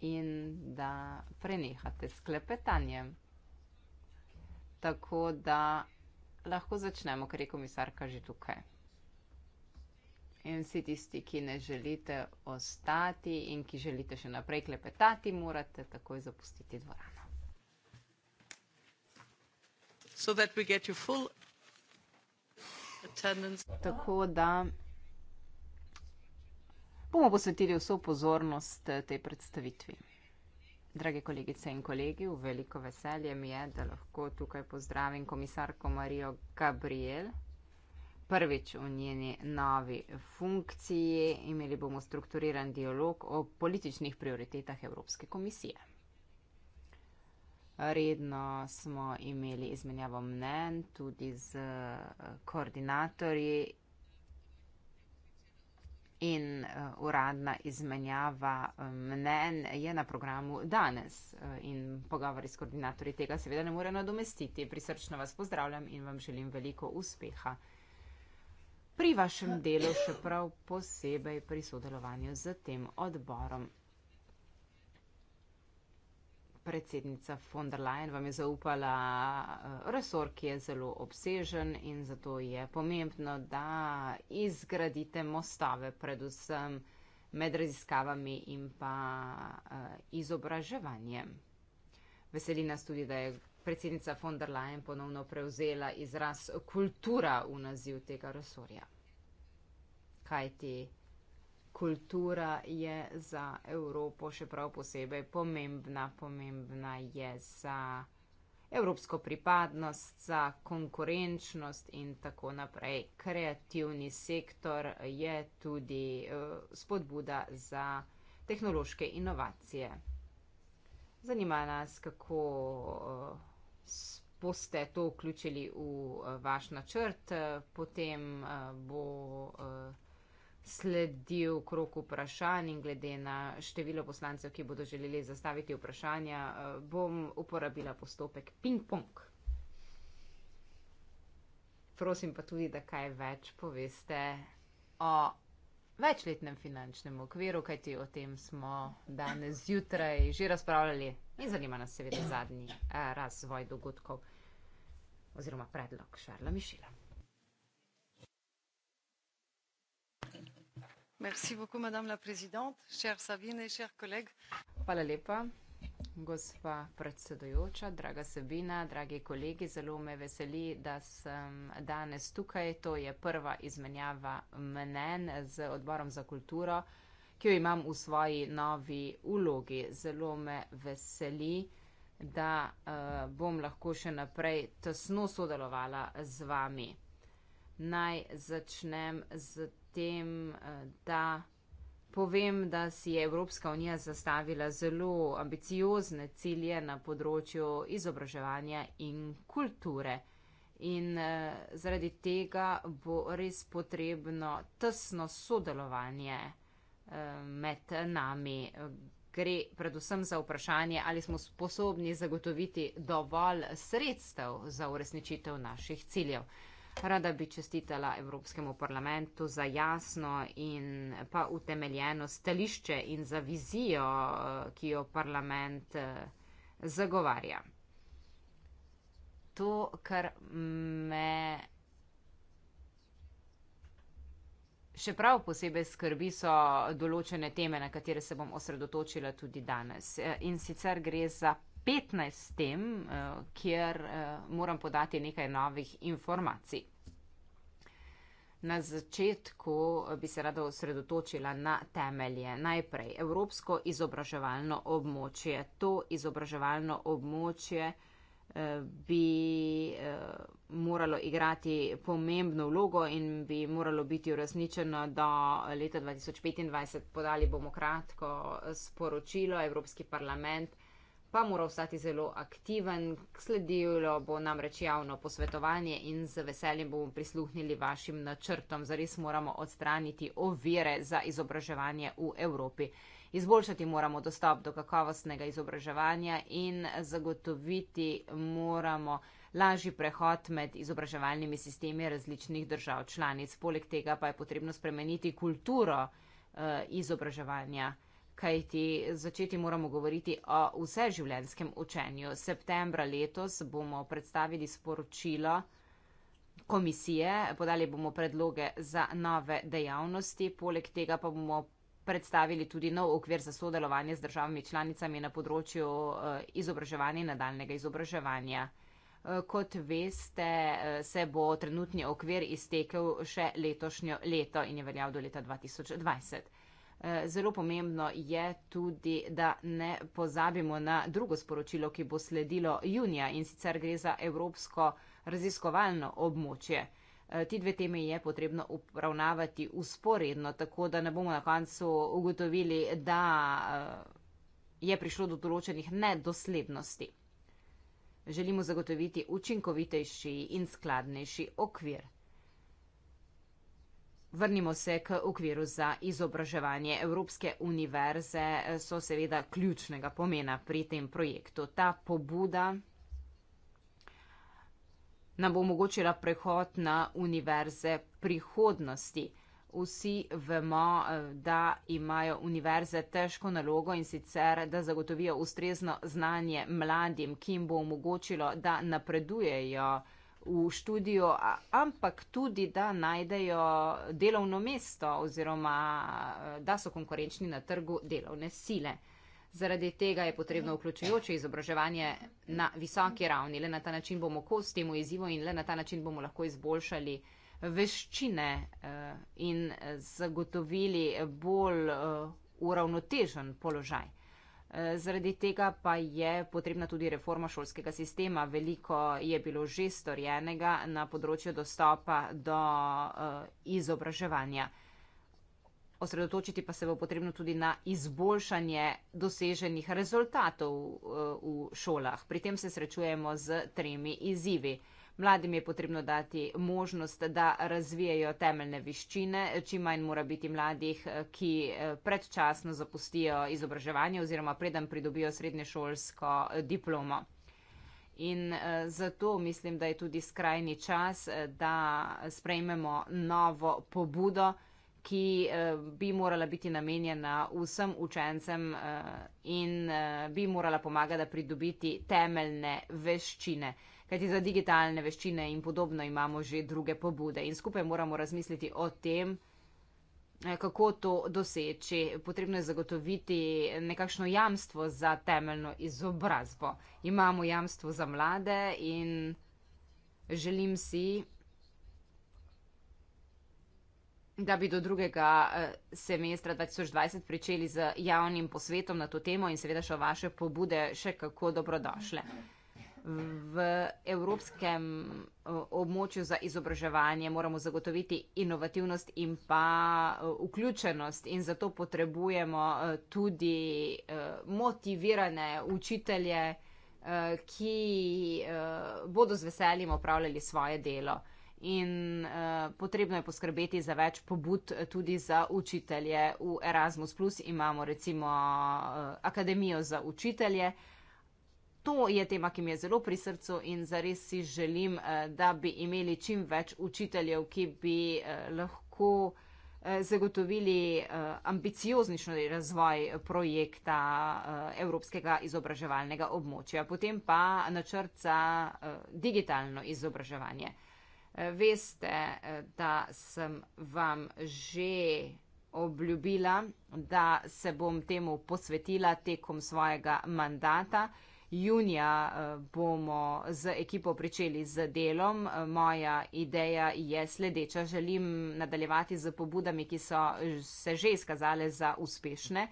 in da prenehate s klepetanjem. Tako da lahko začnemo, ker je komisarka že tukaj. In vsi tisti, ki ne želite ostati in ki želite še naprej klepetati, morate takoj zapustiti dvorano. So that we get your full tako da bomo posvetili vso pozornost eh, tej predstavitvi. Drage kolegice in kolegi, v veliko veselje mi je, da lahko tukaj pozdravim komisarko Marijo Gabriel, prvič v njeni novi funkciji. Imeli bomo strukturiran dialog o političnih prioritetah Evropske komisije. Redno smo imeli izmenjavo mnen tudi z eh, koordinatorji in eh, uradna izmenjava eh, mnen je na programu danes in pogovori s koordinatorji tega seveda ne morejo nadomestiti. Prisrčno vas pozdravljam in vam želim veliko uspeha pri vašem delu, še prav posebej pri sodelovanju z tem odborom predsednica von der Leyen vam je zaupala eh, resor, ki je zelo obsežen in zato je pomembno, da izgradite mostave predvsem med raziskavami in pa eh, izobraževanjem. Veseli nas tudi, da je predsednica von der Leyen ponovno prevzela izraz kultura v naziv tega resorja. Kaj ti je? kultura je za Evropo še prav posebej pomembna. Pomembna je za evropsko pripadnost, za konkurenčnost in tako naprej. Kreativni sektor je tudi eh, spodbuda za tehnološke inovacije. Zanima nas, kako eh, boste to vključili v eh, vaš načrt, potem bo sledil krok vprašanj in glede na število poslancev, ki bodo želeli zastaviti vprašanja, eh, bom uporabila postopek ping-pong. Prosim pa tudi, da kaj več poveste o večletnem finančnem okviru, kajti o tem smo danes zjutraj že razpravljali in zanima nas seveda zadnji eh, razvoj dogodkov oziroma predlog Šarla Mišila. Hvala lepa, gospa predsedujoča, draga Sabina, dragi kolegi, zelo me veseli, da sem danes tukaj. To je prva izmenjava mnen z odborom za kulturo, ki jo imam v svoji novi vlogi. Zelo me veseli, da uh, bom lahko še naprej tesno sodelovala z vami. Naj začnem z tem, eh, da povem, da si je Evropska unija zastavila zelo ambiciozne cilje na področju izobraževanja in kulture. In eh, zaradi tega bo res potrebno tesno sodelovanje eh, med nami. Gre predvsem za vprašanje, ali smo sposobni zagotoviti dovolj sredstev za uresničitev naših ciljev. Rada bi čestitala Evropskemu parlamentu za jasno in pa utemeljeno stališče in za vizijo, eh, ki jo parlament eh, zagovarja. To, kar me še prav posebej skrbi, so določene teme, na katere se bom osredotočila tudi danes. Eh, in sicer gre za 15 tem, eh, kjer eh, moram podati nekaj novih informacij. Na začetku eh, bi se rada osredotočila na temelje. Najprej Evropsko izobraževalno območje. To izobraževalno območje bi moralo igrati pomembno vlogo in bi moralo biti uresničeno do leta 2025. Podali bomo kratko sporočilo. Evropski parlament pa mora ostati zelo aktiven. Sledilo bo namreč javno posvetovanje in z veseljem bomo prisluhnili vašim načrtom. Zares moramo odstraniti ovire za izobraževanje v Evropi. Izboljšati moramo dostop do kakovostnega izobraževanja in zagotoviti moramo lažji prehod med izobraževalnimi sistemi različnih držav članic. Poleg tega pa je potrebno spremeniti kulturo eh, izobraževanja kajti začeti moramo govoriti o vseživljenskem učenju. Septembra letos bomo predstavili sporočilo komisije, podali bomo predloge za nove dejavnosti, poleg tega pa bomo predstavili tudi nov okvir za sodelovanje z državami članicami na področju eh, izobraževanja in nadaljnega izobraževanja. Eh, kot veste, eh, se bo trenutni okvir iztekel še letošnjo leto in je veljal do leta 2020. Eh, zelo pomembno je tudi, da ne pozabimo na drugo sporočilo, ki bo sledilo junija in sicer gre za Evropsko raziskovalno območje. Eh, ti dve teme je potrebno upravnavati usporedno, tako da ne bomo na koncu ugotovili, da eh, je prišlo do določenih nedoslednosti. Želimo zagotoviti učinkovitejši in skladnejši okvir. Vrnimo se k okviru za izobraževanje. Evropske univerze eh, so seveda ključnega pomena pri tem projektu. Ta pobuda nam bo omogočila prehod na univerze prihodnosti. Vsi vemo, eh, da imajo univerze težko nalogo in sicer, da zagotovijo ustrezno znanje mladim, ki jim bo omogočilo, da napredujejo v študijo, ampak tudi, da najdejo delovno mesto oziroma eh, da so konkurenčni na trgu delovne sile. Zaradi tega je potrebno vključujoče izobraževanje na visoki ravni. Le na ta način bomo kos temu izzivu in le na ta način bomo lahko izboljšali veščine eh, in zagotovili bolj eh, uravnotežen položaj. Eh, zaradi tega pa je potrebna tudi reforma šolskega sistema. Veliko je bilo že storjenega na področju dostopa do eh, izobraževanja. Osredotočiti pa se bo potrebno tudi na izboljšanje doseženih rezultatov eh, v šolah. Pri tem se srečujemo z tremi izzivi. Mladim je potrebno dati možnost, da razvijajo temeljne veščine. Čim manj mora biti mladih, ki eh, predčasno zapustijo izobraževanje oziroma preden pridobijo srednješolsko eh, diplomo. In eh, zato mislim, da je tudi skrajni čas, da sprejmemo novo pobudo, ki bi morala biti namenjena vsem učencem in bi morala pomagati pridobiti temeljne veščine. Kajti za digitalne veščine in podobno imamo že druge pobude in skupaj moramo razmisliti o tem, eh, kako to doseči. Potrebno je zagotoviti nekakšno jamstvo za temeljno izobrazbo. Imamo jamstvo za mlade in želim si, da bi do drugega eh, semestra 2020 pričeli z javnim posvetom na to temo in seveda še vaše pobude še kako dobrodošle. Okay v evropskem eh, območju za izobraževanje moramo zagotoviti inovativnost in pa eh, vključenost in zato potrebujemo eh, tudi motivirane učitelje, ki bodo z veseljem opravljali svoje delo. In uh, potrebno je poskrbeti za več pobud tudi za učitelje. V Erasmus Plus imamo recimo uh, Akademijo za učitelje, uh, to je tema, ki mi je zelo pri srcu in zares si želim, eh, da bi imeli čim več učiteljev, ki bi eh, lahko eh, zagotovili ambiciozničen razvoj projekta Evropskega izobraževalnega območja, potem pa načrt za digitalno izobraževanje. Veste, da sem vam že obljubila, da se bom temu posvetila tekom svojega mandata junija eh, bomo z ekipo pričeli z delom. Eh, moja ideja je sledeča. Želim nadaljevati z pobudami, ki so se že izkazale za uspešne.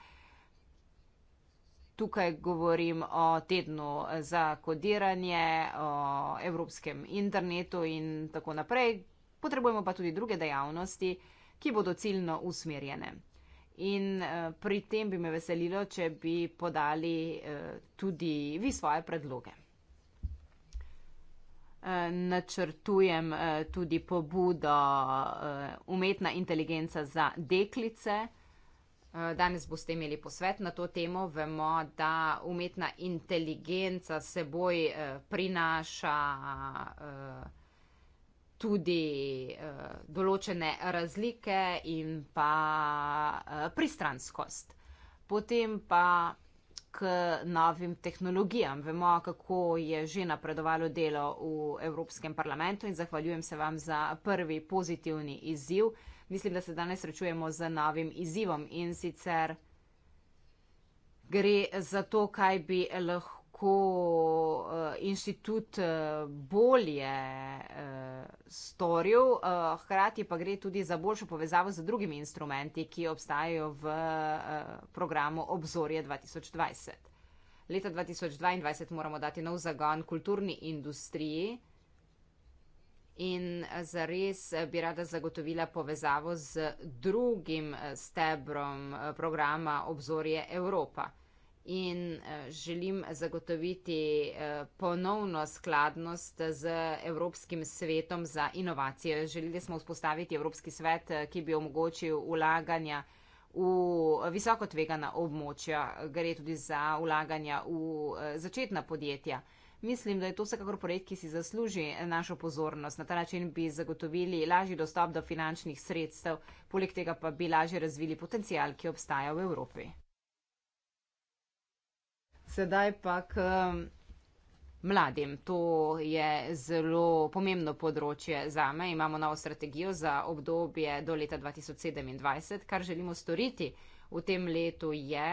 Tukaj govorim o tednu za kodiranje, o evropskem internetu in tako naprej. Potrebujemo pa tudi druge dejavnosti, ki bodo ciljno usmerjene. In uh, pri tem bi me veselilo, če bi podali uh, tudi vi svoje predloge. Eh, načrtujem tudi pobudo umetna inteligenca za deklice. Danes boste imeli posvet na to temo. Vemo, da umetna inteligenca seboj prinaša tudi uh, določene razlike in pa uh, pristranskost. Potem pa k novim tehnologijam. Vemo, kako je že napredovalo delo v Evropskem parlamentu in zahvaljujem se vam za prvi pozitivni izziv. Mislim, da se danes srečujemo z novim izzivom in sicer gre za to, kaj bi lahko kako uh, inštitut uh, bolje uh, storil, uh, hkrati pa gre tudi za boljšo povezavo z drugimi instrumenti, ki obstajajo v uh, programu Obzorje 2020. Leta 2022 moramo dati nov zagon kulturni industriji in zares bi rada zagotovila povezavo z drugim stebrom programa Obzorje Evropa in eh, želim zagotoviti eh, ponovno skladnost z Evropskim svetom za inovacije. Želeli smo vzpostaviti Evropski svet, eh, ki bi omogočil ulaganja v visoko tvegana območja, gre tudi za ulaganja v začetna podjetja. Mislim, da je to vsekakor projekt, ki si zasluži našo pozornost. Na ta način bi zagotovili lažji dostop do finančnih sredstev, poleg tega pa bi lažje razvili potencial, ki obstaja v Evropi. Sedaj pa k um, mladim. To je zelo pomembno področje za me. Imamo novo strategijo za obdobje do leta 2027. Kar želimo storiti v tem letu je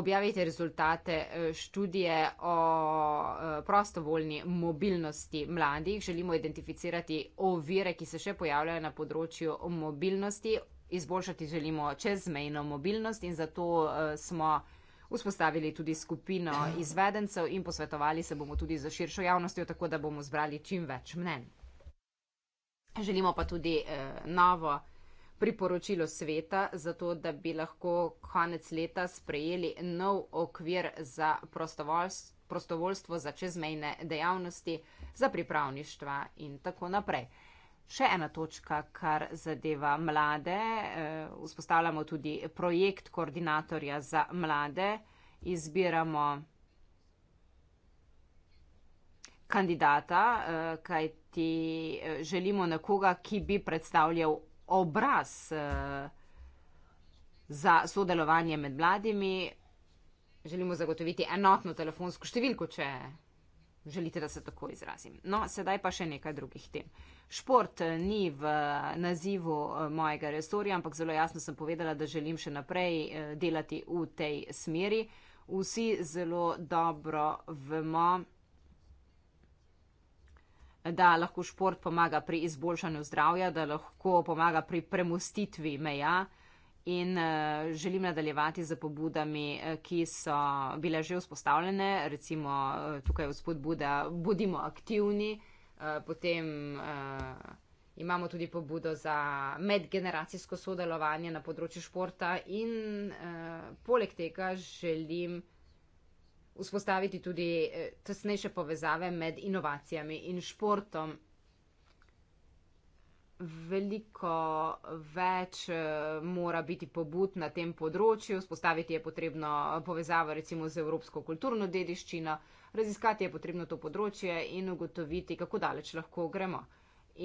objaviti rezultate eh, študije o eh, prostovoljni mobilnosti mladih. Želimo identificirati ovire, ki se še pojavljajo na področju mobilnosti, izboljšati želimo čezmejno mobilnost in zato eh, smo vzpostavili tudi skupino izvedencev in posvetovali se bomo tudi za širšo javnostjo, tako da bomo zbrali čim več mnen. Želimo pa tudi eh, novo priporočilo sveta, zato da bi lahko konec leta sprejeli nov okvir za prostovoljstvo, prostovoljstvo za čezmejne dejavnosti, za pripravništva in tako naprej še ena točka, kar zadeva mlade. E, vzpostavljamo tudi projekt koordinatorja za mlade, izbiramo kandidata, e, kajti e, želimo nekoga, ki bi predstavljal obraz za sodelovanje med mladimi. Želimo zagotoviti enotno telefonsko številko, če Želite, da se tako izrazim. No, sedaj pa še nekaj drugih tem. Šport eh, ni v eh, nazivu eh, mojega resorja, ampak zelo jasno sem povedala, da želim še naprej delati v tej smeri. Vsi zelo dobro vemo, da lahko šport pomaga pri izboljšanju zdravja, da lahko pomaga pri premustitvi meja in uh, želim nadaljevati z pobudami, eh, ki so bile že vzpostavljene, recimo uh, tukaj v spodbuda Budimo aktivni, uh, potem uh, imamo tudi pobudo za medgeneracijsko sodelovanje na področju športa in uh, poleg tega želim vzpostaviti tudi tesnejše povezave med inovacijami in športom veliko več eh, mora biti pobud na tem področju, spostaviti je potrebno povezavo recimo z evropsko kulturno dediščino, raziskati je potrebno to področje in ugotoviti, kako daleč lahko gremo.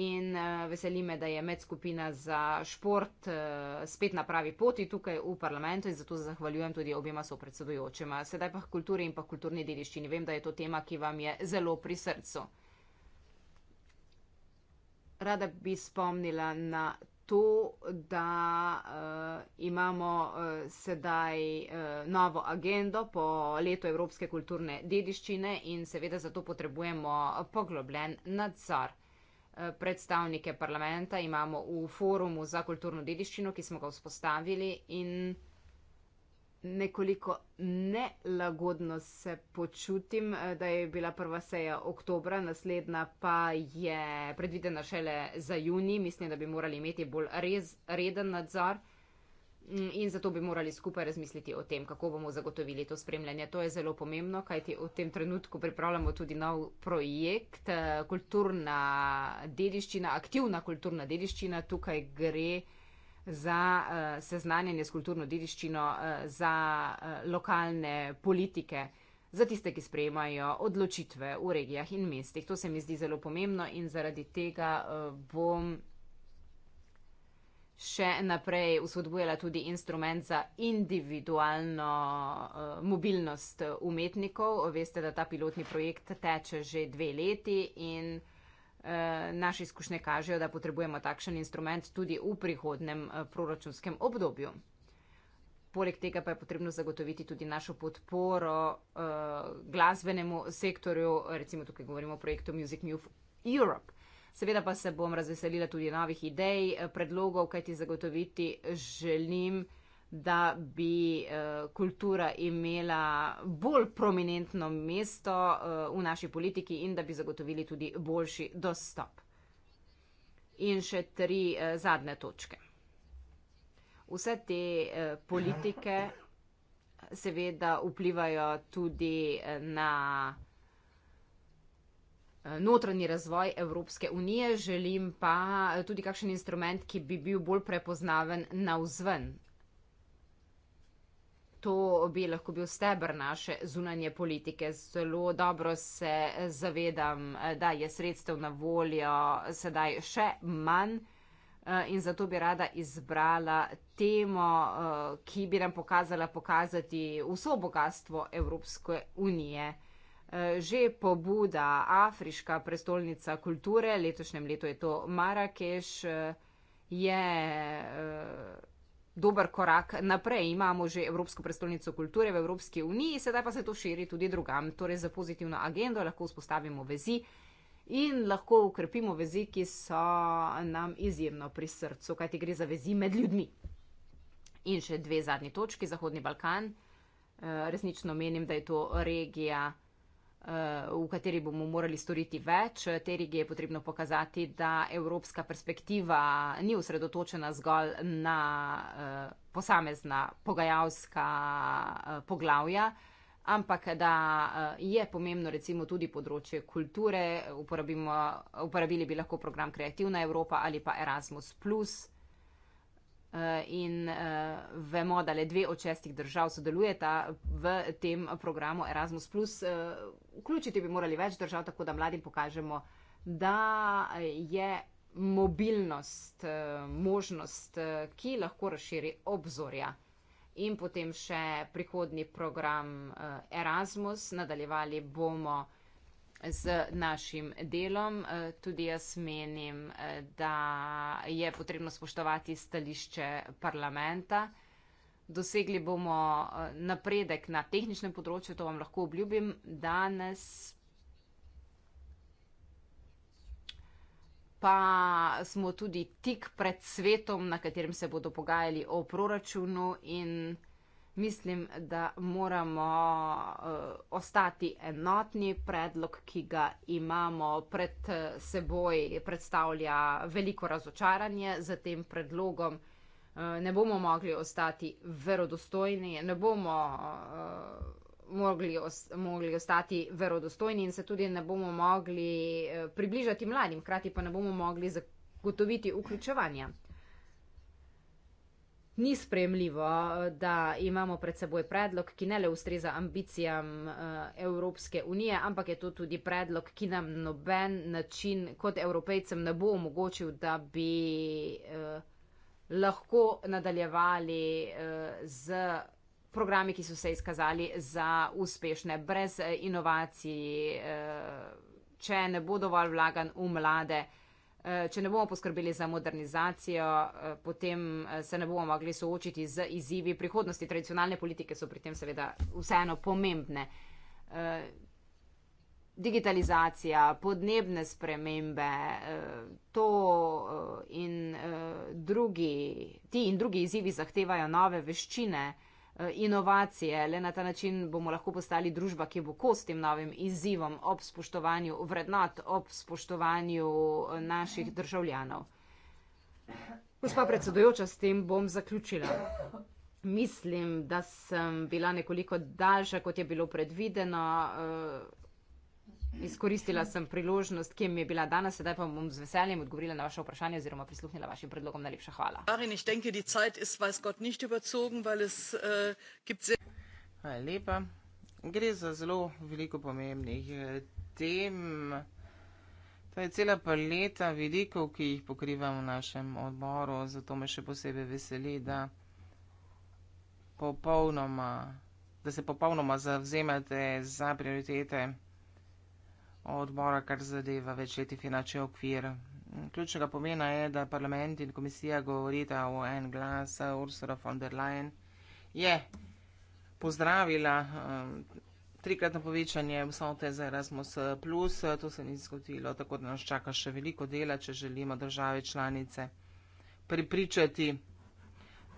In eh, veseli me, da je medskupina za šport eh, spet na pravi poti tukaj v parlamentu in zato zahvaljujem tudi objema so predsedujočima. Sedaj pa kulturi in pa kulturni dediščini. Vem, da je to tema, ki vam je zelo pri srcu rada bi spomnila na to, da uh, imamo uh, sedaj uh, novo agendo po letu Evropske kulturne dediščine in seveda zato potrebujemo poglobljen nadzor. Predstavnike parlamenta imamo v forumu za kulturno dediščino, ki smo ga vzpostavili in nekoliko nelagodno se počutim, eh, da je bila prva seja oktobra, naslednja pa je predvidena šele za juni. Mislim, da bi morali imeti bolj res reden nadzor mm, in zato bi morali skupaj razmisliti o tem, kako bomo zagotovili to spremljanje. To je zelo pomembno, kajti v tem trenutku pripravljamo tudi nov projekt eh, Kulturna dediščina, aktivna kulturna dediščina. Tukaj gre za uh, eh, seznanjenje s kulturno dediščino, uh, za uh, lokalne politike, za tiste, ki sprejemajo odločitve v regijah in mestih. To se mi zdi zelo pomembno in zaradi tega uh, bom še naprej usodbujala tudi instrument za individualno uh, mobilnost umetnikov. Veste, da ta pilotni projekt teče že dve leti in. Eh, naše izkušnje kažejo, da potrebujemo takšen instrument tudi v prihodnem eh, proračunskem obdobju. Poleg tega pa je potrebno zagotoviti tudi našo podporo eh, glasbenemu sektorju, recimo tukaj govorimo o projektu Music Move Europe. Seveda pa se bom razveselila tudi novih idej, predlogov, kajti zagotoviti želim, da da bi eh, kultura imela bolj prominentno mesto eh, v naši politiki in da bi zagotovili tudi boljši dostop. In še tri eh, zadnje točke. Vse te politike seveda vplivajo tudi na notranji razvoj Evropske unije, želim pa tudi kakšen instrument, ki bi bil bolj prepoznaven navzven To bi lahko bil stebr naše zunanje politike. Zelo dobro se zavedam, da je sredstev na voljo sedaj še manj eh, in zato bi rada izbrala temo, eh, ki bi nam pokazala pokazati vso bogatstvo Evropske unije. Eh, že pobuda Afriška prestolnica kulture, letošnjem letu je to Marrakeš, je dober korak naprej. Imamo že Evropsko prestolnico kulture v Evropski uniji, sedaj pa se to širi tudi drugam. Torej, za pozitivno agendo lahko vzpostavimo vezi in lahko ukrepimo vezi, ki so nam izjemno pri srcu, kajti gre za vezi med ljudmi. In še dve zadnji točki, Zahodni Balkan. Eh, resnično menim, da je to regija. Eh, v kateri bomo morali storiti več. Te regije je potrebno pokazati, da evropska perspektiva ni usredotočena zgolj na eh, posamezna pogajalska eh, poglavja, ampak da je pomembno recimo tudi področje kulture. Uporabimo, uporabili bi lahko program Kreativna Evropa ali pa Erasmus. Eh, in uh, vemo, da le dve od šestih držav sodelujeta v tem programu Erasmus. Uh, vključiti bi morali več držav, tako da mladim pokažemo, da je mobilnost uh, možnost, uh, ki lahko razširi obzorja. In potem še prihodni program uh, Erasmus. Nadaljevali bomo z našim delom. Eh, tudi jaz menim, eh, da je potrebno spoštovati stališče parlamenta. Dosegli bomo eh, napredek na tehničnem področju, to vam lahko obljubim danes. Pa smo tudi tik pred svetom, na katerem se bodo pogajali o proračunu in mislim, da moramo uh, ostati enotni. Predlog, ki ga imamo pred eh, seboj, predstavlja veliko razočaranje za tem predlogom. Eh, ne bomo mogli ostati verodostojni, ne bomo uh, mogli, os, mogli ostati verodostojni in se tudi ne bomo mogli približati mladim, hkrati pa ne bomo mogli zagotoviti vključevanja ni spremljivo, eh, da imamo pred seboj predlog, ki ne le ustreza ambicijam eh, Evropske unije, ampak je to tudi predlog, ki nam noben način kot evropejcem ne bo omogočil, da bi eh, lahko nadaljevali z programi, ki so se izkazali za uspešne, brez inovacij, če ne bo dovolj vlagan v mlade. Eh, če ne bomo poskrbeli za modernizacijo, eh, potem eh, se ne bomo mogli soočiti z izzivi prihodnosti. Tradicionalne politike so pri tem seveda vseeno pomembne. Digitalizacija, podnebne spremembe, to in drugi, ti in drugi izzivi zahtevajo nove veščine. Eh, inovacije. Le na ta način bomo lahko postali družba, ki bo kos tem novim izzivom ob spoštovanju vrednot, ob spoštovanju eh, naših državljanov. Gospa predsedujoča, s tem bom zaključila. Mislim, da sem bila nekoliko daljša, kot je bilo predvideno. Uh, Izkoristila sem priložnost, ki mi je bila danes, sedaj pa bom z veseljem odgovorila na vaše vprašanje oziroma prisluhnila vašim predlogom. Najlepša hvala. Äh, hvala lepa. Gre za zelo veliko pomembnih eh, tem. To je cela paleta vidikov, ki jih pokrivam v našem odboru, zato me še posebej veseli, da, popolnoma, da se popolnoma zavzemate za prioritete odbora, kar zadeva večleti finančni okvir. Ključnega pomena je, da parlament in komisija govorita o en glas. Ursula von der Leyen je pozdravila um, trikratno povečanje vsote za Erasmus. Plus. To se ni zgodilo, tako da nas čaka še veliko dela, če želimo države članice pripričati,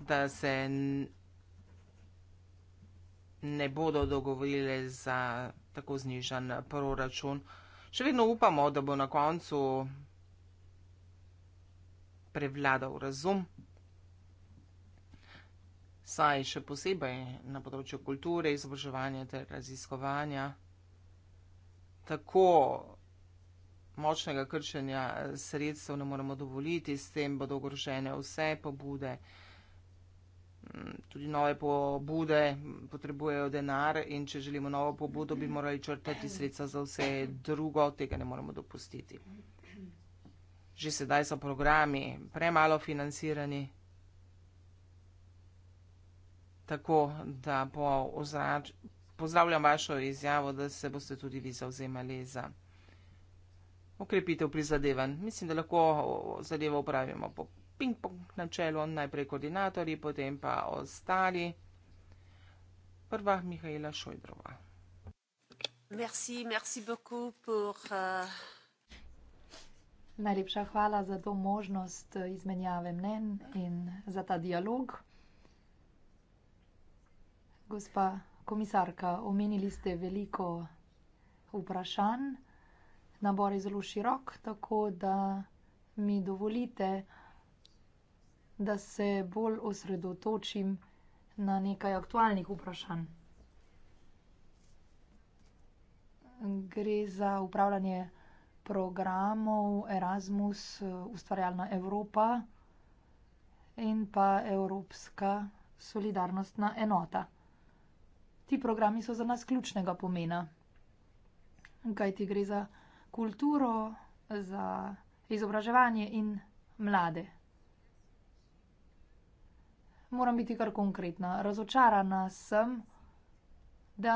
da se ne bodo dogovorile za tako znižen proračun še vedno upamo, da bo na koncu prevladal razum, saj še posebej na področju kulture, izobraževanja ter raziskovanja tako močnega krčenja sredstev ne moremo dovoliti, s tem bodo ogrožene vse pobude tudi nove pobude potrebujejo denar in če želimo novo pobudo, bi morali črtati sredstva za vse drugo, tega ne moremo dopustiti. Že sedaj so programi premalo financirani, tako da po ozrač... pozdravljam vašo izjavo, da se boste tudi vi zauzemali za okrepitev prizadevanj. Mislim, da lahko zadevo upravimo po ping-pong na čelu, najprej koordinatorji, potem pa ostali. Prva Mihajla Šojdrova. Merci, merci pour, uh... Najlepša hvala za to možnost izmenjave mnen in za ta dialog. Gospa komisarka, omenili ste veliko vprašanj. Nabor je zelo širok, tako da mi dovolite, da se bolj osredotočim na nekaj aktualnih vprašanj. Gre za upravljanje programov Erasmus, ustvarjalna Evropa in pa Evropska solidarnostna enota. Ti programi so za nas ključnega pomena, kaj ti gre za kulturo, za izobraževanje in mlade moram biti kar konkretna. Razočarana sem, da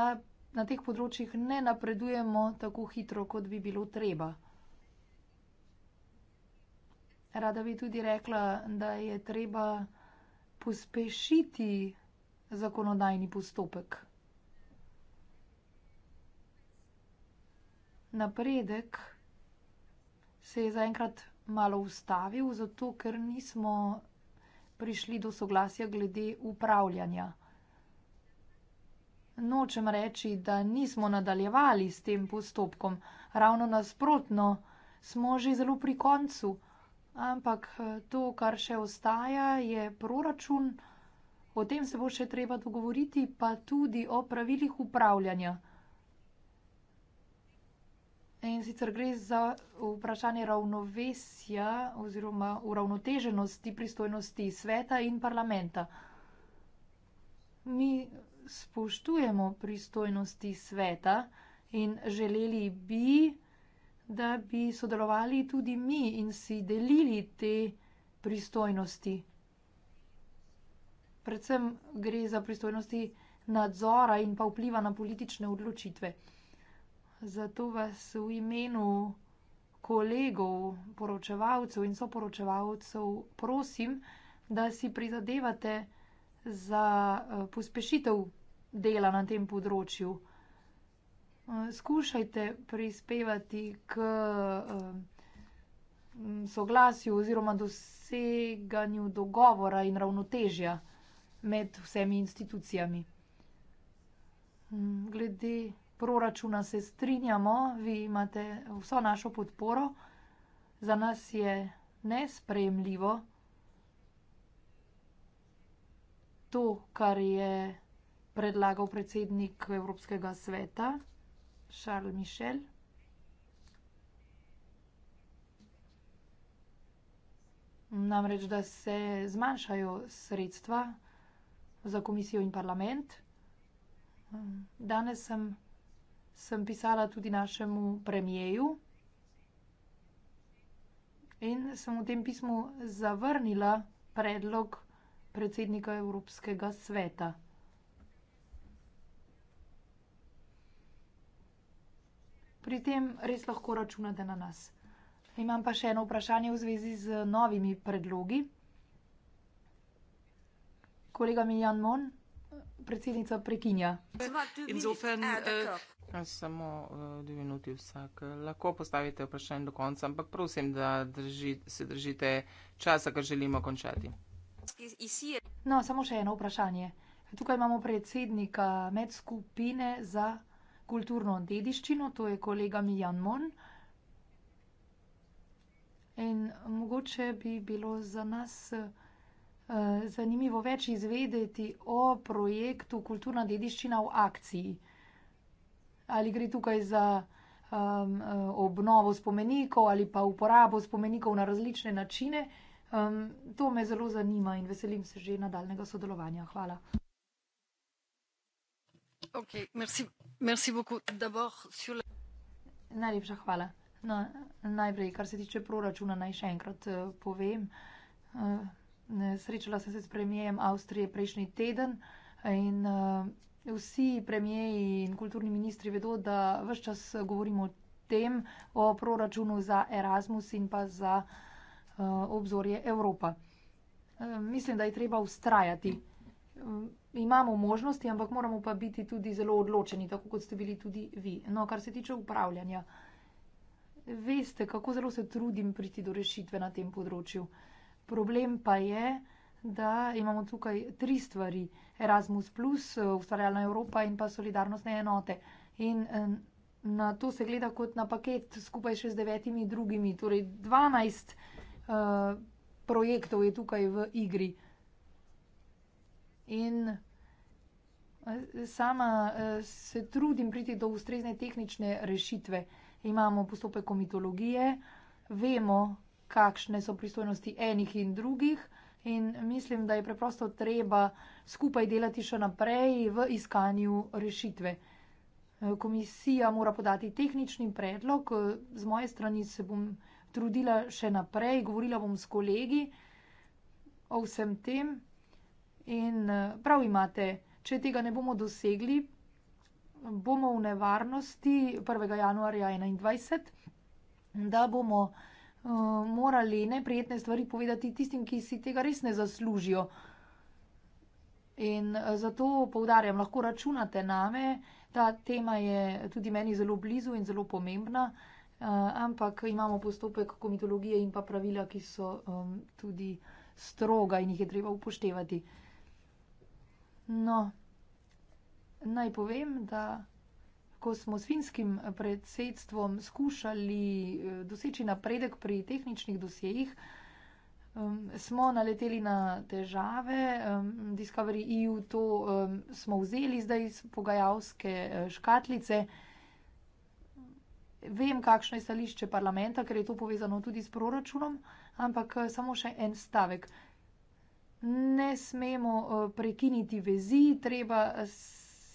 na teh področjih ne napredujemo tako hitro, kot bi bilo treba. Rada bi tudi rekla, da je treba pospešiti zakonodajni postopek. Napredek se je zaenkrat malo ustavil, zato ker nismo prišli do soglasja glede upravljanja. Nočem reči, da nismo nadaljevali s tem postopkom, ravno nasprotno, smo že zelo pri koncu, ampak eh, to, kar še ostaja, je proračun, o tem se bo še treba dogovoriti, pa tudi o pravilih upravljanja. In sicer gre za vprašanje ravnovesja oziroma uravnoteženosti pristojnosti sveta in parlamenta. Mi spoštujemo pristojnosti sveta in želeli bi, da bi sodelovali tudi mi in si delili te pristojnosti. Predvsem gre za pristojnosti nadzora in pa vpliva na politične odločitve zato vas v imenu kolegov, poročevalcev in soporočevalcev prosim, da si prizadevate za eh, pospešitev dela na tem področju. Eh, skušajte prispevati k eh, soglasju oziroma doseganju dogovora in ravnotežja med vsemi institucijami. Hm, glede proračuna se strinjamo, vi imate vso našo podporo. Za nas je nespremljivo to, kar je predlagal predsednik Evropskega sveta Charles Michel. Namreč, da se zmanjšajo sredstva za komisijo in parlament. Danes sem sem pisala tudi našemu premijeju. In sem v tem pismu zavrnila predlog predsednika Evropskega sveta. Pri tem res lahko računate na nas. Imam pa še eno vprašanje v zvezi z novimi predlogi. Kolega Mijan Mon, predsednica prekinja. Insofern, uh, eh, Samo uh, dve minuti vsak. Lahko postavite vprašanje do konca, ampak prosim, da drži, se držite časa, kar želimo končati. No, samo še eno vprašanje. Tukaj imamo predsednika medskupine za kulturno dediščino, to je kolega Mijan Mon. In mogoče bi bilo za nas uh, zanimivo več izvedeti o projektu Kulturna dediščina v akciji ali gre tukaj za um, eh, obnovo spomenikov ali pa uporabo spomenikov na različne načine. Um, to me zelo zanima in veselim se že nadaljnega sodelovanja. Hvala. Okay, merci, merci beaucoup, la... Najlepša hvala. No, najprej, kar se tiče proračuna, naj še enkrat uh, povem. Uh, srečala sem se s premijem Avstrije prejšnji teden in uh, Vsi premijeji in kulturni ministri vedo, da vse čas govorimo o tem, o proračunu za Erasmus in pa za uh, obzorje Evropa. Uh, mislim, da je treba ustrajati. Uh, eh, imamo možnosti, ampak moramo pa biti tudi zelo odločeni, tako kot ste bili tudi vi. No, kar se tiče upravljanja, veste, kako zelo se trudim priti do rešitve na tem področju. Problem pa je, da da imamo tukaj tri stvari. Erasmus, plus, ustvarjalna Evropa in pa solidarnostne enote. In na to se gleda kot na paket skupaj še z devetimi drugimi. Torej, dvanajst uh, projektov je tukaj v igri. In eh, sama eh, se trudim priti do ustrezne tehnične rešitve. Imamo postopek komitologije, vemo, kakšne so pristojnosti enih in drugih. In mislim, da je preprosto treba skupaj delati še naprej v iskanju rešitve. Komisija mora podati tehnični predlog, z moje strani se bom trudila še naprej, govorila bom s kolegi o vsem tem. In prav imate, če tega ne bomo dosegli, bomo v nevarnosti 1. januarja 2021, da bomo. Eh, morali neprijetne stvari povedati tistim, ki si tega res ne zaslužijo. In eh, zato povdarjam, lahko računate name, ta tema je tudi meni zelo blizu in zelo pomembna, eh, ampak imamo postopek komitologije in pa pravila, ki so tudi stroga in jih je treba upoštevati. No, naj povem, da ko smo s finskim predsedstvom skušali eh, doseči napredek pri tehničnih dosjejih, um, smo naleteli na težave. Um, Discovery EU to um, smo vzeli zdaj iz pogajalske eh, škatlice. Vem, kakšno je stališče parlamenta, ker je to povezano tudi s proračunom, ampak eh, samo še en stavek. Ne smemo prekiniti vezi, treba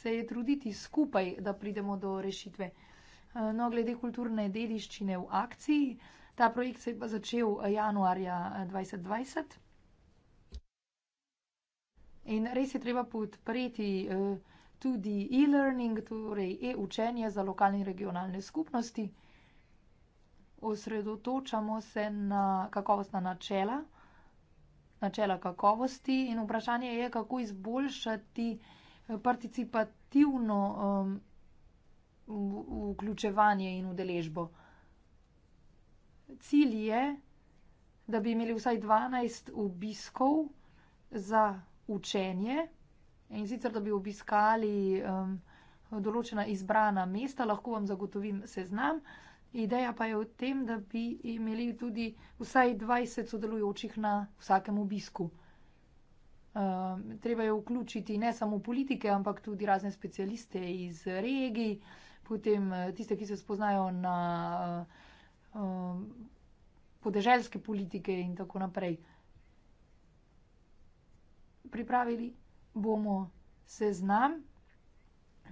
se je truditi skupaj, da pridemo do rešitve. Eh, no, glede kulturne dediščine v akciji, ta projekt se je pa začel januarja 2020. Eh, in res je treba podpreti eh, tudi e-learning, torej e-učenje za lokalne in regionalne skupnosti. Osredotočamo se na kakovostna načela, načela kakovosti in vprašanje je, kako izboljšati participativno um, vključevanje in udeležbo. Cilj je, da bi imeli vsaj 12 obiskov za učenje in sicer, da bi obiskali um, določena izbrana mesta, lahko vam zagotovim seznam. Ideja pa je v tem, da bi imeli tudi vsaj 20 sodelujočih na vsakem obisku. Ehm, treba je vključiti ne samo politike, ampak tudi razne specialiste iz regij, potem eh, tiste, ki se spoznajo na eh, ehm, podeželske politike in tako naprej. Pripravili bomo seznam,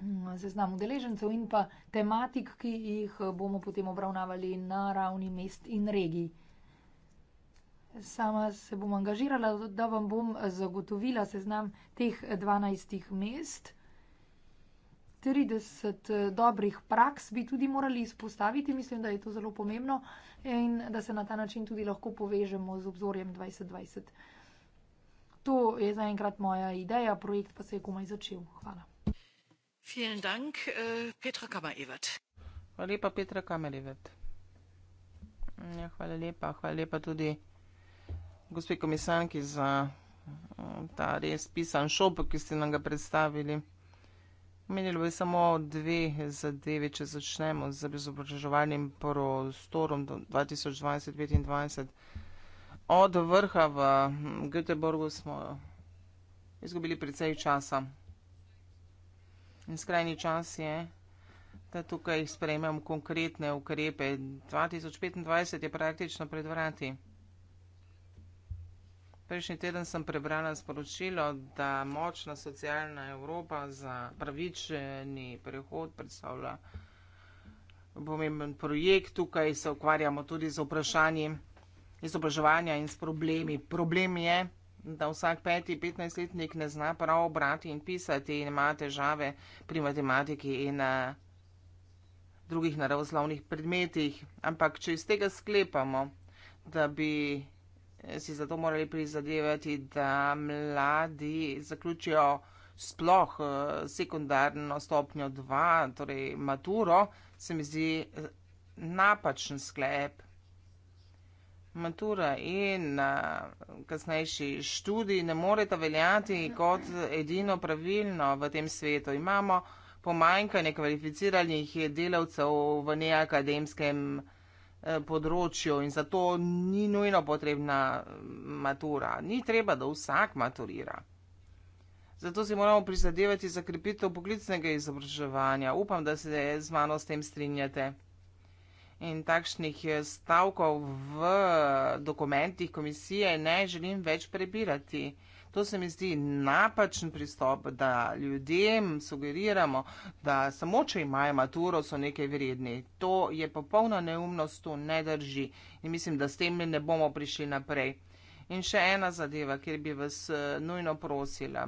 mm, seznam udeležencev in pa tematik, ki jih eh, bomo potem obravnavali na ravni mest in regij. Sama se bom angažirala, da vam bom eh, zagotovila seznam teh 12 eh, mest. 30 eh, dobrih praks bi tudi morali izpostaviti, mislim, da je to zelo pomembno in da se na ta način tudi lahko povežemo z obzorjem 2020. To je zaenkrat moja ideja, projekt pa se je komaj začel. Hvala. Dank, Petra hvala lepa, Petra Kamerivet. Ja, hvala lepa, hvala lepa tudi gospe komisarki za mm, ta res pisan šop, ki ste nam ga predstavili. Omenili bi samo dve zadeve, če začnemo z izobraževalnim prostorom 2020-2025. Od vrha v mm, Göteborgu smo izgubili precej časa. In skrajni čas je, da tukaj sprejmem konkretne ukrepe. 2025 je praktično pred vrati. Prejšnji teden sem prebrala sporočilo, da močna socialna Evropa za pravičeni prehod predstavlja pomemben projekt. Tukaj se ukvarjamo tudi z vprašanji izobraževanja in s problemi. Problem je, da vsak peti 15-letnik ne zna prav obrati in pisati in ima težave pri matematiki in drugih naravoslovnih predmetih. Ampak, če iz tega sklepamo, da bi si zato morali prizadevati, da mladi zaključijo sploh eh, sekundarno stopnjo 2, torej maturo, se mi zdi eh, napačen sklep. Matura in eh, kasnejši študij ne moreta veljati kot edino pravilno v tem svetu. Imamo pomanjkanje kvalificiranih delavcev v neakademskem svetu. Eh, področju in zato ni nujno potrebna mm, matura. Ni treba, da vsak maturira. Zato si moramo prizadevati za krepitev poklicnega izobraževanja. Upam, da se z mano s tem strinjate. In takšnih eh, stavkov v dokumentih komisije ne želim več prebirati. To se mi zdi napačen pristop, da ljudem sugeriramo, da samo če imajo maturo, so nekaj vredni. To je popolna neumnost, to ne drži in mislim, da s tem ne bomo prišli naprej. In še ena zadeva, kjer bi vas eh, nujno prosila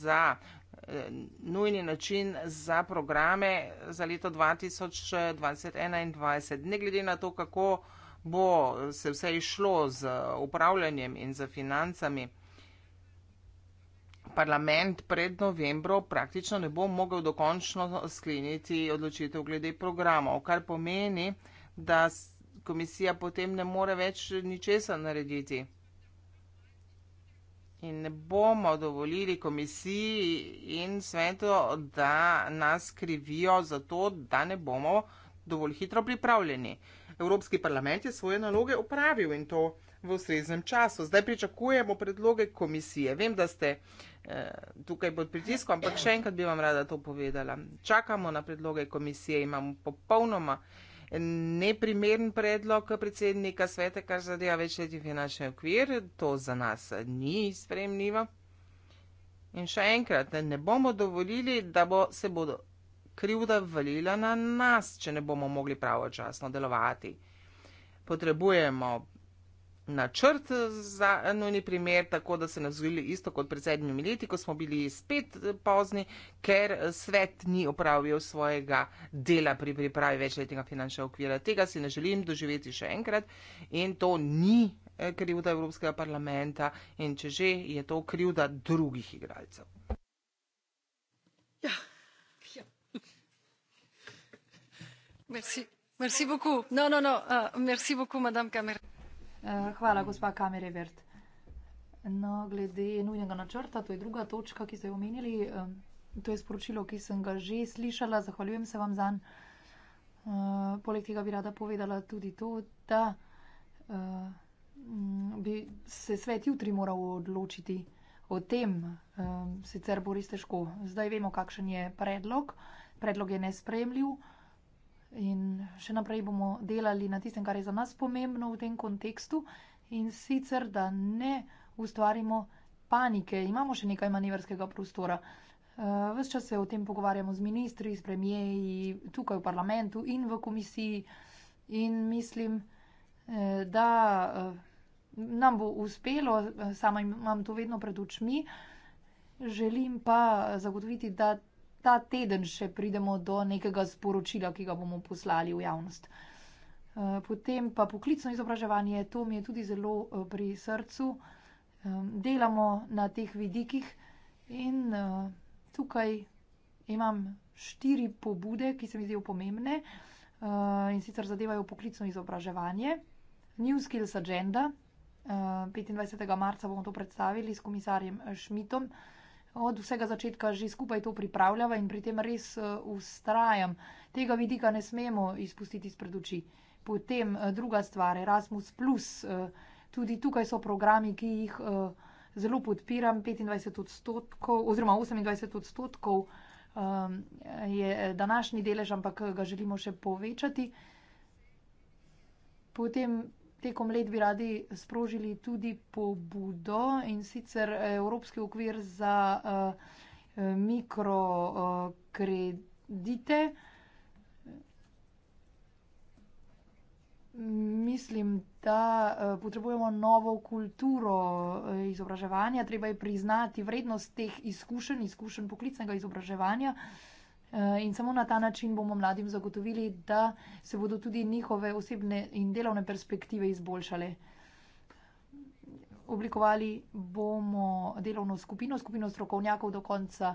za eh, nujni način za programe za leto 2021-2021. Eh, ne glede na to, kako bo se vse išlo z upravljanjem in z financami parlament pred novembrom praktično ne bo mogel dokončno skleniti odločitev glede programov, kar pomeni, da komisija potem ne more več ničesa narediti. In ne bomo dovolili komisiji in svetu, da nas krivijo za to, da ne bomo dovolj hitro pripravljeni. Evropski parlament je svoje naloge upravil in to v ustreznem času. Zdaj pričakujemo predloge komisije. Vem, da ste eh, tukaj pod pritiskom, ampak še enkrat bi vam rada to povedala. Čakamo na predloge komisije, imamo popolnoma neprimern predlog predsednika svete, kar zadeva večletni finančni okvir. To za nas ni spremljivo. In še enkrat, ne bomo dovolili, da bo se bodo krivda valila na nas, če ne bomo mogli pravočasno delovati. Potrebujemo načrt za nujni primer, tako da se ne vzgojili isto kot pred sedmimi leti, ko smo bili spet pozni, ker svet ni opravil svojega dela pri pripravi večletnega finančnega okvira. Tega si ne želim doživeti še enkrat in to ni eh, krivda Evropskega parlamenta in če že, je to krivda drugih igralcev. Ja. ja. Merci. Merci beaucoup. Non, non, non. Uh, merci beaucoup, madame Cameron. Eh, hvala, gospa Kamerevert. No, glede nujnega načrta, to je druga točka, ki ste jo omenili. To je sporočilo, ki sem ga že slišala. Zahvaljujem se vam za njen. Eh, poleg tega bi rada povedala tudi to, da eh, bi se svet jutri moral odločiti o tem, sicer bo res težko. Zdaj vemo, kakšen je predlog. Predlog je nespremljiv in še naprej bomo delali na tistem, kar je za nas pomembno v tem kontekstu in sicer, da ne ustvarimo panike. Imamo še nekaj manevrskega prostora. Eh, ves čas se o tem pogovarjamo z ministri, s premijeji, tukaj v parlamentu in v komisiji in mislim, eh, da eh, nam bo uspelo, sama imam to vedno pred očmi, želim pa zagotoviti, da ta teden še pridemo do nekega sporočila, ki ga bomo poslali v javnost. Eh, potem pa poklicno izobraževanje, to mi je tudi zelo eh, pri srcu. Delamo na teh vidikih in eh, tukaj imam štiri pobude, ki se mi zdijo pomembne in sicer zadevajo poklicno izobraževanje. New Skills Agenda, 25. marca bomo to predstavili s komisarjem Šmitom od vsega začetka že skupaj to pripravljava in pri tem res ustrajam. Eh, Tega vidika ne smemo izpustiti spred oči. Potem eh, druga stvar, Erasmus, plus, eh, tudi tukaj so programi, ki jih zelo podpiram, 25 odstotkov oziroma 28 odstotkov ehm, je današnji delež, ampak ga želimo še povečati. Potem tekom let bi radi sprožili tudi pobudo in sicer eh, Evropski okvir za uh, eh, eh, mikrokredite. Mislim, da potrebujemo novo kulturo izobraževanja, treba je priznati vrednost teh izkušenj, izkušenj poklicnega izobraževanja. Uh, Eh, in samo na ta način bomo mladim zagotovili, da se bodo tudi njihove osebne in delovne perspektive izboljšale. Oblikovali bomo delovno skupino, skupino strokovnjakov do konca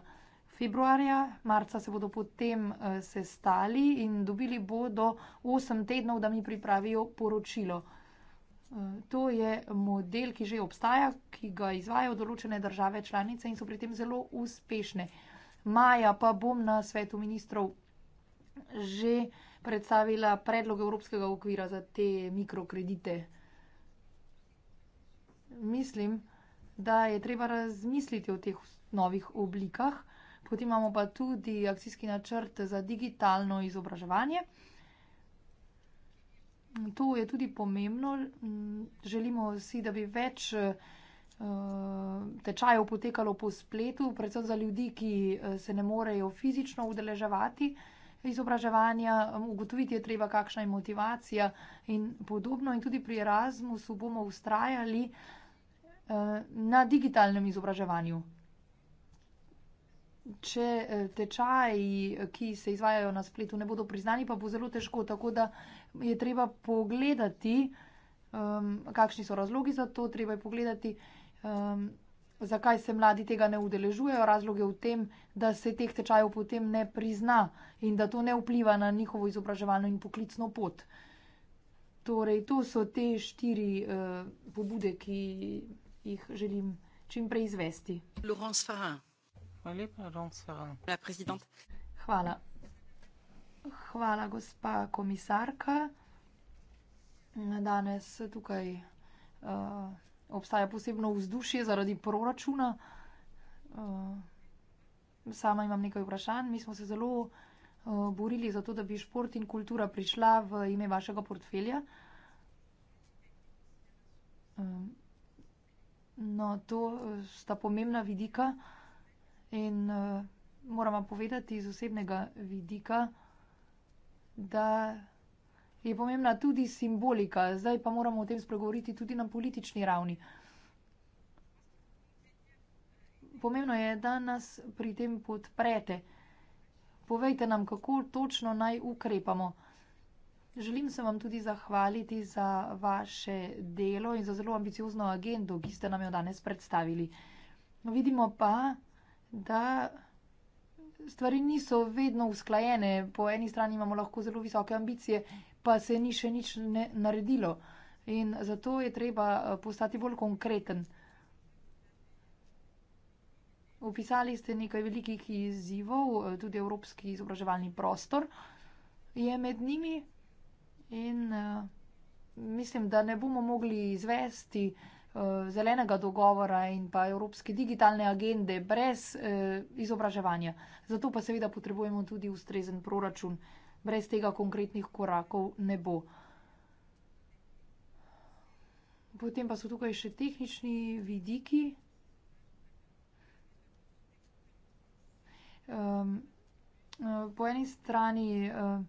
februarja, marca se bodo potem eh, sestali in dobili bodo 8 tednov, da mi pripravijo poročilo. Eh, to je model, ki že obstaja, ki ga izvajo določene države članice in so pri tem zelo uspešne maja pa bom na svetu ministrov že predstavila predlog Evropskega okvira za te mikrokredite. Mislim, da je treba razmisliti o teh novih oblikah. Potem imamo pa tudi akcijski načrt za digitalno izobraževanje. To je tudi pomembno. Želimo si, da bi več Eh, tečajev potekalo po spletu, predvsem za ljudi, ki eh, se ne morejo fizično udeleževati izobraževanja, um, ugotoviti je treba, kakšna je motivacija in podobno. In tudi pri Erasmusu bomo ustrajali eh, na digitalnem izobraževanju. Če tečaji, ki se izvajajo na spletu, ne bodo priznani, pa bo zelo težko, tako da je treba pogledati, um, kakšni so razlogi za to, treba je pogledati, um, zakaj se mladi tega ne udeležujejo. Razlog je v tem, da se teh tečajev potem ne prizna in da to ne vpliva na njihovo izobraževalno in poklicno pot. Torej, to so te štiri uh, pobude, ki jih želim čim prej izvesti. Laurence Farin. Hvala lepa, Laurence Farin. La Hvala. Hvala, gospa komisarka. Danes tukaj. Uh, obstaja posebno vzdušje zaradi proračuna. Eh, sama imam nekaj vprašanj. Mi smo se zelo eh, borili za to, da bi šport in kultura prišla v ime vašega portfelja. Eh, no, to sta pomembna vidika in moram vam povedati iz osebnega vidika, da je pomembna tudi simbolika. Zdaj pa moramo o tem spregovoriti tudi na politični ravni. Pomembno je, da nas pri tem podprete. Povejte nam, kako točno naj ukrepamo. Želim se vam tudi zahvaliti za vaše delo in za zelo ambiciozno agendo, ki ste nam jo danes predstavili. Vidimo pa, da stvari niso vedno usklajene. Po eni strani imamo lahko zelo visoke ambicije, pa se ni še nič ne, naredilo. In zato je treba eh, postati bolj konkreten. Upisali ste nekaj velikih izzivov, eh, tudi evropski izobraževalni prostor je med njimi in uh, mislim, da ne bomo mogli izvesti uh, zelenega dogovora in pa evropske digitalne agende brez uh, izobraževanja. Zato pa seveda potrebujemo tudi ustrezen proračun. Uh, brez tega konkretnih korakov ne bo. Potem pa so tukaj še tehnični vidiki. Um, po eni strani um,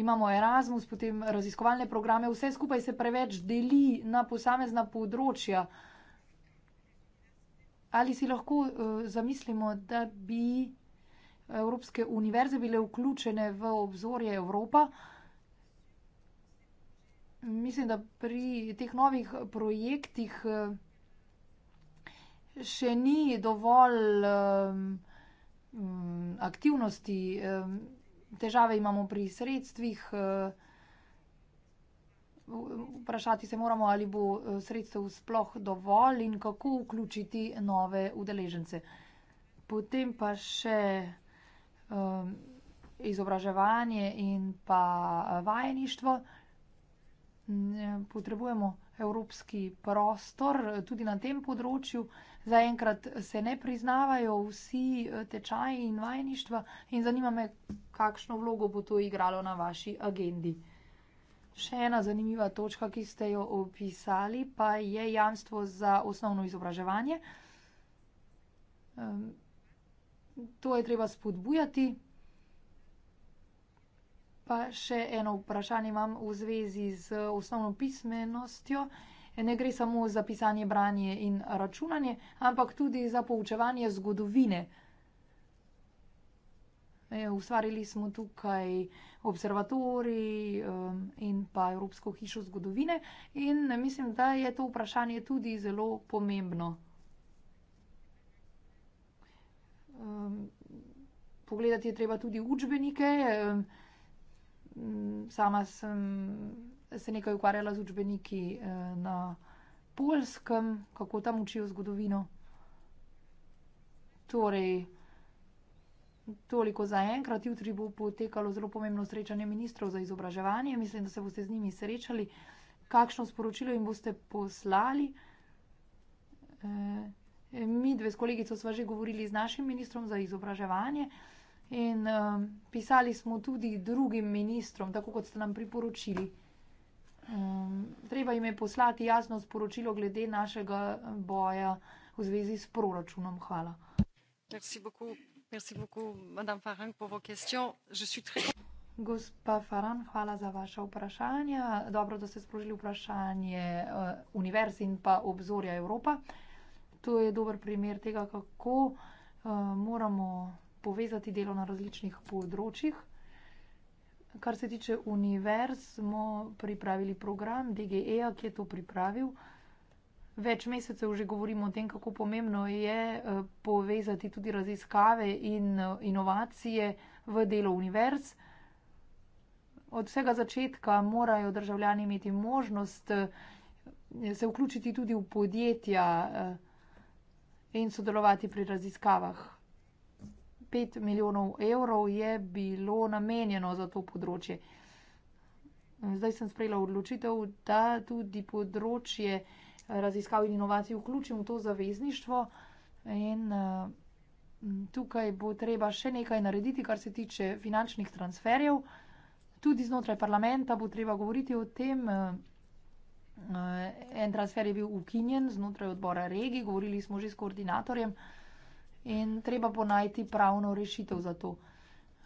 imamo Erasmus, potem raziskovalne programe, vse skupaj se preveč deli na posamezna področja. Ali si lahko uh, zamislimo, da bi evropske univerze bile vključene v obzorje Evropa. Mislim, da pri teh novih projektih eh, še ni dovolj um, aktivnosti, um, težave imamo pri sredstvih. Vprašati se moramo, ali bo sredstev sploh dovolj in kako vključiti nove udeležence. Potem pa še um, izobraževanje in pa eh, vajeništvo. Mm, eh, potrebujemo evropski prostor eh, tudi na tem področju. Zaenkrat se ne priznavajo vsi tečaji in vajeništva in zanima me, kakšno vlogo bo to igralo na vaši agendi. Še ena zanimiva točka, ki ste jo opisali, pa je jamstvo za osnovno izobraževanje. Ehm, To je treba spodbujati. Pa še eno vprašanje imam v zvezi z osnovno pismenostjo. Ne gre samo za pisanje, branje in računanje, ampak tudi za poučevanje zgodovine. E, ustvarili smo tukaj observatori um, in pa Evropsko hišo zgodovine in mislim, da je to vprašanje tudi zelo pomembno. Um, pogledati je treba tudi učbenike. Um, sama sem se nekaj ukvarjala z učbeniki um, na polskem, kako tam učijo zgodovino. Torej, toliko za enkrat. Jutri bo potekalo zelo pomembno srečanje ministrov za izobraževanje. Mislim, da se boste z njimi srečali. Kakšno sporočilo jim boste poslali? Um, Mi dve s kolegico sva že govorili z našim ministrom za izobraževanje in um, pisali smo tudi drugim ministrom, tako kot ste nam priporočili. Um, treba jim je poslati jasno sporočilo glede našega boja v zvezi s proračunom. Hvala. Merci beaucoup. Merci beaucoup, Farang, très... Gospa Faran, hvala za vaše vprašanje. Dobro, da ste sprožili vprašanje uh, univerz in pa obzorja Evropa. Uh, to je dober primer tega, kako uh, moramo povezati delo na različnih področjih. Kar se tiče univerz, smo pripravili program DGE, ki je to pripravil. Več mesecev že govorimo o tem, kako pomembno je eh, povezati tudi raziskave in eh, inovacije v delo univerz. Od vsega začetka morajo državljani imeti možnost se vključiti tudi v podjetja, in sodelovati pri raziskavah. 5 milijonov evrov je bilo namenjeno za to področje. Zdaj sem sprejela odločitev, da tudi področje raziskav in inovacij vključim v to zavezništvo in eh, tukaj bo treba še nekaj narediti, kar se tiče finančnih transferjev. Tudi znotraj parlamenta bo treba govoriti o tem, eh, Eh, en transfer je bil ukinjen znotraj odbora regi, govorili smo že s koordinatorjem in treba bo najti pravno rešitev za to.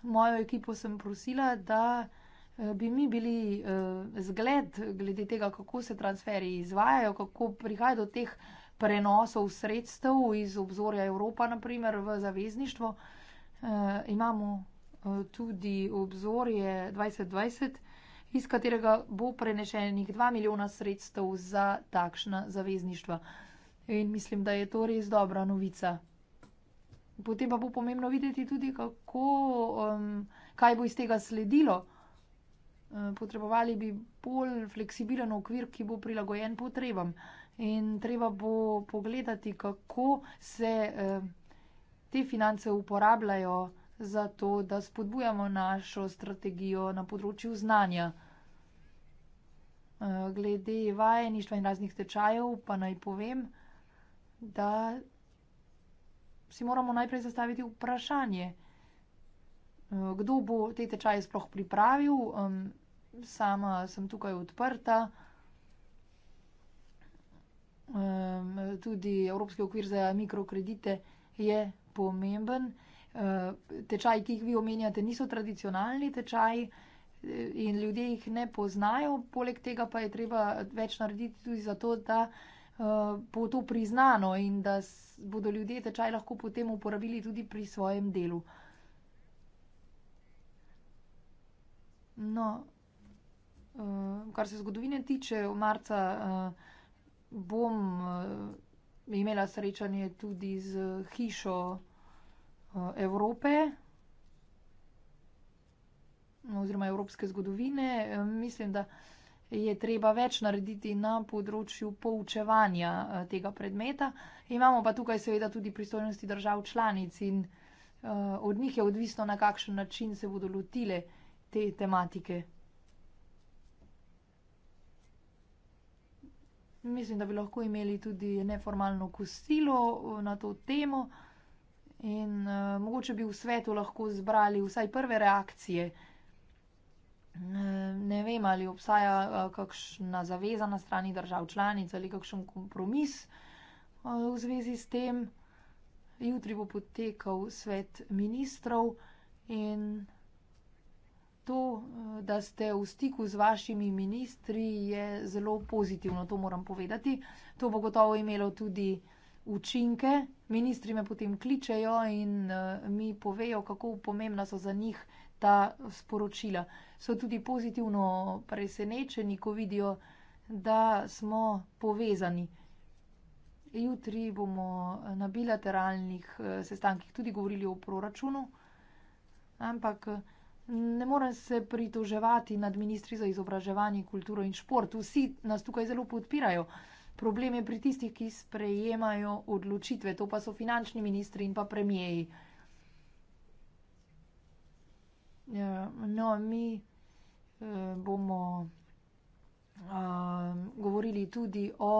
Mojo ekipo sem prosila, da eh, bi mi bili eh, zgled glede tega, kako se transferi izvajajo, kako prihaja do teh prenosov sredstev iz obzorja Evropa, naprimer v zavezništvo. Imamo tudi obzorje 2020 iz katerega bo prenešenih 2 milijona sredstev za takšna zavezništva. In mislim, da je to res dobra novica. Potem pa bo pomembno videti tudi, kako, um, kaj bo iz tega sledilo. Uh, potrebovali bi bolj fleksibilen okvir, ki bo prilagojen potrebam. In treba bo pogledati, kako se um, te finance uporabljajo za to, da spodbujamo našo strategijo na področju znanja. Eh, glede vajeništva in raznih tečajev, pa naj povem, da si moramo najprej zastaviti vprašanje, eh, kdo bo te tečaje sploh pripravil. Sama sem tukaj odprta. Tudi Evropski okvir za mikrokredite je pomemben. Eh, tečaji, ki jih vi omenjate, niso tradicionalni tečaji in ljudje jih ne poznajo. Poleg tega pa je treba več narediti tudi zato, da eh, bo to priznano in da bodo ljudje tečaj lahko potem uporabili tudi pri svojem delu. No, eh, kar se zgodovine tiče, v marca eh, bom imela srečanje tudi z hišo Evrope oziroma evropske zgodovine. Eh, mislim, da je treba več narediti na področju poučevanja eh, tega predmeta. Imamo pa tukaj seveda tudi pristojnosti držav članic in eh, od njih je odvisno, na kakšen način se bodo lotile te tematike. Mislim, da bi lahko imeli tudi neformalno kosilo na to temo in uh, mogoče bi v svetu lahko zbrali vsaj prve reakcije uh, Eh, ne vem, ali obstaja eh, kakšna zaveza na strani držav članic ali kakšen kompromis eh, v zvezi s tem. Jutri bo potekal svet ministrov in to, da ste v stiku z vašimi ministri, je zelo pozitivno, to moram povedati. To bo gotovo imelo tudi učinke. Ministri me potem kličejo in mi povejo, kako pomembna so za njih ta sporočila. So tudi pozitivno presenečeni, ko vidijo, da smo povezani. Jutri bomo na bilateralnih eh, sestankih tudi govorili o proračunu, ampak eh, ne morem se pritoževati nad ministri za izobraževanje, kulturo in šport. Vsi nas tukaj zelo podpirajo. Problem je pri tistih, ki sprejemajo odločitve, to pa so finančni ministri in pa premijeji. Ja, no, mi eh, bomo govorili tudi o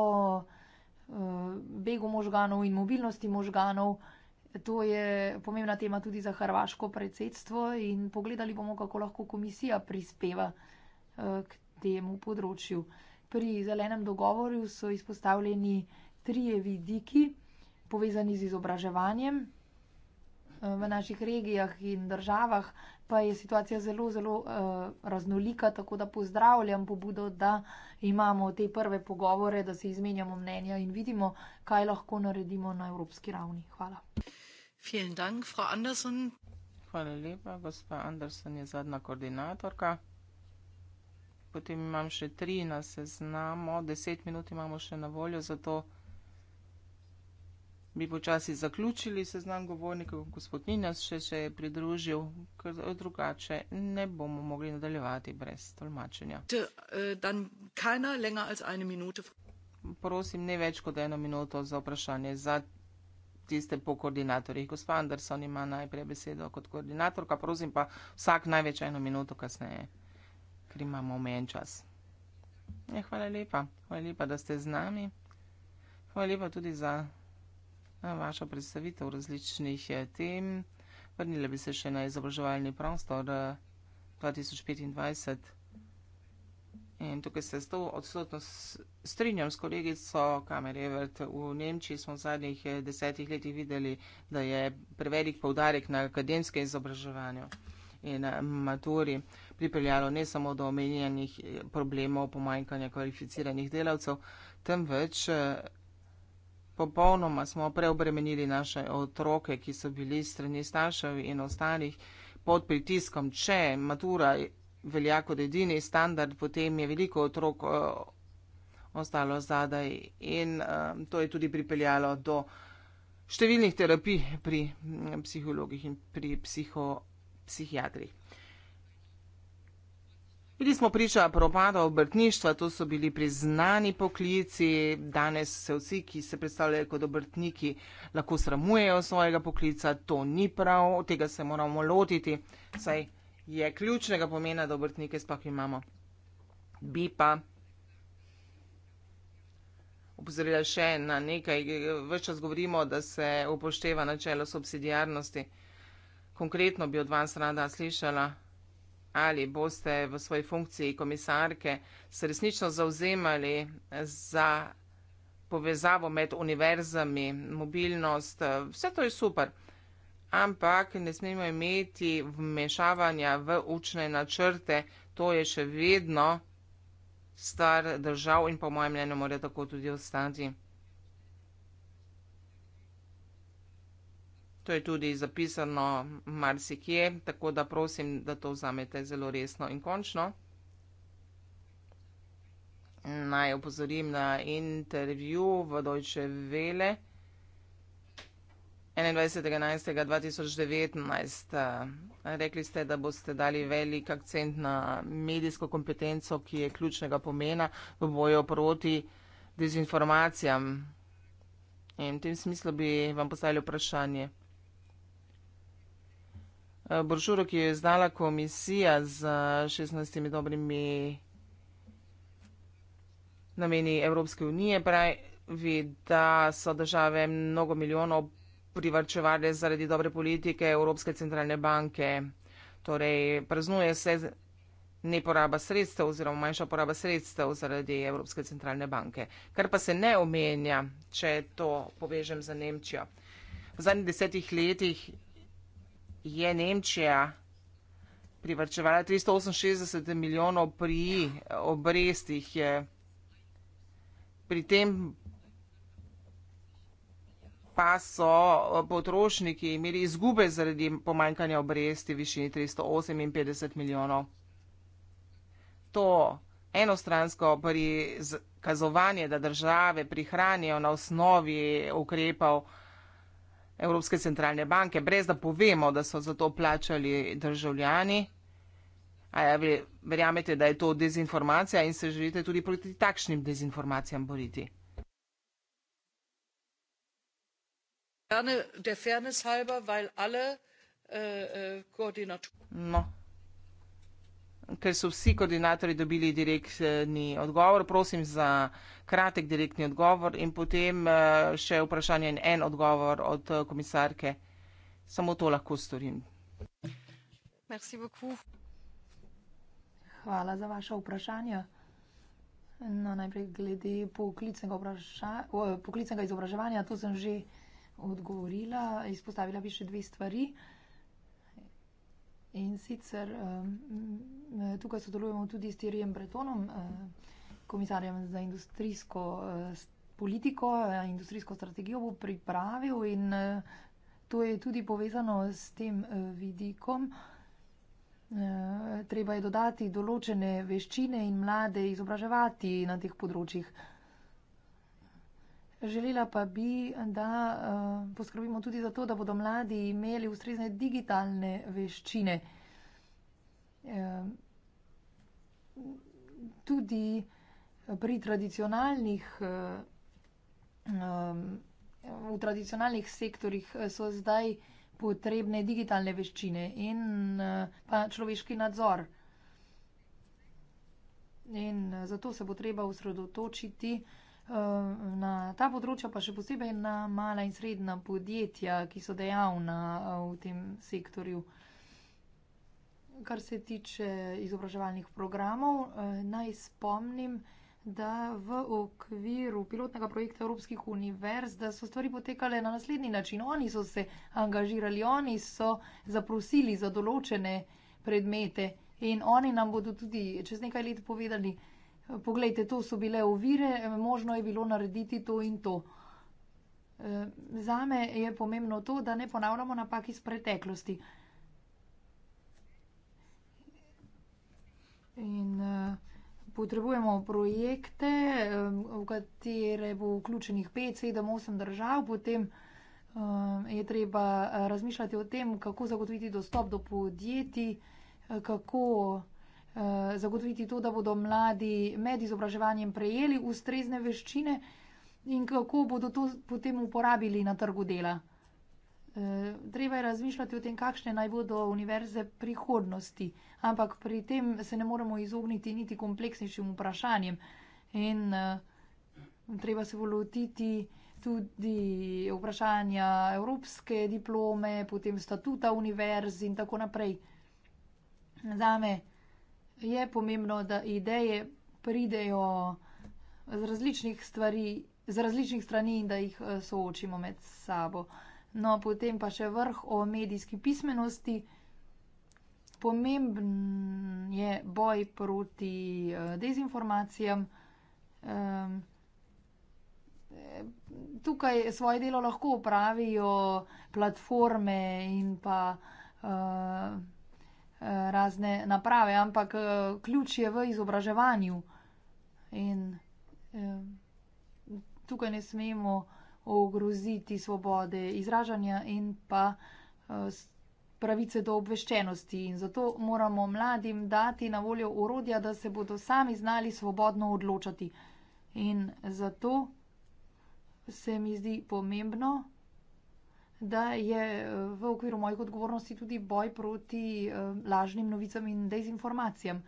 eh, begu možganov in mobilnosti možganov. To je pomembna tema tudi za hrvaško predsedstvo in pogledali bomo, kako lahko komisija prispeva eh, k temu področju. Pri zelenem dogovorju so izpostavljeni trije vidiki povezani z izobraževanjem v naših regijah in državah, pa je situacija zelo, zelo uh, raznolika, tako da pozdravljam pobudo, da imamo te prve pogovore, da se izmenjamo mnenja in vidimo, kaj lahko naredimo na evropski ravni. Hvala. Dank, Hvala lepa, gospa Anderson je zadnja koordinatorka. Potem imam še tri na seznamo, deset minut imamo še na voljo, zato bi počasi zaključili seznam govornikov, gospod Ninas še se je pridružil, ker drugače ne bomo mogli nadaljevati brez tolmačenja. Äh, prosim, ne več kot eno minuto za vprašanje za tiste po koordinatorjih. Gospa Anderson ima najprej besedo kot koordinatorka, prosim pa vsak največ eno minuto kasneje, ker imamo omejen čas. Ja, hvala lepa, hvala lepa, da ste z nami. Hvala lepa tudi za Eh, vašo predstavitev različnih eh, tem. Vrnila bi se še na izobraževalni prostor 2025. Eh, in tukaj se s to odsotno strinjam s kolegico Kamerevert. V Nemčiji smo v zadnjih desetih letih videli, da je prevelik poudarek na akademske izobraževanje in maturi pripeljalo ne samo do omenjenih problemov pomanjkanja kvalificiranih delavcev, temveč popolnoma smo preobremenili naše otroke, ki so bili strani staršev in ostalih pod pritiskom. Če matura velja kot edini standard, potem je veliko otrok eh, ostalo zadaj in eh, to je tudi pripeljalo do številnih terapij pri psihologih in pri psiho, psihiatrih. Bili smo priča propada obrtništva, to so bili priznani poklici, danes se vsi, ki se predstavljajo kot obrtniki, lahko sramujejo svojega poklica, to ni prav, od tega se moramo lotiti, saj je ključnega pomena, da obrtnike sploh imamo. Bi pa upozorila še na nekaj, več čas govorimo, da se upošteva načelo subsidijarnosti. Konkretno bi od vas rada slišala ali boste v svoji funkciji komisarke se resnično zauzemali za povezavo med univerzami, mobilnost, vse to je super. Ampak ne smemo imeti vmešavanja v učne načrte, to je še vedno stvar držav in po mojem mnenju mora tako tudi ostati. To je tudi zapisano marsikje, tako da prosim, da to vzamete zelo resno in končno. Naj opozorim na intervju v Deutsche Welle 21.11.2019. Rekli ste, da boste dali velik akcent na medijsko kompetenco, ki je ključnega pomena v boju proti dezinformacijam. In v tem smislu bi vam postavili vprašanje. Eh, brošuro, ki jo je izdala komisija z 16 eh, dobrimi nameni Evropske unije, pravi, da so države mnogo milijonov privrčevali zaradi dobre politike Evropske centralne banke. Torej, praznuje se neporaba sredstev oziroma manjša poraba sredstev zaradi Evropske centralne banke. Kar pa se ne omenja, če to povežem za Nemčijo. V zadnjih desetih letih je Nemčija privrčevala 368 milijonov pri obrestih. Pri tem pa so potrošniki imeli izgube zaradi pomanjkanja obresti v višini 358 milijonov. To enostransko prikazovanje, da države prihranijo na osnovi ukrepov, Evropske centralne banke, brez da povemo, da so za to plačali državljani. Ja, verjamete, da je to dezinformacija in se želite tudi proti takšnim dezinformacijam boriti? Äh, äh, no, ker so vsi koordinatorji dobili direktni odgovor. Prosim za kratek direktni odgovor in potem eh, še vprašanje in en odgovor od eh, komisarke. Samo to lahko storim. Hvala za vaše vprašanje. No, najprej glede poklicnega, vpraša, poklicnega izobraževanja, to sem že odgovorila. Izpostavila bi še dve stvari. In sicer um, tukaj sodelujemo tudi s Tirijem Bretonom, uh, komisarjem za industrijsko uh, politiko, uh, industrijsko strategijo bo pripravil in to je tudi povezano s tem vidikom. Treba je dodati določene veščine in mlade izobraževati na teh področjih. Želela pa bi, da eh, poskrbimo tudi za to, da bodo mladi imeli ustrezne digitalne veščine. Eh, tudi pri tradicionalnih, eh, v tradicionalnih sektorjih so zdaj potrebne digitalne veščine in pa človeški nadzor. In zato se bo treba usredotočiti. Eh, na ta področja, pa še posebej na mala in srednja podjetja, ki so dejavna eh, v tem sektorju. Kar se tiče izobraževalnih programov, eh, naj spomnim, da v okviru pilotnega projekta Evropskih univerz, da so stvari potekale na naslednji način. Oni so se angažirali, oni so zaprosili za določene predmete in oni nam bodo tudi čez nekaj let povedali, Poglejte, to so bile ovire, možno je bilo narediti to in to. E, zame je pomembno to, da ne ponavljamo napak iz preteklosti. In e, potrebujemo projekte, e, v katere bo vključenih 5, 7, 8 držav, potem je treba razmišljati o tem, kako zagotoviti dostop do podjetij, kako. Eh, zagotoviti to, da bodo mladi med izobraževanjem prejeli ustrezne veščine in kako bodo to potem uporabili na trgu dela. Eh, treba je razmišljati o tem, kakšne naj bodo univerze prihodnosti, ampak pri tem se ne moremo izogniti niti kompleksnejšim vprašanjem. In eh, treba se volotiti tudi vprašanja evropske diplome, potem statuta univerz in tako naprej. Zame je pomembno, da ideje pridejo z različnih stvari, z različnih strani in da jih eh, soočimo med sabo. No, potem pa še vrh o medijski pismenosti. Pomemben je boj proti eh, dezinformacijam. Tukaj svoje delo lahko upravijo platforme in pa uh, Eh, razne naprave, ampak eh, ključ je v izobraževanju. In eh, tukaj ne smemo ogroziti svobode izražanja in pa pravice do obveščenosti. In zato moramo mladim dati na voljo urodja, da se bodo sami znali svobodno odločati. In zato se mi zdi pomembno, da je v okviru mojih odgovornosti tudi boj proti eh, lažnim novicam in dezinformacijam.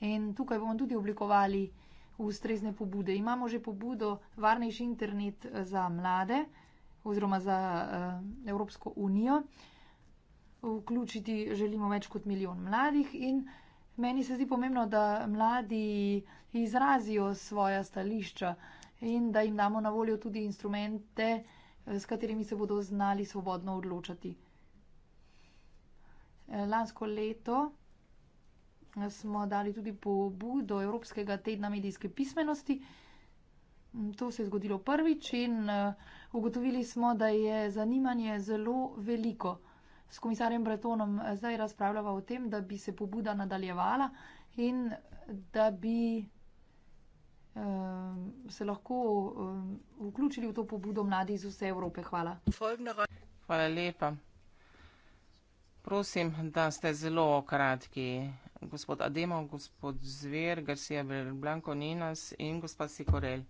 In tukaj bomo tudi oblikovali ustrezne pobude. Imamo že pobudo varnejši internet eh, za mlade oziroma za eh, Evropsko unijo. Vključiti želimo več kot milijon mladih in meni se zdi pomembno, da mladi izrazijo svoja stališča in da jim damo na voljo tudi instrumente, Eh, s katerimi se bodo znali svobodno odločati. Eh, lansko leto eh, smo dali tudi pobudo Evropskega tedna medijske pismenosti. Mm, to se je zgodilo prvič in ugotovili smo, da je zanimanje zelo veliko. S komisarjem Bretonom zdaj razpravljava o tem, da bi se pobuda nadaljevala in da bi Ehm, se lahko ehm, vključili v to pobudo mladi iz vse Evrope. Hvala. Hvala lepa. Prosim, da ste zelo kratki. Gospod Ademo, gospod Zver, Garcia Blanco Ninas in gospod Sikorel.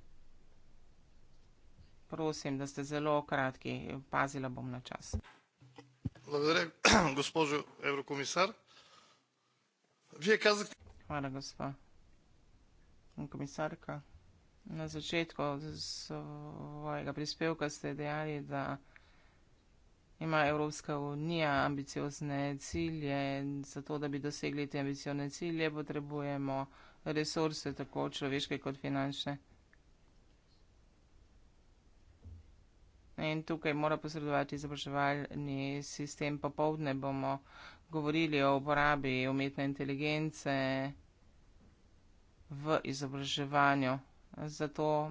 Prosim, da ste zelo kratki. Pazila bom na čas. Благодаря, госпожо еврокомисар. Вие казахте. Хвала, госпожа komisarka, na začetku svojega prispevka ste dejali, da ima Evropska unija ambiciozne cilje in zato, da bi dosegli te ambiciozne cilje, potrebujemo resurse, tako človeške kot finančne. In tukaj mora posredovati izobraževalni sistem. Popovdne bomo govorili o uporabi umetne inteligence v izobraževanju. Zato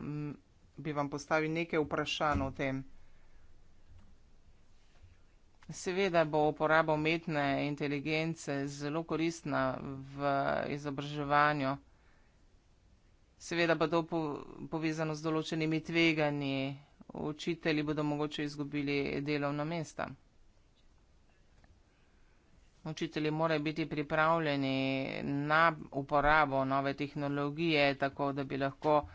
bi vam postavil nekaj vprašanj o tem. Seveda bo uporaba umetne inteligence zelo koristna v izobraževanju. Seveda pa to povezano z določenimi tveganji. Učitelji bodo mogoče izgubili delovna mesta. Učitelji morajo biti pripravljeni na uporabo nove tehnologije, tako da bi lahko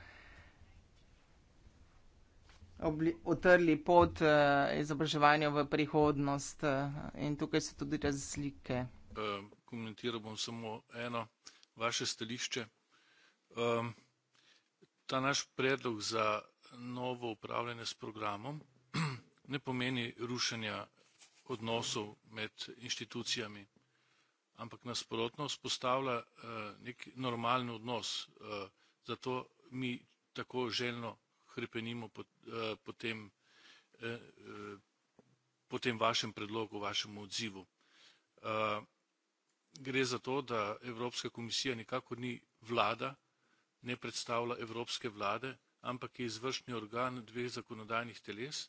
otrli pot eh, izobraževanja v prihodnost. Eh, in tukaj so tudi razlike. Eh, Komentiral bom samo eno vaše stališče. Ehm, ta naš predlog za novo upravljanje s programom ne pomeni rušenja odnosov med inštitucijami, ampak nasprotno spostavlja eh, nek normalen odnos. Eh, zato mi tako željno hrepenimo po eh, tem, po tem vašem predlogu, vašem odzivu. Gre za to, da Evropska komisija nikako ni vlada, ne predstavlja Evropske vlade, ampak je izvršni organ dveh zakonodajnih teles,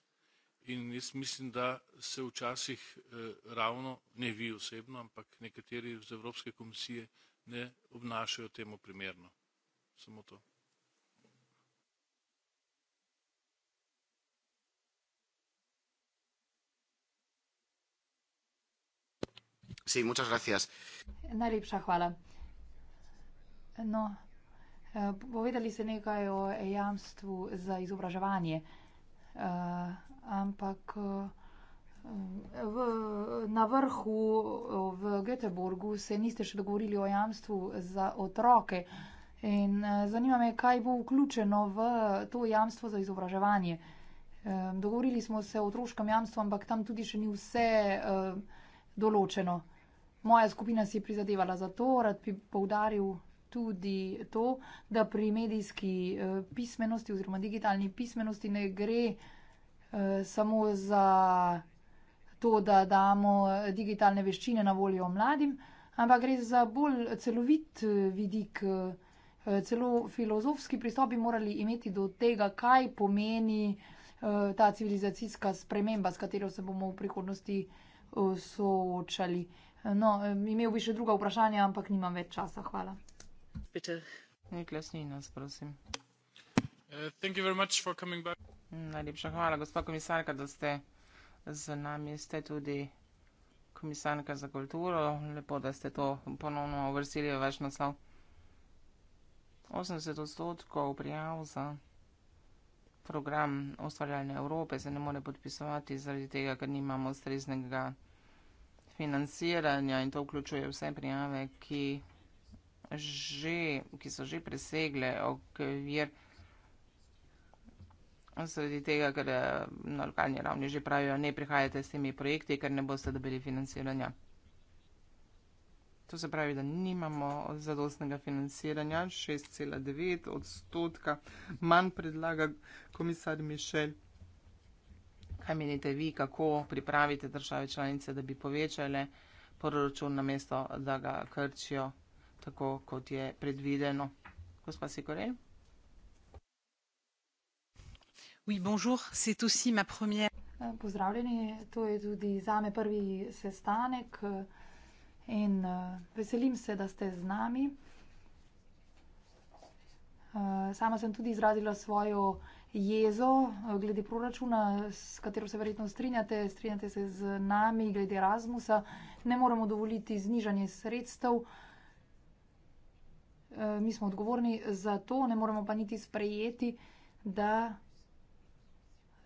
in jaz mislim, da se včasih eh, ravno ne vi osebno, ampak nekateri iz Evropske komisije ne obnašajo temu primerno. Samo to. Sí, muchas gracias. Najlepša hvala. No, eh, povedali ste nekaj o jamstvu za izobraževanje. Uh, ampak eh, v, na vrhu eh, v Göteborgu se niste še dogovorili o jamstvu za otroke. In eh, zanima me, kaj bo vključeno v to jamstvo za izobraževanje. Dogovorili smo se o otroškem jamstvu, ampak tam tudi še ni vse določeno. Moja skupina si je prizadevala za to, rad bi povdaril tudi to, da pri medijski pismenosti oziroma digitalni pismenosti ne gre. Eh, samo za to, da damo digitalne veščine na voljo mladim, ampak gre za bolj celovit eh, vidik, eh, celo filozofski pristop bi morali imeti do tega, kaj pomeni ta civilizacijska sprememba, s katero se bomo v prihodnosti soočali. No, imel bi še druga vprašanja, ampak nimam več časa. Hvala. Peter. Niklas Ninas, prosim. Uh, thank you very much for coming back. Najlepša hvala, gospod komisarka, da ste z nami. Ste tudi komisarka za kulturo. Lepo, da ste to ponovno uvrstili v vaš naslov. 80 odstotkov prijav za program ustvarjanja Evrope se ne more podpisovati zaradi tega, ker nimamo ustreznega financiranja in to vključuje vse prijave, ki, že, ki so že presegle okvir. Ok, zaradi tega, ker eh, na lokalni ravni že pravijo, ne prihajate s temi projekti, ker ne boste dobili financiranja. To se pravi, da nimamo zadostnega financiranja, 6,9 odstotka manj predlaga komisar Mišel. Kaj menite vi, kako pripravite države članice, da bi povečale proračun na mesto, da ga krčijo tako, kot je predvideno? Gospa Sikorej? Oui, bonjour, c'est aussi ma première. Eh, pozdravljeni, to je tudi zame prvi sestanek eh, in eh, veselim se, da ste z nami. Sama sem tudi izrazila svojo jezo glede proračuna, s katero se verjetno strinjate, strinjate se z nami glede Erasmusa. Ne moramo dovoliti znižanje sredstev. Mi smo odgovorni za to, ne moramo pa niti sprejeti, da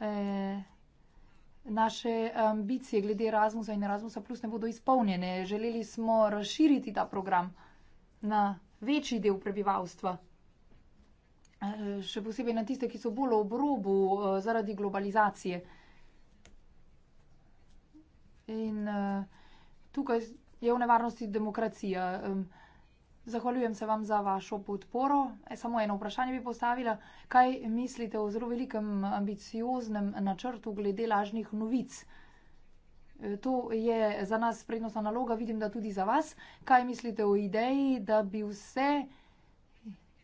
Eh, naše ambicije glede Erasmusa in Erasmusa Plus ne bodo izpolnjene. Želeli smo razširiti ta program na večji del prebivalstva. Eh, še posebej na tiste, ki so bolj ob robu eh, zaradi globalizacije. In tukaj je v nevarnosti demokracija. Zahvaljujem se vam za vašo podporo. E, samo eno vprašanje bi postavila. Kaj mislite o zelo velikem ambicioznem načrtu glede lažnih novic? E, to je za nas prednostna naloga, vidim, da tudi za vas. Kaj mislite o ideji, da bi vse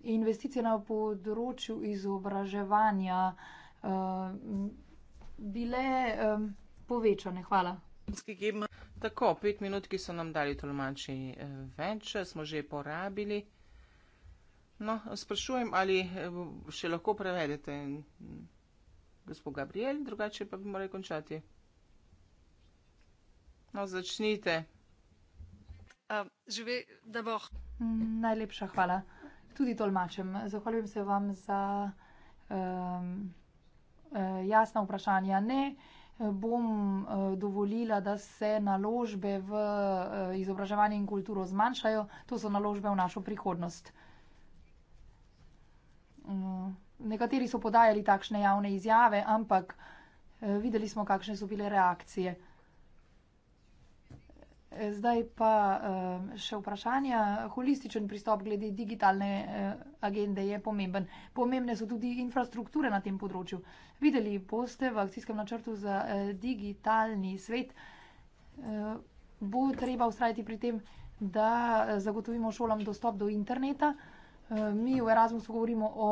investicije na področju izobraževanja e, bile e, povečane? Hvala. Tako, pet minut, ki so nam dali tolmači eh, več, smo že porabili. No, sprašujem, ali eh, še lahko prevedete mm, gospod Gabriel, drugače pa bi morali končati. No, začnite. Živi, da boh. Najlepša hvala. Tudi tolmačem. Zahvaljujem se vam za um, jasna vprašanja. Ne, uh, bom eh, dovolila, da se naložbe v eh, izobraževanje in kulturo zmanjšajo. To so naložbe v našo prihodnost. Mm, nekateri so podajali takšne javne izjave, ampak eh, videli smo, kakšne so bile reakcije zdaj pa še vprašanja. Holističen pristop glede digitalne eh, agende je pomemben. Pomembne so tudi infrastrukture na tem področju. Videli boste v akcijskem načrtu za eh, digitalni svet, eh, bo treba ustrajati pri tem, da zagotovimo šolam dostop do interneta. Mi v Erasmusu govorimo o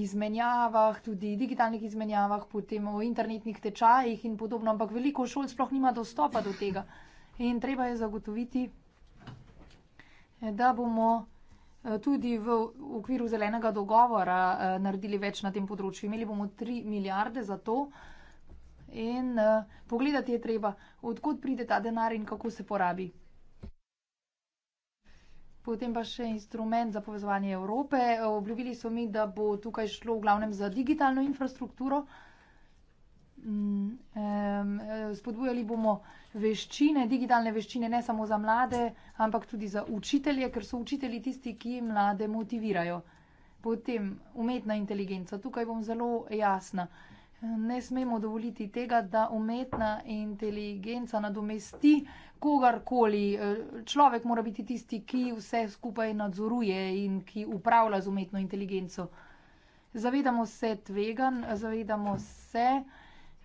izmenjavah, tudi digitalnih izmenjavah, potem o internetnih tečajih in podobno, ampak veliko šol sploh nima dostopa do tega. In treba je zagotoviti, da bomo eh, tudi v okviru zelenega dogovora eh, naredili več na tem področju. Imeli bomo 3 milijarde za to in eh, pogledati je treba, odkud pride ta denar in kako se porabi. Potem pa še instrument za povezovanje Evrope. Obljubili so mi, da bo tukaj šlo v glavnem za digitalno infrastrukturo um, spodbujali bomo veščine, digitalne veščine, ne samo za mlade, ampak tudi za učitelje, ker so učitelji tisti, ki mlade motivirajo. Potem umetna inteligenca. Tukaj bom zelo jasna. Ne smemo dovoliti tega, da umetna inteligenca nadomesti kogarkoli. Človek mora biti tisti, ki vse skupaj nadzoruje in ki upravlja z umetno inteligenco. Zavedamo se tvegan, zavedamo se,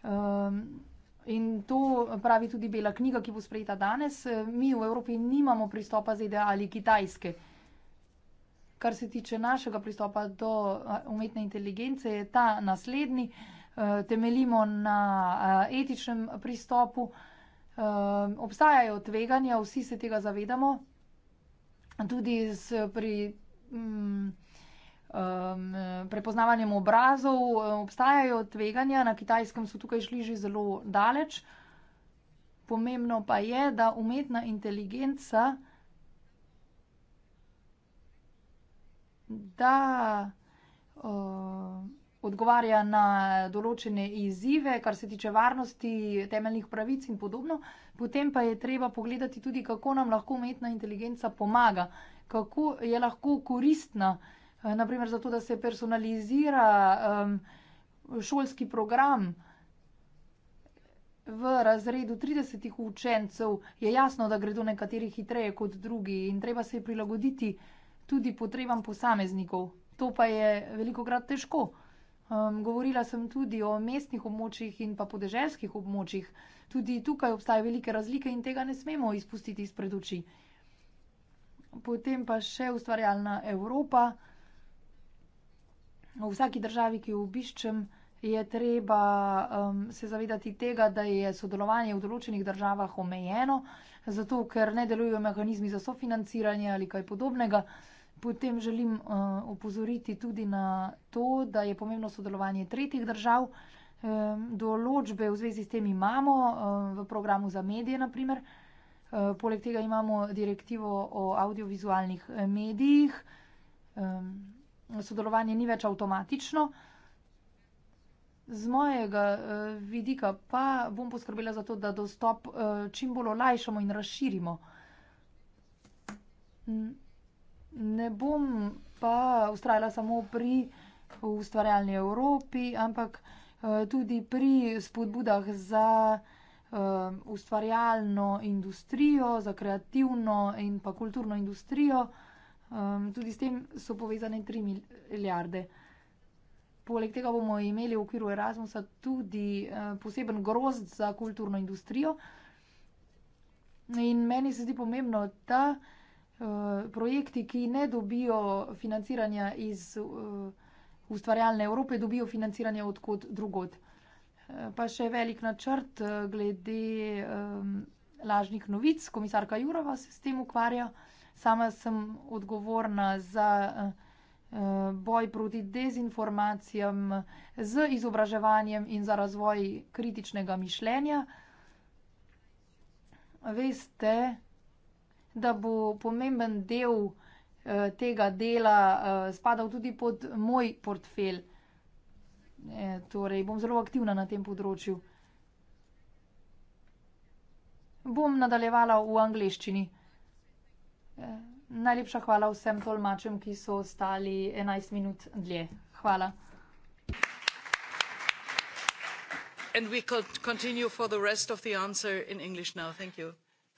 Um, in to pravi tudi bela knjiga, ki bo sprejeta danes. Mi v Evropi nimamo pristopa z ideja ali kitajske. Kar se tiče našega pristopa do umetne inteligence, je ta naslednji. E, temeljimo na etičnem pristopu. E, obstajajo tveganja, vsi se tega zavedamo. Tudi pri. Mm, um, prepoznavanjem obrazov. Um, obstajajo tveganja, na kitajskem so tukaj šli že zelo daleč. Pomembno pa je, da umetna inteligenca, da uh, odgovarja na določene izzive, kar se tiče varnosti, temeljnih pravic in podobno. Potem pa je treba pogledati tudi, kako nam lahko umetna inteligenca pomaga, kako je lahko koristna uh, Eh, naprimer zato, da se personalizira um, šolski program. V razredu 30 učencev je jasno, da gredo nekateri hitreje kot drugi in treba se prilagoditi tudi potrebam posameznikov. To pa je veliko krat težko. Um, govorila sem tudi o mestnih območjih in pa podeželskih območjih. Tudi tukaj obstajajo velike razlike in tega ne smemo izpustiti izpred oči. Potem pa še ustvarjalna Evropa v vsaki državi, ki jo obiščem, je treba um, se zavedati tega, da je sodelovanje v določenih državah omejeno, zato ker ne delujejo mehanizmi za sofinanciranje ali kaj podobnega. Potem želim uh, upozoriti tudi na to, da je pomembno sodelovanje tretjih držav. Um, določbe v zvezi s tem imamo um, v programu za medije, naprimer. Um, uh, poleg tega imamo direktivo o audiovizualnih eh, medijih. Um, sodelovanje ni več avtomatično. Z mojega eh, vidika pa bom poskrbela za to, da dostop eh, čim bolj olajšamo in razširimo. Ne bom pa ustrajala samo pri ustvarjalni Evropi, ampak eh, tudi pri spodbudah za ustvarjalno industrijo, za kreativno in pa kulturno industrijo. Um, tudi s tem so povezane 3 milijarde. Poleg tega bomo imeli v okviru Erasmusa tudi uh, poseben grozd za kulturno industrijo. In meni se zdi pomembno, da uh, projekti, ki ne dobijo financiranja iz uh, ustvarjalne Evrope, dobijo financiranje odkot drugot. Uh, pa še velik načrt uh, glede um, lažnih novic, komisarka Jurova se s tem ukvarja. Uh, Sama sem odgovorna za eh, boj proti dezinformacijam z izobraževanjem in za razvoj kritičnega mišljenja. Veste, da bo pomemben del eh, tega dela eh, spadal tudi pod moj portfelj. Torej bom zelo aktivna na tem področju. Bom nadaljevala v angleščini. Eh, najlepša hvala vsem tolmačem, ki so ostali 11 minut dlje. Hvala. And we could continue for the rest of the answer in English now. Thank you.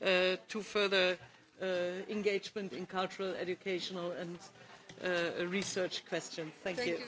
Uh, to further uh, engagement in cultural educational and uh, research questions. thank you.